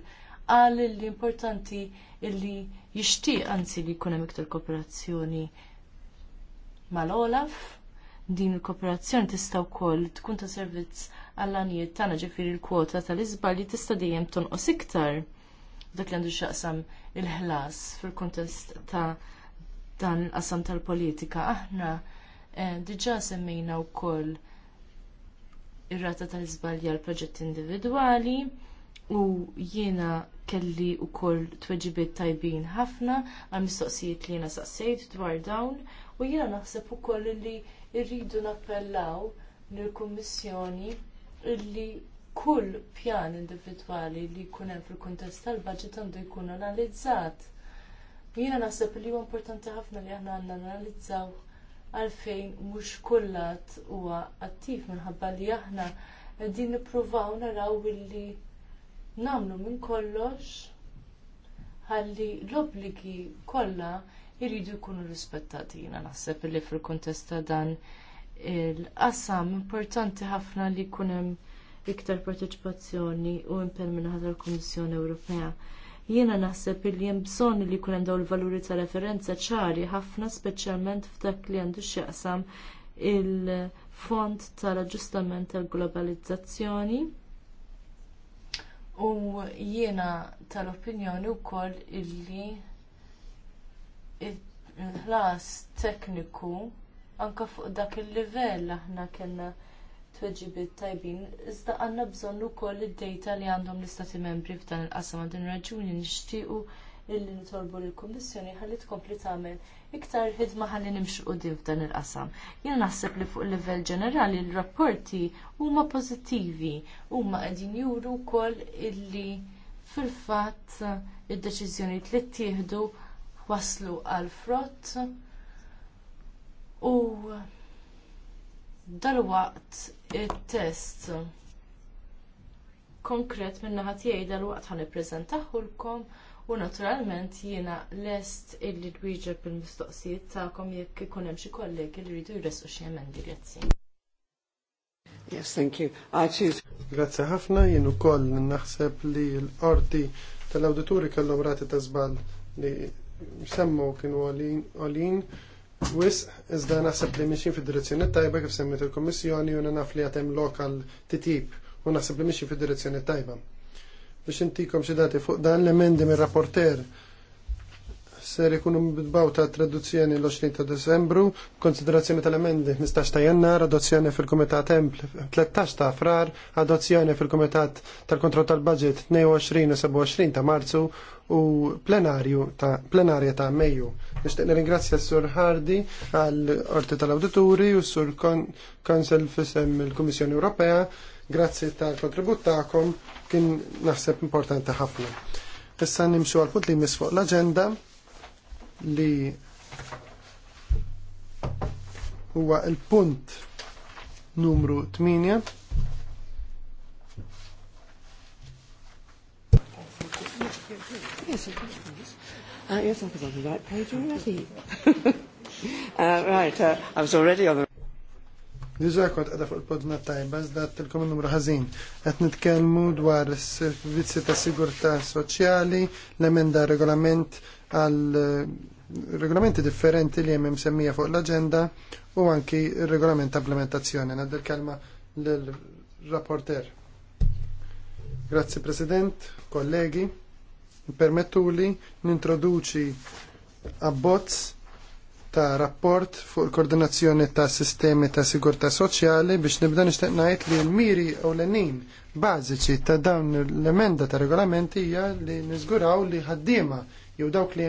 qal li importanti illi jixtieq anzi li jkun hemm iktar kooperazzjoni mal-Olaf din il-kooperazzjoni tista' wkoll tkun ta' servizz għall-għanijiet tagħna ġifieri l-kwota tal-iżbar li tista' dejjem tonqos iktar dak li għandu x'aqsam il-ħlas fil-kuntest ta' dan qasam tal-politika. Aħna eh, diġà semmejna wkoll ir-rata tal-iżbalja l proġett individwali u jiena kelli wkoll tweġibiet tajbin ħafna għal mistoqsijiet li jiena saqsejt dwar dawn u jiena naħseb ukoll li rridu nappellaw nil kummissjoni illi kull pjan individwali li jkun hemm fil-kuntest tal-baġit għandu jkun analizzat. Jiena naħseb li huwa importanti ħafna li aħna għandna analizzaw għalfejn mhux kullat huwa attiv minħabba li aħna qegħdin nippruvaw naraw illi nagħmlu minn kollox ħalli l-obbligi kollha jridu jkunu rispettati. Jiena naħseb li fil-kuntest ta' dan il-qasam importanti ħafna li jkun hemm iktar parteċipazzjoni u impenn minnaħa tal-Kummissjoni Ewropea. Jiena naħseb li hemm bżonn li jkun hemm dawn il-valuri ta' referenza ċari ħafna speċjalment f'dak li għandu x'jaqsam il-fond tal-aġġustament tal-globalizzazzjoni. U jiena tal-opinjoni wkoll illi il-ħlas tekniku anke fuq dak il-livell aħna kellna tweġibiet tajbin, iżda għandna bżonn ukoll id-dejta li għandhom l-istati membri f'dan il-qasam għal din raġuni nixtiequ illi nitolbu lill-Kummissjoni ħalli tkompli tagħmel iktar ħidma ħalli nimxu qudiem f'dan il-qasam. Jien naħseb li fuq livell ġenerali l-rapporti huma pożittivi, huma qegħdin juru wkoll illi fil-fatt id-deċiżjonijiet li ttieħdu waslu għal frott U dalwaqt it-test konkret minna ħatijaj dal-waqt ħan ippreżentaħulkom u naturalment jiena lest illi dwiġeb bil-mistoqsijiet tagħkom jekk ikun hemm xi kollegi li jridu jresqu xi emendi grazzi. Yes, thank you. Grazzi ħafna jien ukoll naħseb li l-qorti tal-awdituri kellhom rati ta' żball li semmu kienu għolin Wis iżda naħseb li mixin fid-direzzjoni tajba kif semmet il komissjoni u naf li għatem lokal titib u naħseb li miexin fid-direzzjoni tajba. Biex intikom xi dati fuq dan l-emendi mir-rapporter ser ikunu bidbaw ta' traduzzjoni l-20 ta' Desembru, konsiderazzjoni tal-emendi 15 ta' Jannar, adozzjoni fil-Komitat Temp 13 ta' Frar, adozzjoni fil-Komitat tal kontrol tal-Budget 22 u 27 ta' Marzu u plenarju ta' plenarja ta' Mejju. Nixtieq nirringrazzja s-Sur Hardi għall-Orti tal-Awdituri u s-Sur Konsel fisem il-Kummissjoni Ewropea. Grazzi tal-kontribut tagħkom kien naħseb importanti ħafna. Issa nimxu għal punt li misfuq l-agenda li huwa il-punt numru 8 Yes, uh, yes, I on the right page already. [LAUGHS] Uh, right, uh, I was already on the Diġa kont għada fuq il-podna tajba, zdat il-kom numru ħazin. Għad nitkelmu dwar s-servizzi ta' sigurta soċjali, l-emenda regolament għal eh, regolamenti differenti li jemmem semmija fuq l-agenda u anki regolament ta' implementazzjoni. Naddil kelma l-rapporter. Grazie President, kollegi, permettu li nintroduċi abbozz ta' rapport fuq il-koordinazzjoni ta' sistemi ta' sigurta soċjali biex nibda nixtieq ngħid li l-miri u l nin bażiċi ta' dawn l-emenda ta' regolamenti hija li niżguraw li ħaddiema jew dawk li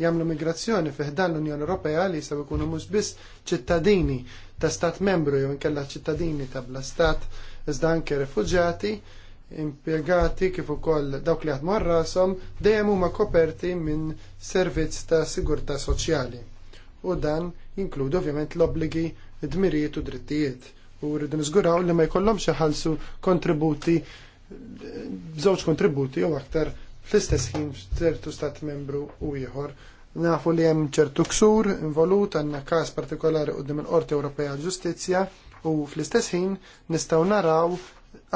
jagħmlu migrazzjoni fih dan l-Unjoni Ewropea li jistgħu jkunu mhux biss ċittadini ta' stat membru jew inkella ċittadini ta' bla stat iżda anke refuġjati impjegati kif ukoll dawk li għatmu rasom dejjem huma koperti minn servizz ta' sigurtà soċjali. U dan jinkludi ovvjament l-obbligi dmirijiet u drittijiet. U rridu niżguraw li ma jkollhomx ħalsu kontributi bżewġ kontributi jew aktar fl-istess ħin ċertu stat membru u ieħor. Nafu li hemm ċertu ksur involut għandna każ partikolari qudiem il-Qorti Ewropea Ġustizzja u fl-istess ħin nistgħu naraw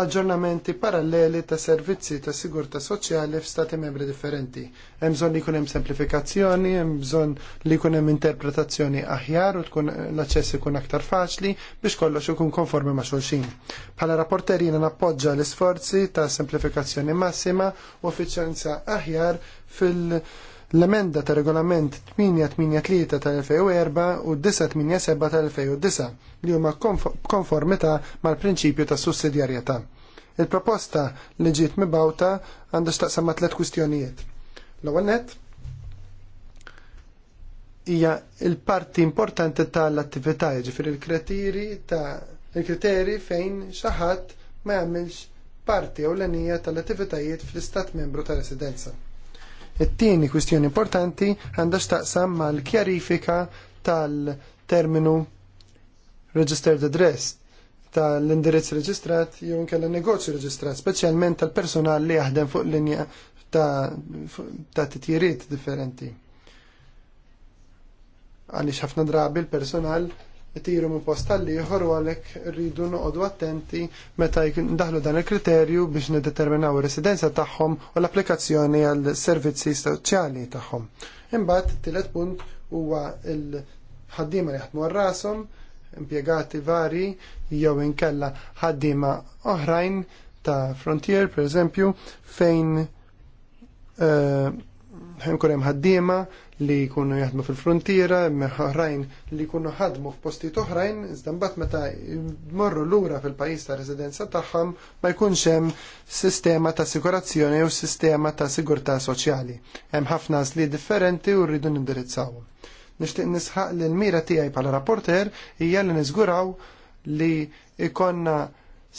aġġornamenti paralleli ta' servizzi ta' sigurta soċjali f'stati membri differenti. Hemm bżonn li jkun hemm semplifikazzjoni, hemm bżonn li jkun hemm interpretazzjoni aħjar u tkun l-aċċess ikun aktar faċli biex kollox ikun konformi ma' xulxin. Bħala rapporterina nappoġġa l-isforzi ta' semplifikazzjoni massima u effiċjenza aħjar fil- l-emenda ta' regolament 883 tal-2004 u 987 tal-2009 li huma konformità mal-prinċipju ta' sussidjarjetà. Il-proposta li ġiet mibawta għandu x'taqsam ma' tliet kwistjonijiet. L-ewwel nett hija l parti importanti tal-attività, jiġifier il-kriteri ta' il-kriteri fejn xi ħadd ma jagħmilx parti ewlenija tal-attivitajiet fl-istat membru ta' residenza. It-tieni kwistjoni importanti għandha x'taqsam mal-kjarifika tal-terminu registered address tal-indirizz reġistrat jew inkella negozju reġistrat, speċjalment tal-personal li jaħdem fuq linja ta', ta titjiriet differenti. Għaliex ħafna drabi l-personal tiru minn post tal-liħor u rridu noqogħdu attenti meta daħlu dan il-kriterju biex nedeterminaw ir-residenza tagħhom u l-applikazzjoni għal servizzi soċjali tagħhom. Imbagħad tielet punt huwa l-ħaddiema li jaħdmu rashom impjegati vari jew inkella ħaddiema oħrajn ta' Frontier, per eżempju, fejn uh, hemm ħaddiema li jkunu jaħdmu fil-frontiera, meħħarajn oħrajn li jkunu ħadmu f'postijiet oħrajn, iżda mbagħad meta l lura fil-pajjiż ta' residenza tagħhom ma jkunx hemm sistema ta' sigurazzjoni u sistema ta' sigurtà soċjali. Hemm ħafna li differenti u rridu nindirizzawhom. Nixtieq nisħaq li l-mira tiegħi bħala rapporter hija li niżguraw li ikonna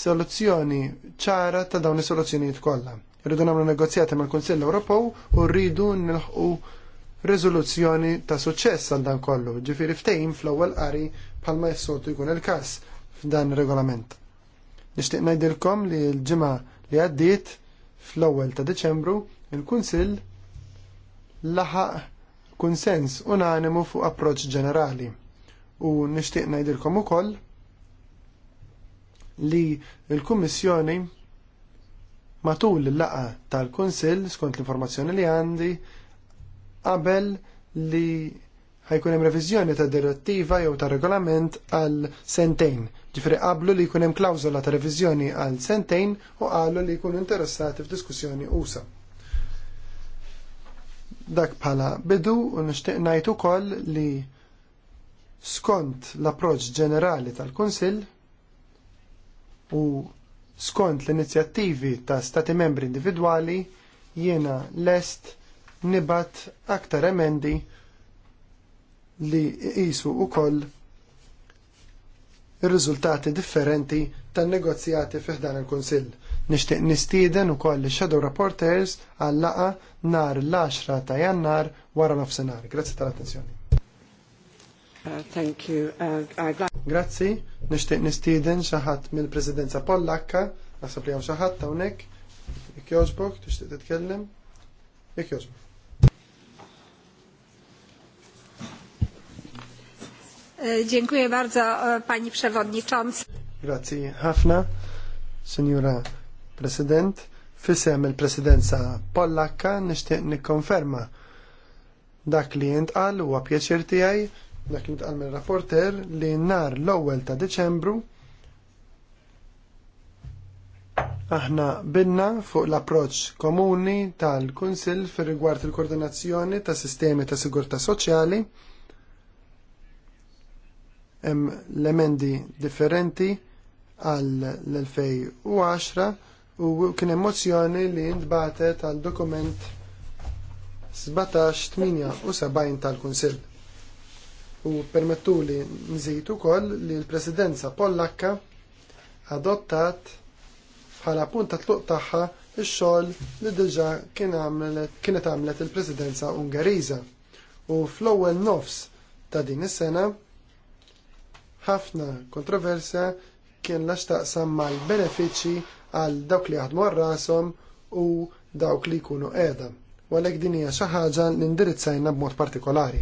soluzzjoni ċara ta' dawn is-soluzzjonijiet kollha. Rridu nagħmlu negozjati mal-Kunsill Ewropew u rridu nilħqu rezoluzzjoni ta' suċċess għal dan kollu, ġifiri ftejn fl-ewwel qari bħalma jessotu jkun il-każ f'dan regolament. Nixtieq ngħidilkom li l-ġimgħa li għaddiet fl-ewwel ta' Deċembru il-Kunsill laħaq kunsens unanimu fuq approċċ ġenerali u nixtieq ngħidilkom ukoll li l-Kummissjoni matul il laqgħa tal-Kunsill skont l-informazzjoni li għandi qabel li ħajkun hemm reviżjoni ta' direttiva jew ta' regolament għal sentejn. Ġifri qablu li jkun hemm klawżola ta' reviżjoni għal sentejn u qalu li jkunu interessati f'diskussjoni usa. Dak bħala bidu u nixtieq ngħid ukoll li skont l-approċċ ġenerali tal-Kunsill u skont l-inizjattivi ta' stati membri individwali jiena lest nibat aktar emendi li jisu u koll il-rizultati differenti tan negozjati fiħdan il konsil Nishtiq nistieden u koll shadow reporters għallaqa nar l-10 ta' jannar wara nofsenar. Grazzi tal-attenzjoni. Uh, thank you. Uh, Grazzi, nishtiq nistieden xaħat mill-Presidenza Pollakka, għasab li għaw xaħat ta' unek, jek josbok, tishtiq titkellem, jek josbok. E, dziękuję bardzo e, Pani Przewodnicząca. Grazie ħafna, Signora President. Fisem il-Presidenza Pollakka nixtieq nikkonferma dak li jintqal huwa pjaċir tiegħi dak li jintqal mir-rapporter li nhar l-ewwel ta' Deċembru Aħna binna fuq l-approċ komuni tal-Kunsil fir rigward il-koordinazzjoni ta' sistemi ta' sigurta soċjali hemm l-emendi differenti għal l-2010 u kien hemm mozzjoni li ntbatet għal dokument 17-78 tal-Kunsill. U permettu li nżid ukoll li l-Presidenza Pollakka adottat bħala punta tluq tagħha ix-xogħol li diġà kienet għamlet il-Presidenza Ungeriża. U fl-ewwel nofs ta' din is-sena ħafna kontroversja kien lax taqsam mal-benefiċċji għal dawk li jaħdmu rashom u dawk li jkunu qiegħda. Għalhekk din hija xi ħaġa li indirizzajna b'mod partikolari.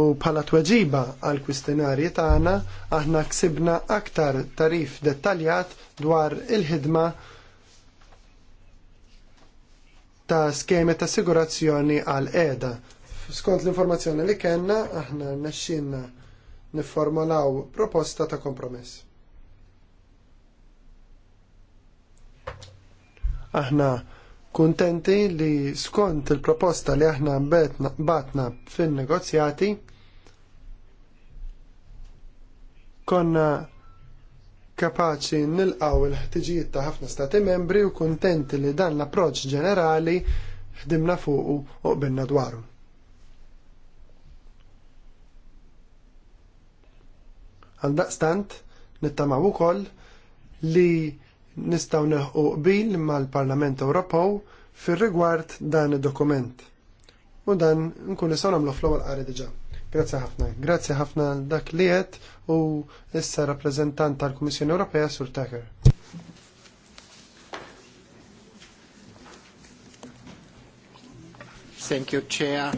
U bħala tweġiba għal kwistjonarji tagħna aħna ksibna aktar tarif dettaljat dwar il-ħidma ta' skemi ta' assigurazzjoni għal qiegħda skont l-informazzjoni li kellna aħna nexxinna nifformulaw proposta ta' kompromess. Aħna kuntenti li skont il-proposta li aħna batna fin-negozjati konna kapaċi nilqaw il-ħtiġijiet ta' ħafna stati membri u kuntenti li dan l-approċ ġenerali ħdimna fuq u qbilna dwaru. daqstant nittamaw ukoll li nistgħu neħu qbil mal-Parlament Ewropew fir-rigward dan id-dokument. U dan nkun nistgħu nagħmlu flow għal qari diġà. Grazzi ħafna. Grazzi ħafna dak li qed u issa rappreżentant tal-Kummissjoni Ewropea Sur Tucker. Thank you, Chair.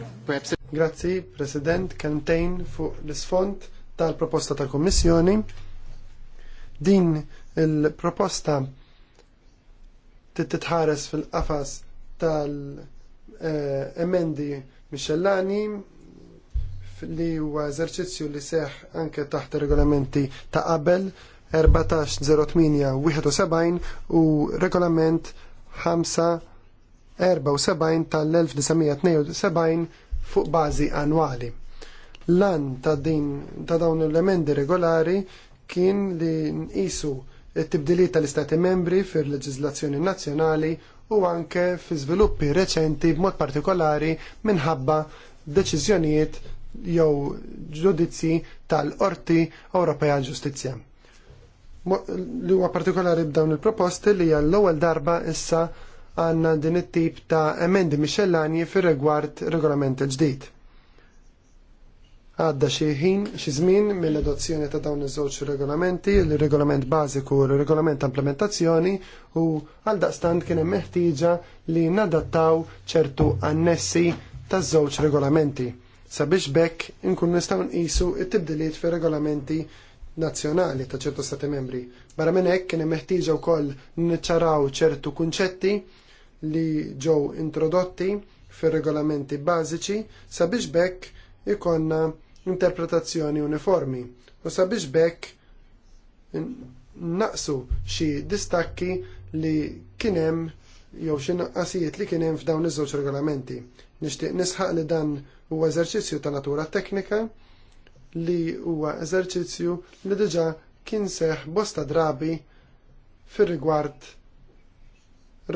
Grazzi, President, Kentejn fuq l-isfond tal-proposta tal-Kommissjoni. Din il-proposta titħares fil-qafas tal-emendi miscellani li huwa eżerċizzju li seħ anke taħt regolamenti ta' qabel 14.08.71 u regolament 5.74 tal-1972 fuq bażi annwali. Lan ta' din ta' dawn l-emendi regolari kien li nqisu t-tibdiliet tal-Istati membri fir-leġiżlazzjoni nazzjonali u anke fi żviluppi reċenti b'mod partikolari minħabba deċiżjonijiet jew ġudizzi tal-Qorti Ewropea Ġustizzja. Li huwa partikolari b'dawn il-proposti li għall ewwel darba issa għandna din it-tip ta' emendi mixellanji fir-rigward regolament il-ġdid. Għadda xi ħin xi żmien mill-adozzjoni ta' dawn iż-żewġ regolamenti, il-regolament bażiku u l-regolament implementazzjoni u għal daqstant kien hemm meħtieġa li nadattaw ċertu annessi taż-żewġ regolamenti sabiex bekk inkun nistgħu nqisu t-tibdiliet fir-regolamenti nazzjonali ta' ċertu stati membri. Barra minn hekk kien hemm meħtieġa wkoll niċċaraw ċertu kunċetti li ġew introdotti fir-regolamenti bażiċi sabiex bekk ikonna interpretazzjoni uniformi. U sabiex bekk naqsu xi distakki li kien hemm jew xi naqqasijiet li kien hemm f'dawn iż-żewġ regolamenti. Nixtieq nisħaq li dan huwa eżerċizzju ta' natura teknika li huwa eżerċizzju li diġà kien seħ bosta drabi fir-rigward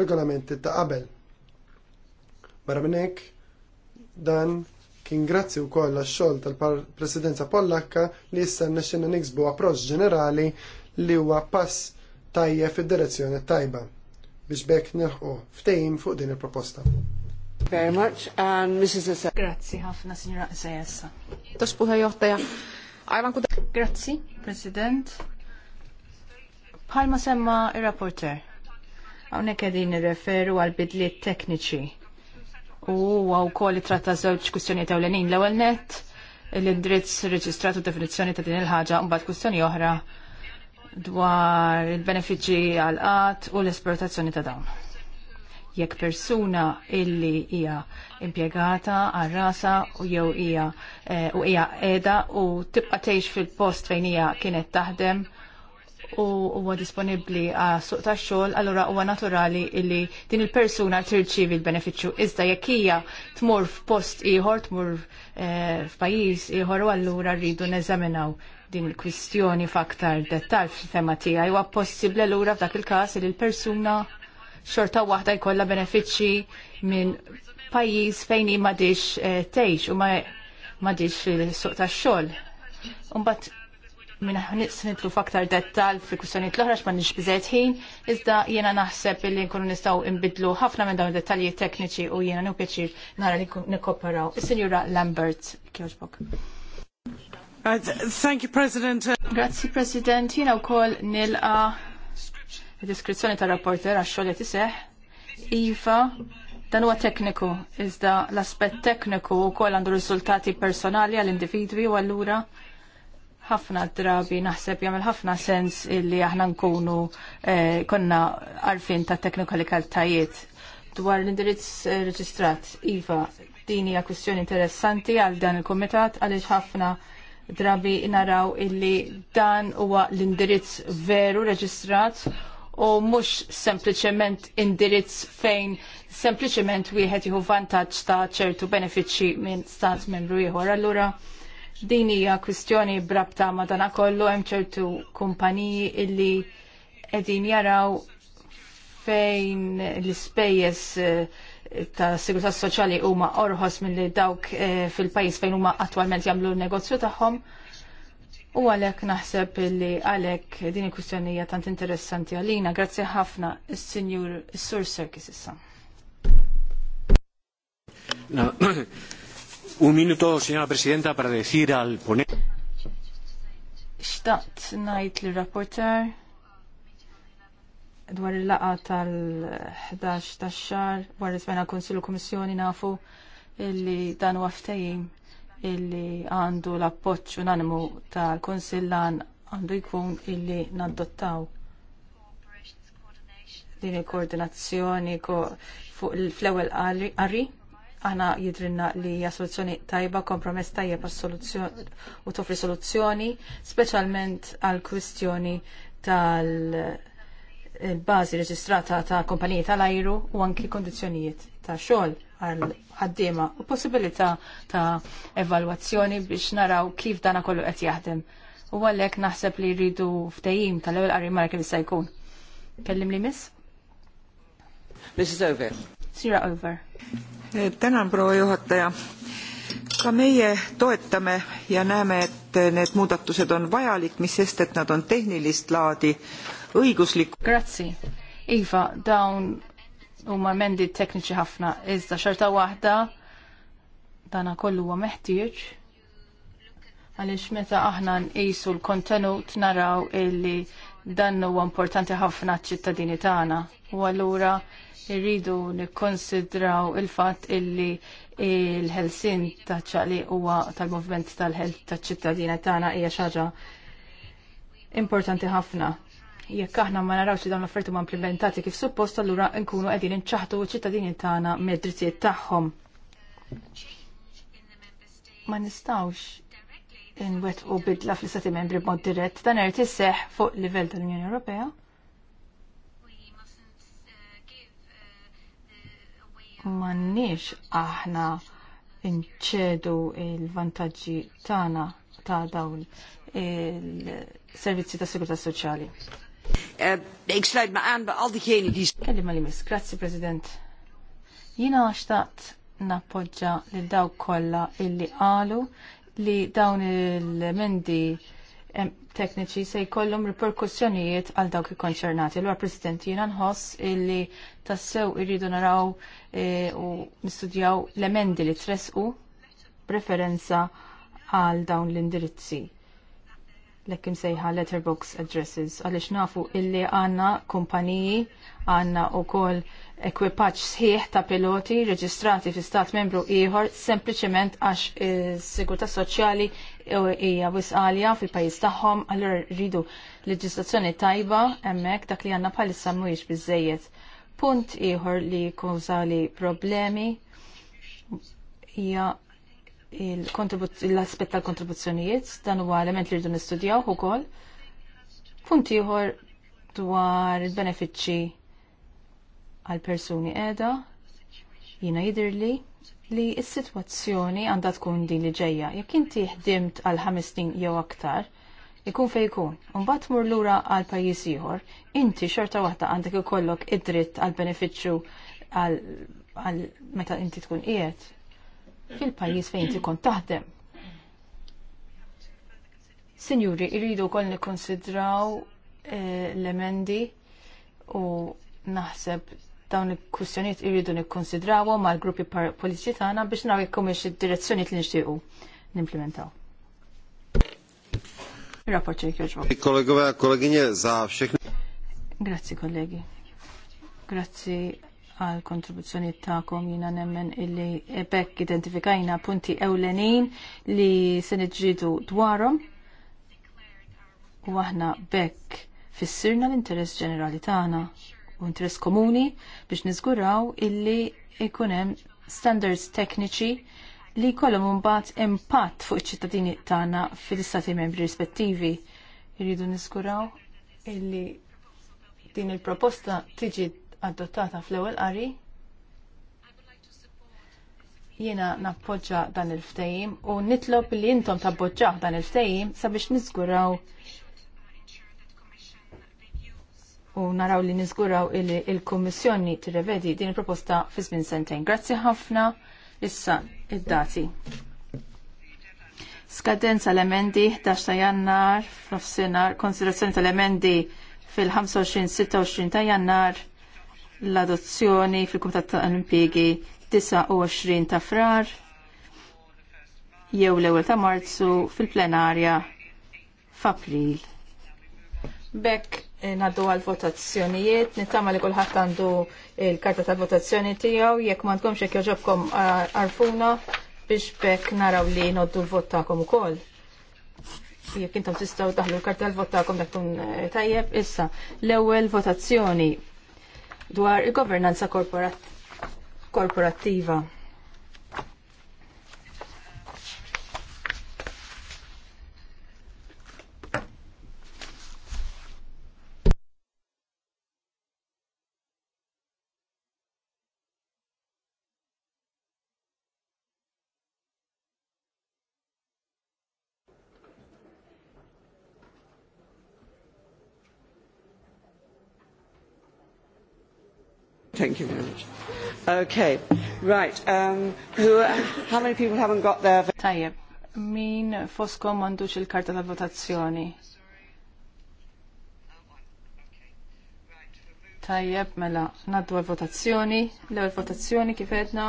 regolamenti ta' qabel. Barra minn hekk dan Kingrazzi u koll xol tal-presidenza Pollakka li issa nexxina niksbu approċ ġenerali li huwa pass tajja fid-direzzjoni tajba biex bekk nilħu ftejn fuq din il-proposta. Very much and Mrs. Issa. Grazzi ħafna Sinjora Isajessa. Tospuħa joħtaja. Grazzi, President. Palma semma il-rapporter. Għawnek għedin referu għal bidliet tekniċi u għaw kol tratta żewġ kustjonijiet ewlenin l-ewwel net l indrizz reġistratu u definizzjoni ta' din il-ħaġa u bat kustjoni oħra dwar il-benefiċċji għal qat u l-esportazzjoni ta' dawn. Jekk persuna illi hija impjegata għal rasa u jew hija eh, u hija qiegħda u tibqa' tgħix fil-post fejn hija kienet taħdem u huwa disponibbli għas suq tax-xogħol, allura huwa naturali li din il-persuna tirċievi l-benefiċċju. Iżda jekk hija tmur f'post ieħor, tmur eh, f'pajjiż ieħor u allura rridu neżaminaw din il-kwistjoni f'aktar dettall fil-tema tiegħi huwa possibbli allura f'dak il-każ li l-persuna xorta waħda jkollha benefiċċji minn pajjiż fejn hi m'għadix eh, tgħix u ma m'għadix fil-suq tax-xogħol. Imbagħad minna nitlu faktar dettal fi kustonijiet l-oħra x'ma nix biżejt ħin, iżda jiena naħseb li nkunu nistgħu nbidlu ħafna minn dawn dettalji tekniċi u jiena nu pjaċir nara li nikkoperaw. Is-Sinjura Lambert Kjoġbok. Uh, thank you, President. Grazzi, President. Jiena wkoll nilqa deskrizzjoni ta' rapporter għax xogħol tiseħ. iseħħ. Iva, dan huwa tekniku, iżda l-aspett tekniku wkoll għandu riżultati personali għall-individwi u allura ħafna drabi naħseb jagħmel ħafna sens illi aħna nkunu eh, konna għarfin ta' teknikalikaltajiet dwar l-indirizz eh, reġistrat. Iva, din hija kwistjoni interessanti għal dan il-komitat għaliex ħafna drabi naraw illi dan huwa l-indirizz veru reġistrat u mhux sempliċement indirizz fejn sempliċement wieħed jieħu vantaġġ ta' ċertu benefiċċji minn stat membru ieħor. Allura Din hija kwistjoni brabta madana kollu hemm ċertu kumpaniji illi qegħdin jaraw fejn l-ispejjeż ta' sigurtà soċjali huma orħos milli dawk fil-pajjiż fejn huma attwalment jagħmlu n-negozju tagħhom. U għalek naħseb li għalek din il hija tant interessanti għalina, grazzi ħafna s sinjur sur Circus issa. Un minuto, signora Presidenta, para decir al poner. Xtaqt najt li rapporter dwar il-laqa tal-11 tax-xar wara żmena Konsil u Kummissjoni nafu illi dan huwa ftehim illi għandu l-appoġġ unanimu tal-Konsil lan għandu jkun illi naddottaw din il-koordinazzjoni fuq l-ewwel qari Aħna jidrinna li hija soluzzjoni tajba, kompromess tajjeb u tofri soluzzjoni, speċjalment għal kwistjoni tal-bażi eh, reġistrata ta' kompaniji tal-ajru u anki kondizjonijiet ta' xogħol għal ħaddiema u possibilità ta' evalwazzjoni biex naraw kif dana kollu qed jaħdem. U għallek naħseb li rridu ftejim tal-ewel qari mara kif jista' jkun. Kellim li miss? Mrs. Over. Sira Over. Eh, Tänan, proua juhataja. Ka meie toetame ja näeme, et need muudatused on vajalik, mis sest, et nad on tehnilist laadi õiguslik. Iva, mendi tekniċi dana kollu meta aħna l-kontenut naraw illi dan huwa importanti ħafna ċ-ċittadini tagħna. U allura irridu nikkonsidraw il-fatt illi il-ħelsin ta' ċaqli huwa tal-movement tal-ħelt taċ ċittadina tagħna hija xaġa importanti ħafna. Jekk aħna ma narawx dawn l-offerti ma implementati kif suppost allura nkunu qegħdin inċaħdu ċittadini tagħna mid-drittijiet tagħhom. Ma nistawx inwet u bidla fl-istati membri b'mod dirett dan irid isseħ fuq livell tal-Unjoni Ewropea. Mannix aħna inċedu il-vantaġġi tagħna ta' dawn il-servizzi ta' sigurtà soċjali. Eh, ik sluit Kelli ma li mis, grazie president. Jina għaxtaqt nappoġġa lil dawk kollha illi qalu li dawn il-mendi tekniċi se jkollhom riperkussjonijiet għal dawk ikkonċernati. L-għar President jiena nħoss illi tassew irridu naraw e, u nistudjaw l-emendi li tresqu preferenza għal dawn l-indirizzi. Lekkim sejħa letterbox addresses għaliex nafu illi għanna kumpaniji għanna u koll ekwipaġġ sħiħ ta' piloti reġistrati fi stat membru ieħor sempliċement għax is-sigurtà soċjali hija wisqalja fil-pajjiż tagħhom, allura rridu leġislazzjoni tajba hemmhekk dak li għandna bħalissa mhuwiex biżejjed. Punt ieħor li kawżali problemi hija l-aspett tal-kontribuzzjonijiet, dan huwa element li rridu nistudjaw ukoll. Punt ieħor dwar il-benefiċċji għal persuni edha jina jidirli li s-sitwazzjoni għandha tkun din li ġejja. Jekk inti ħdimt għal ħames snin jew aktar, ikun fej ikun, unbat mur lura għal pajjiż ieħor, inti xorta waħda għandek ikollok id-dritt għal benefiċċju għal meta inti tkun qiegħed fil-pajjiż fejn inti kont taħdem. Sinjuri, irridu wkoll nikkonsidraw eh, l-emendi u naħseb dawn il-kwistjoniet irridu nikkonsidrawhom mal-gruppi politiċi tagħna biex naraw jekk humiex id-direzzjonijiet li nixtiequ nimplementaw. Rapport ċejk Grazzi kollegi. Grazzi għal kontribuzzjoni ta'kom jina nemmen illi ebek identifikajna punti ewlenin li se nġidu dwarhom u aħna bekk fissirna l-interess ġenerali tagħna u interess komuni biex niżguraw illi ikunem hemm standards tekniċi li jkollhom mbagħad impatt fuq iċ-ċittadini tagħna fil-istati membri rispettivi. Irridu niżguraw illi din il-proposta tiġi adottata fl-ewwel qari Jiena nappoġġa dan il-ftejim u nitlob li intom tabboġġaħ dan il-ftejim sabiex nizguraw u naraw li nizguraw il-Kommissjoni il tirrevedi din il-proposta fi żmien sentejn. Grazzi ħafna issa id-dati. Skadenza l-emendi 11 ta' jannar f'nofsinhar, konsiderazzjoni tal-emendi fil-25-26 ta' jannar l-adozzjoni fil-Kumitat tal-Impjegi 29 ta' frar jew l-ewwel ta' Marzu fil-plenarja f'April. Bekk Eh, naddu għal votazzjonijiet, nittama li kullħat għandu il-karta tal votazzjoni tijaw, jekk ma tkomx jekk joġobkom arfuna biex bekk naraw li noddu l-vottakom u koll. Jekk intom tistaw taħlu l-karta tal votakom dak tkun eh, tajjeb, issa l-ewwel votazzjoni dwar il-governanza korporattiva. Thank you very much. Okay, right. Um, who, how many people haven't got their... Tajjeb, min foskom mandux il-karta la votazzjoni? Tajjeb, mela, naddu votazzjoni, l għal votazzjoni kifedna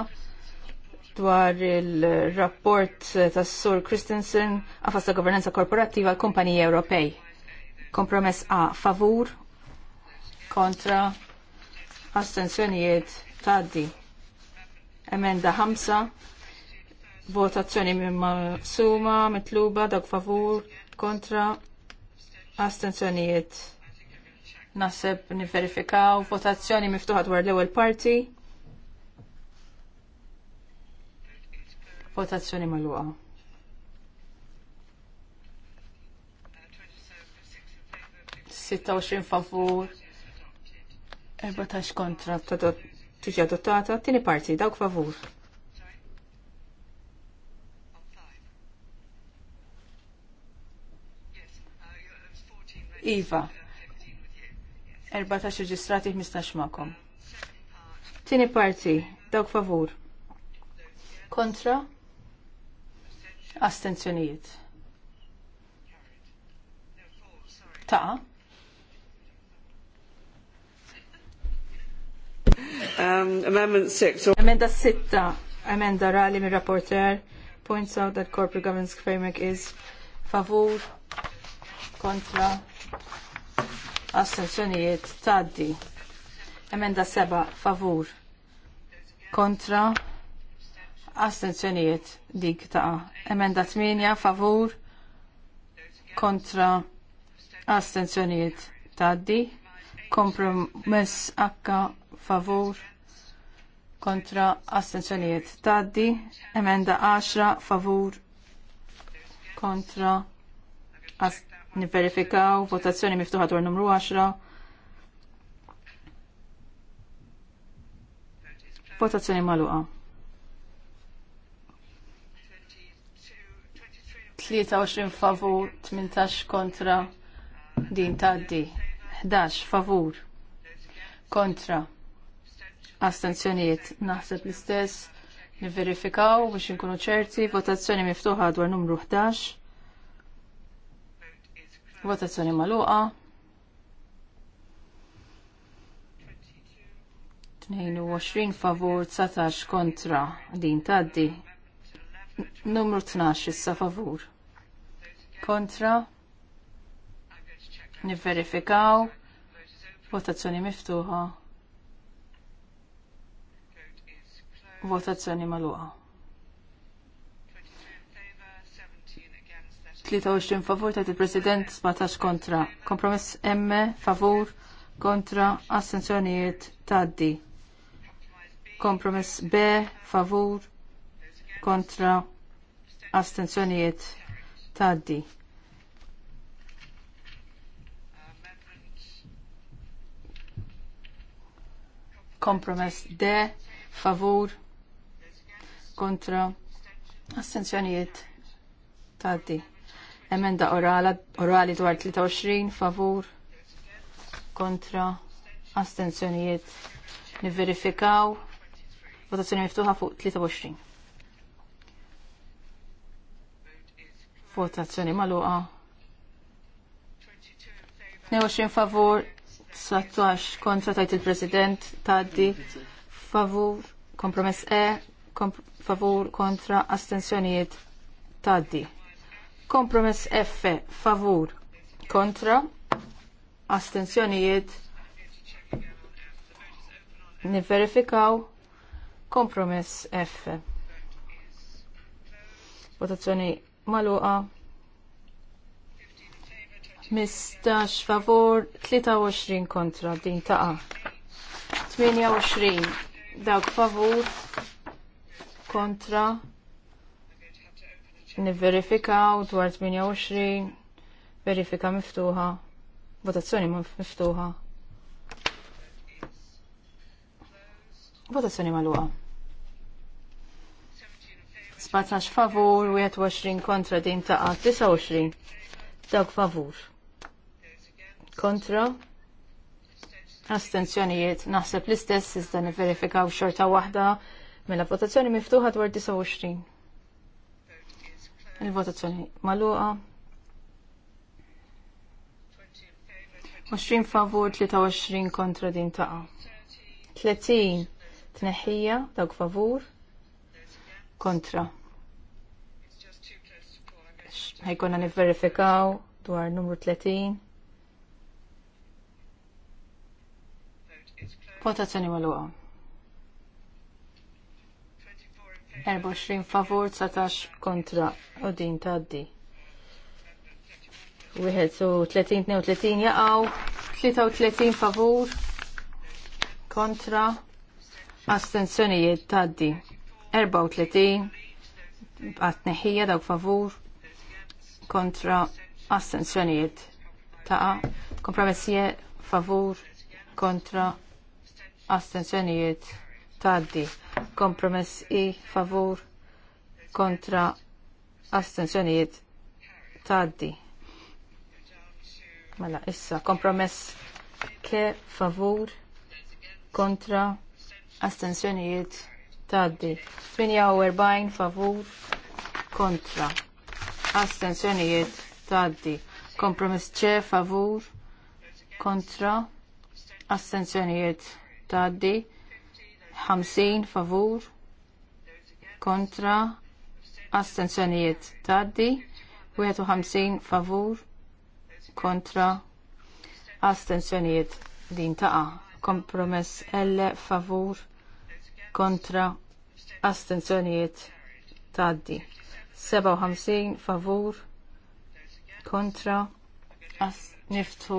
dwar il-rapport tas Sur Christensen għafas ta' governanza korporattiva għal kumpaniji Ewropej. Kompromess A favur, kontra, astensjonijiet taddi. Emenda 5 votazzjoni minn suma mitluba dak favur kontra astenzjonijiet. Naseb niverifikaw votazzjoni miftuħa dwar l-ewwel parti. Votazzjoni magħluqa. Sitta favur, 14 kontra tiġi adottata, tieni parti, dawk favur. Iva, 14 reġistrati 15 ma'kom. Tieni parti, dawk favur. Kontra? Astenzjonijiet. Ta' Um, amendment 6. Amenda 6. Amenda rali mir rapporteur points out that corporate governance framework is favor, kontra assenzioniet, taddi. Emenda 7 Favor, kontra assenzioniet, dik ta' emenda 8 favur kontra assenzioniet, taddi kompromess akka favur kontra astenzjonijiet taddi, emenda 10 favur kontra niverifikaw votazzjoni miftuħa dwar numru 10. Votazzjoni maluqa. 23 favur, 18 kontra din taddi. 11 favur kontra Astenzjoniet, Naħseb l-istess Nivverifikaw biex inkunu ċerti, votazzjoni miftuħa dwar numru 11. Votazzjoni maluqa. 22 favur 19 kontra din taddi. Numru 12 issa favur. Kontra. Niverifikaw. Votazzjoni miftuħa. Votazzjoni maluqa. 23 favur ta' il-President 17 kontra. Kompromess M favur kontra assenzjonijiet taddi. Kompromess B favur kontra astenzjonijiet taddi. Kompromess D favur kontra astenzjonijiet taddi. Emenda orala, orali dwar 23 favur kontra astenzjonijiet niverifikaw votazzjoni miftuħa fuq 23. Votazzjoni maluqa. 22 favur, 19 kontra tajt il-President, taddi favur, kompromess E, favur kontra astensjonijiet taddi. Kompromess F favur kontra astensjonijiet niverifikaw kompromess F. Votazzjoni maluqa. 15 favor, 23 kontra din taqa. 28 dawk favur kontra nivverifikaw dwar 28 verifika miftuħa votazzjoni miftuħa votazzjoni malwa. 17 favur 21 kontra din taqa 29 dawk favur kontra astenzjonijiet naħseb l-istess iżda niverifikaw xorta waħda Mela votazzjoni miftuħa dwar 29. Il-votazzjoni maluqa. 20 favur 23 kontra din taqa. 30 tneħħija dawk favur kontra. Ħajkonna nifverifikaw dwar numru 30. Votazzjoni maluqa. 24 favor 19 kontra u din taddi. 31-32 jaqaw, 33 favur, kontra, astenzjonijiet di. 34 neħija dawk favur, kontra, astenzjonijiet ta'. kompromessijiet favur, kontra, astenzjonijiet tgħaddi. Kompromess i favur kontra astensjonijiet tgħaddi. Mela issa kompromess ke favur kontra astensjonijiet tgħaddi. 48 favur kontra astensjonijiet tgħaddi. Kompromess ċe favur kontra astensjonijiet tgħaddi. 50 favur kontra astenzjonijiet taddi 51 favur kontra astenzjonijiet din taqa kompromess L favur kontra astenzjonijiet taddi 57 favur kontra niftu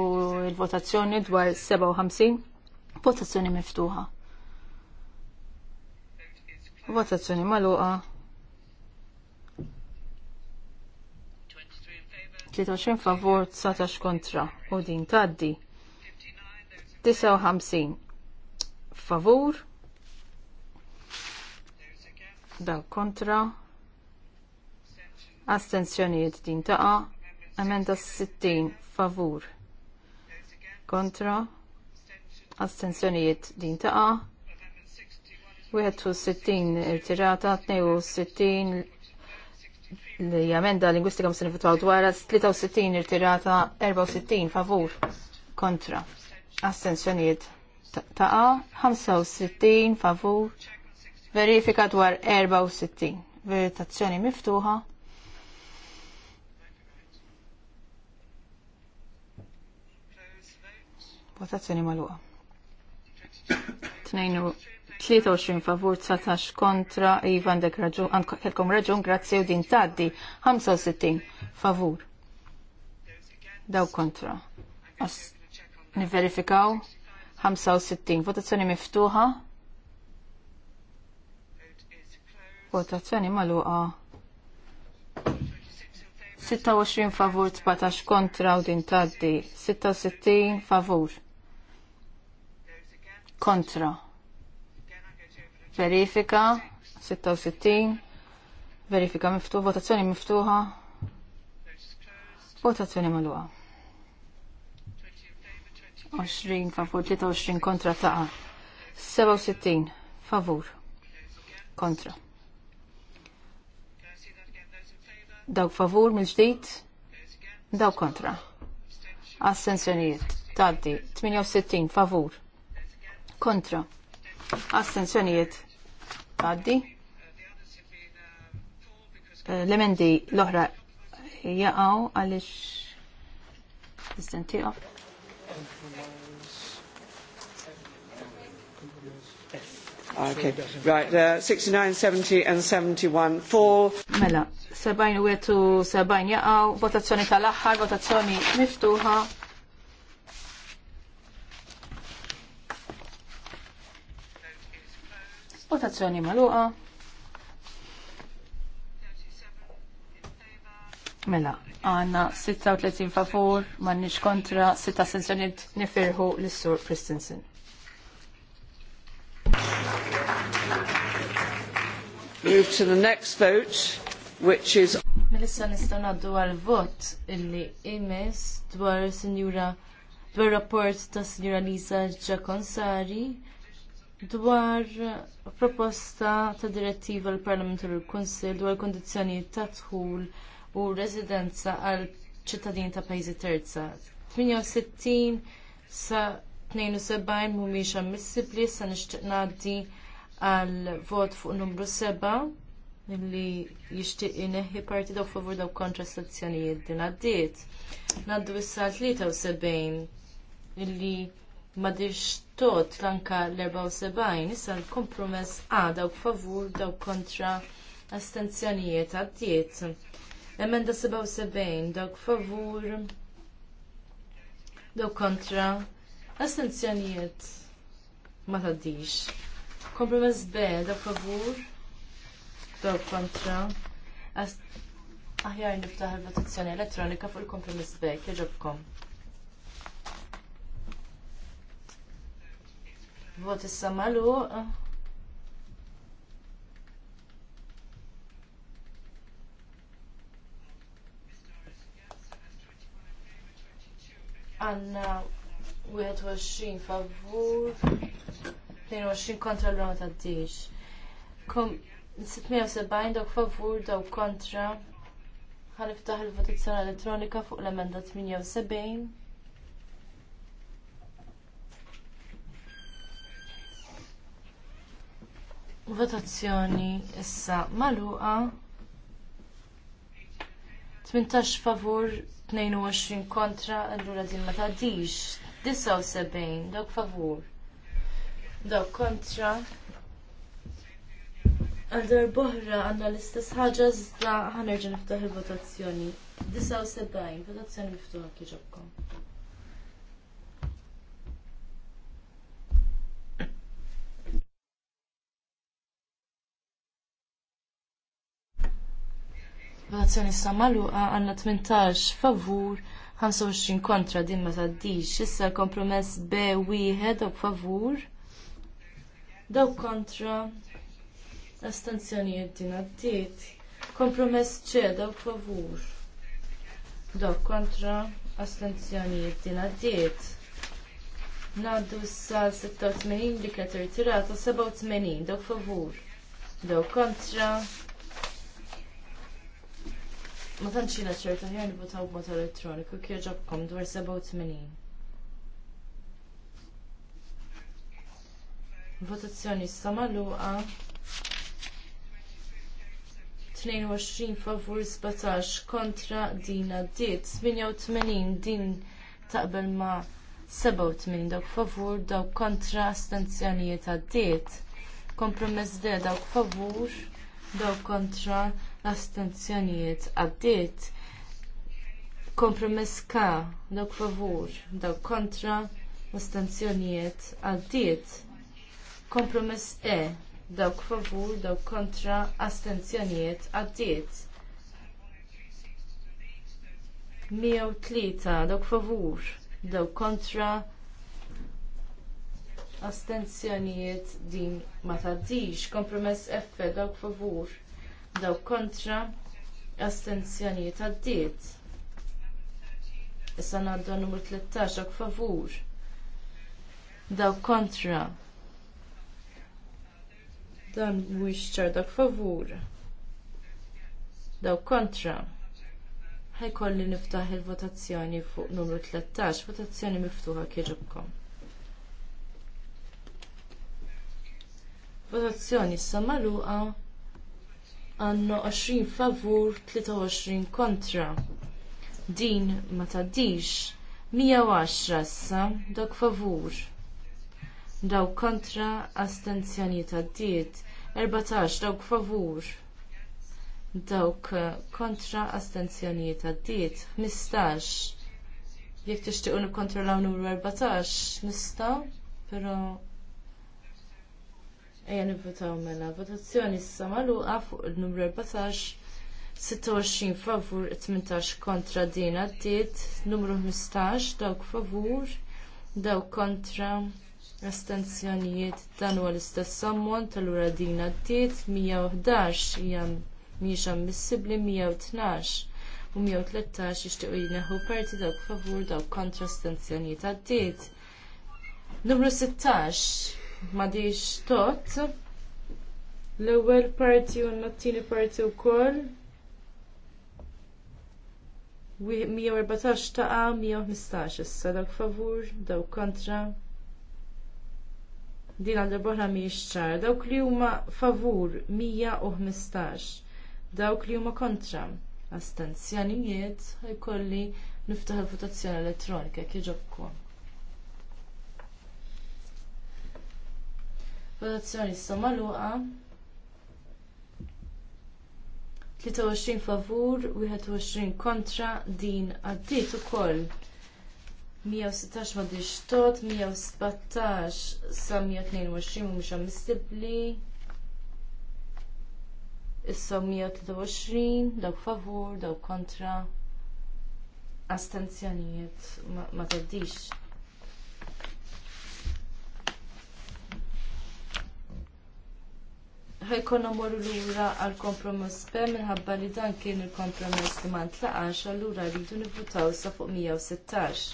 il-votazzjoni dwar 57 votazzjoni miftuħa Votazzjoni maluqa. 23 favor, 19 kontra. U din taddi. 59 favur. Daw kontra. Astenzjonijiet din taqa. Emenda 60 favur. Kontra. Astenzjonijiet din taqa. 61 irtirata, 62 li jamenda lingwistika mus-sinifitwa dwar, 63 irtirata, 64 favur kontra. Astensjoniet ta' 65 favur. Verifika dwar 64. Veritazzjoni miftuħa. Votazzjoni maluqa. [COUGHS] 23 favur 19 kontra Ivan dek raġun, kelkom raġun grazzi u din taddi 65 favur. Daw kontra. As niverifikaw 65 votazzjoni miftuħa. Votazzjoni maluqa. 26 favur 17 kontra u din taddi 66 favur. Kontra verifika 66 verifika miftuħ votazzjoni miftuħa, votazzjoni maluqa. 20 favur, 23 kontra taqa. 67 favur kontra. Dawk favur mill ġdid dawk kontra. Assenzjonijiet, taddi, 68 favur kontra. Astenzjonijiet għaddi. Eh, l-emendi l ohra jaqaw għalix istentiqaf. Okay, right, uh, 69, 70 and 71, 4. Mela, 70 u 70 jaqaw, votazzjoni tal-axħar, votazzjoni miftuħa. Votazzjoni maluqa. Mela, għanna 36 favor, mannix kontra, 6 assenzjoniet nifirħu l-Sur Christensen. Move to the next vote, which is... Melissa nistaw naddu għal-vot illi imes dwar sinjura dwar rapport ta' sinjura Lisa Ġakonsari dwar proposta ta' direttiva l parlament u l kunsill dwar kundizzjonijiet ta' dħul u residenza għal ċittadin ta' pajjiżi terza. 68 sa 72 mhumiex ammissibbli sa nixtieq ngħaddi għal vot fuq numru 7 li jishtiq ineħħi parti daw favur daw kontra sezzjonijiet din għaddiet. Naddu issa 73 illi ma dix tot lanka l-74 issa l-kompromess A dawk favur dawk kontra astenzjonijiet għaddiet. Emenda 77 dawk favur dawk kontra astenzjonijiet ma taddix. Kompromess B dawk favur dawk kontra Aħjar niftaħ il-votazzjoni elettronika fuq il-kompromess B, kieġobkom. Vot issa magħluq. Għanna 21 favur, 22 kontra l-rona ta' d-dix. 670 dawk favur dawk kontra. Ħaniftaħ il-votazzjoni elettronika fuq l-emenda 78. Votazzjoni issa maluqa. 18 favur, 22 kontra, allura din ma tadix. 79, dawk favur. Dawk kontra. Għaldar boħra għandna l-istess ħaġa zda ħanerġa niftaħ il-votazzjoni. 79, votazzjoni miftuħa kieġobkom. votazzjoni issa magħluqa għandna 18 favur 25 kontra din ma taddix. Issa l-kompromess B wieħed dawk favur dawk kontra astenzjonijiet din għaddiet. Kompromess C dawk favur dawk kontra astenzjonijiet din għaddiet. Naddu issa 86 li kienet irtirata 87 dawk favur dawk kontra Ma tantx jiena ċerta ħjar nivvotaw b'mod elettroniku kif ġobkom dwar 87. Votazzjoni issa magħluqa 22 favur 17 kontra dina għaddiet, 88 din taqbel ma 87 dawk favur dawk kontra astenzjonijiet għaddiet kompromess de dawk favur dawk kontra astenzjonijiet għaddiet kompromess ka dawk favur dawk kontra astenzjonijiet għaddiet kompromess e dawk favur dawk kontra astenzjonijiet għaddiet 103 dawk favur dawk kontra astenzjonijiet din ma taddix kompromess F dawk favur daw kontra astenzjonijiet għaddiet. Issa ngħaddu numru 13 dak favur. Daw kontra. Dan mhuwiex ċar dak favur. Daw kontra. Ħajkolli niftaħ il-votazzjoni fuq numru 13, votazzjoni miftuħa kieġobkom. Votazzjoni s-samaluqa għanna 20 favur 23 kontra. Din ma taddix 110 issa dak favur. Daw kontra astenzjoni taddiet 14 dawk favur. Dawk kontra astenzjoni taddiet 15. Eh, Jekk tixtiequ nikkontrollaw numru 14 nista' però Ejja nivvotaw mela. Votazzjoni issa magħluqa fuq il-numru 14 26 favur 18 kontra din għaddiet, numru 15 dawk favur, dawk kontra astenzjonijiet dan huwa l-istess ammont allura din għaddiet 111 hija mhijiex ammissibbli 112 u 113 jixtiequ jneħħu parti dawk favur dawk kontra astenzjonijiet għaddiet. Numru 16 madix tot. L-ewwel parti u n-nattini parti wkoll. 114 taqa 115 issa dawk favur, dawk kontra. Din għal boħra mi ċar, dawk li huma favur 115, dawk li huma kontra. Astenzjanijiet ħajkolli niftaħ il-votazzjoni elettronika kieġobkom. Votazzjoni issa magħluqa. 23 favur, 21 kontra, din għaddit ukoll. 116 ma tot, 117 sa 122 mxam ammissibbli. Issa 123 dawk favur, daw kontra astenzjonijiet ma, ma taddix. ħajkonna morru lura għal kompromess per minħabba li dan kien il-kompromess li ma ntlaqax allura rridu nivvutaw sa fuq 116.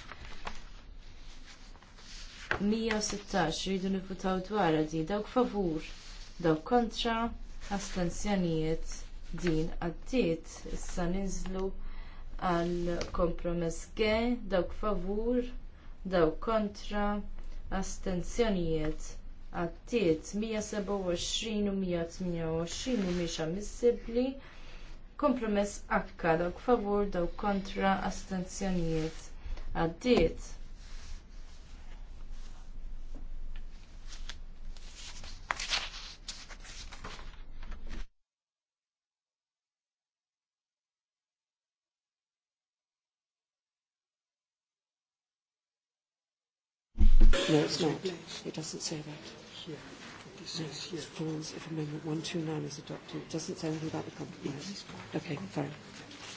116 rridu nivvutaw dwar di dawk favur, dawk kontra, astensjonijiet din għaddiet issa ninżlu għal kompromess ge, dawk favur, dawk kontra, astensjonijiet għattiet 127 u 128 mhumiex ammissibbli. Kompromess akka dawk favur dawk kontra astenzjonijiet. Għaddiet No, it's not. It doesn't say that. No, it's for if Amendment 129 is adopted, it doesn't say anything about the compromise. Okay, fine.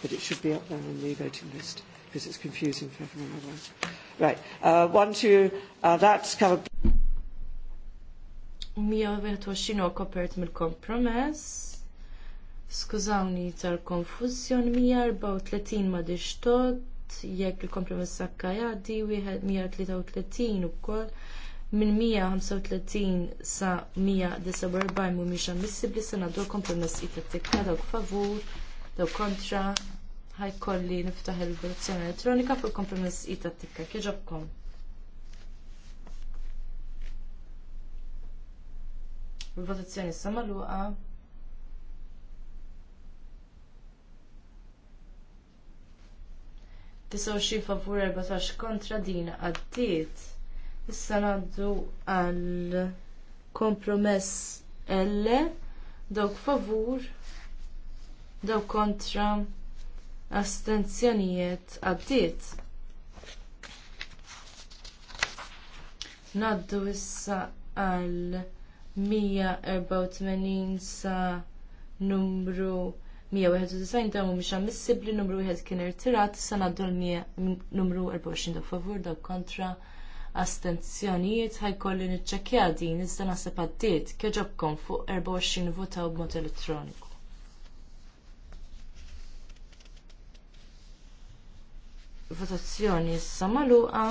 But it should be up there on the voting list because it's confusing for everyone otherwise. Right, uh, one, two, uh, that's covered. Mija u kopert mill-kompromess. Skużawni tal-konfuzzjoni, 134 ma diġ jekk il-kompromess sakka jgħaddi wieħed 133 ukoll minn 135 sa 149 mhumiex ammissibbli se nagħdu kompromess it-tikka dawk favur, jew kontra, ħajkolli niftaħ il-votazzjoni elettronika fuq kompromess it-tikka kieġobkom. Il-votazzjoni issa magħluqa. 29 favur 14 kontra din għaddiet. Issa ngħaddu għal kompromess L dawk favur dawk kontra astenzjonijiet għaddiet. Naddu issa għal 184 sa numru 191 ta' mhumiex ammissibbli, numru wieħed kien irtirat, issa ngħaddu numru 24 da favur da kontra astenzjonijiet ħajkolli niċċekkja din iżda naħseb għaddiet kieġobkom fuq 24 votaw b'mod elettroniku. Votazzjoni issa magħluqa.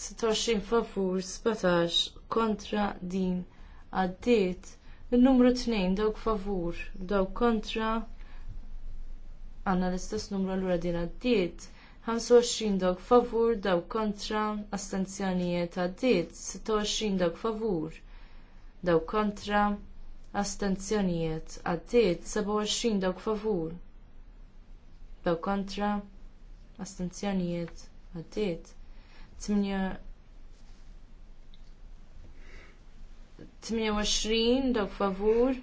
26 favur 17 kontra din għaddiet. Il-numru 2 dawk favur dawk kontra għanna l-istess numru l-ura din għaddiet, 25 dawk favur, dawk kontra, astenzjonijiet għaddiet, 26 dawk favur, dawk kontra, astenzjonijiet għaddiet, 27 dawk favur, dawk kontra, astenzjonijiet għaddiet. 28 dawk favur,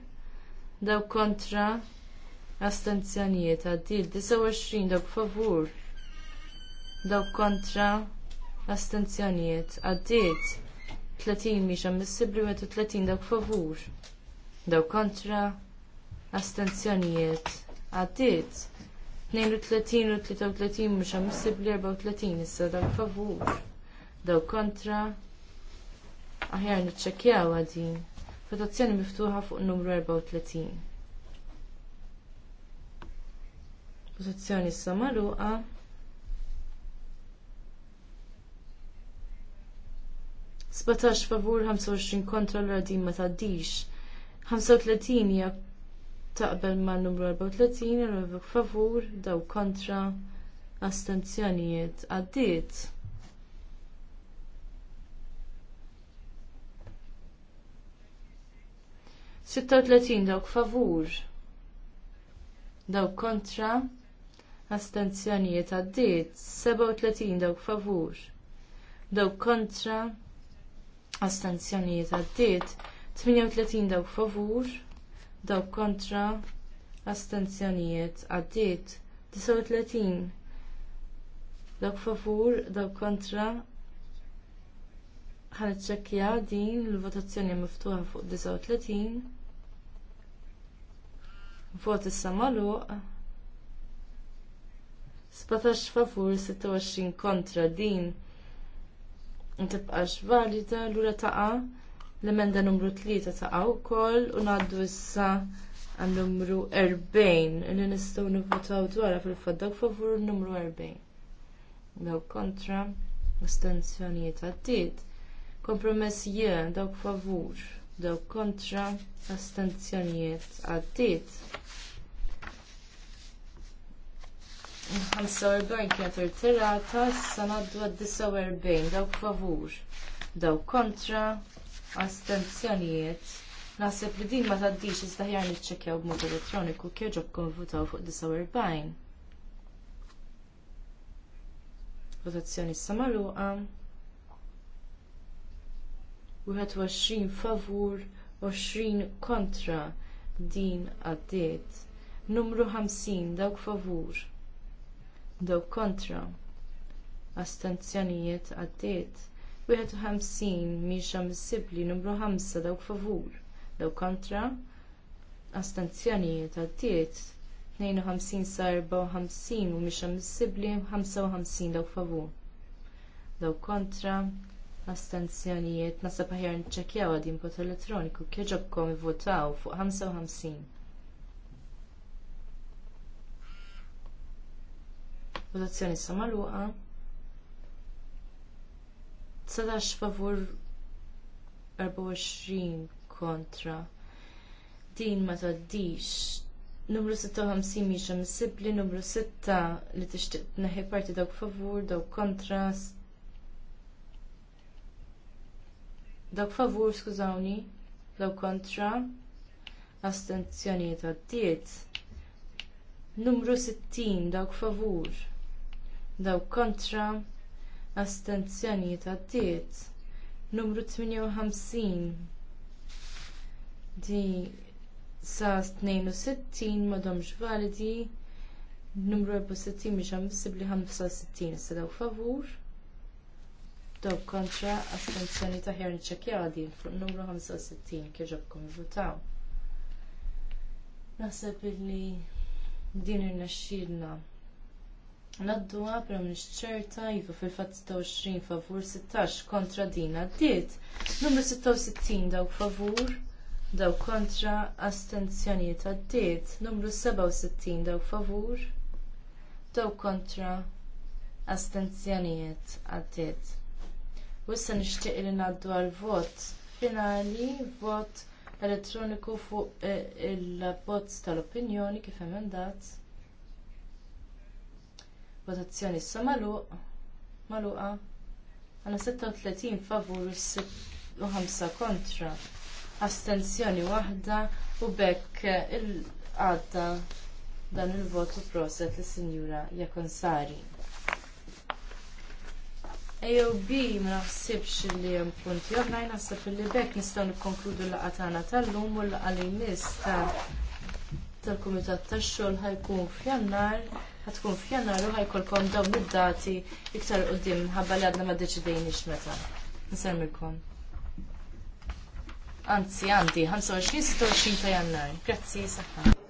dawk kontra astenzjonijiet għaddil 29 dawk favur, dawk kontra astenzjonijiet għaddiet 30 miex ammissibli u 30 dawk favur, dawk kontra astenzjonijiet għaddiet 32 u 33 mhux ammissibbli 34 issa dawk favur daw kontra, aħjar niċċekjaw għadin. Votazzjoni miftuħa fuq numru 34. Votazzjoni samaluqa. Sbatax favur 25 kontra l-radin ma taddix. 35 hija taqbel ma' numru 34, favur, daw kontra, astenzjonijiet, għaddiet. 36 dawk favur. Dawk kontra. Astenzjonijiet għaddiet. 37 dawk favur. Dawk kontra. Astenzjonijiet għaddiet. 38 dawk favur. Dawk kontra. Astenzjonijiet għaddiet. 39 dawk favur. Dawk kontra. Ħanċekkja din l-votazzjoni miftuħa fuq 39. Vot issa magħluq. 17 favur 26 kontra din tibqax valida lura taqa l-emenda numru 3 taqa wkoll u ngħaddu issa għal numru 40 li nistgħu nifutaw dwarra fil-faddok favur numru 40. Daw kontra astenzjonijiet għaddiet. Kompromess jien dawk favur dew kontra astenzjonijiet għaddiet. 45 kienet irtirata, issa ngħaddu għad 49 dawk favur, dawk kontra, astenzjonijiet. Naħseb li din ma tgħaddix iżda ħjar niċċekkjaw b'mod elettroniku kif ġobkom votaw fuq 49. Votazzjoni s-samaluqa. 21 favur, 20 kontra din għaddiet. Numru 50 dawk favur, dawk kontra. Astenzjonijiet għaddiet. 51 miex ammissibbli numru 5 dawk favur, dawk kontra. Astenzjonijiet għaddiet. 52 sa 54 u miex ammissibbli 55 dawk favur. Dawk kontra astenzjonijiet nasab aħjar nċekjaw għadin bot elettroniku kieġobkom votaw fuq 55. Votazzjoni issa magħluqa. 19 favur 24 kontra. Din ma taddix. Numru 56 miex ammissibbli, numru 6 li tixtieq tneħħi parti dawk favur, dawk kontra, Dak favur, skużawni, dawk kontra, astenzjonijiet għaddiet. Numru 60, dawk favur, dawk kontra, astenzjonijiet għaddiet. Numru 58, di sa 62 madomx validi numru 60, miex għamsib li 65 sa' daw favur dawk kontra astenzjoni ta' ħjar niċċekjadi fuq numru 65 kieġobkom votaw. Naħseb li din irnexxielna Nadduha però mhix ċerta jivu fil-fatt 26 favur 16 kontra din għaddiet. Numru 66 dawk favur dawk kontra astenzjonijiet għaddiet. Numru 67 dawk favur dawk kontra astenzjonijiet għaddiet. U issa nixtieq li ngħaddu għall vot finali, vot elettroniku fuq eh, il-bozz tal-opinjoni kif emendat. Votazzjoni issa magħluq, magħluqa. Għana 36 favur u 5 kontra. Astenzjoni waħda u bekk eh, il-għadda dan il-votu proset lis sinjura Jakonsari. AOB ma naħsibx li hemm punti oħra naħseb li bekk nistgħu nikkonkludu l-laqgħa tagħna tal-lum u l-laqgħa li jmiss tal-Kumitat tax-xogħol ħajkun f'Jannar ħatkun f'Jannar u ħajkolkom dawn id-dati iktar qudiem minħabba li għadna ma deċidejniex meta. Nsemmilkom. Anzi, għandi 25 ta' Jannar. Grazzi, saħħa.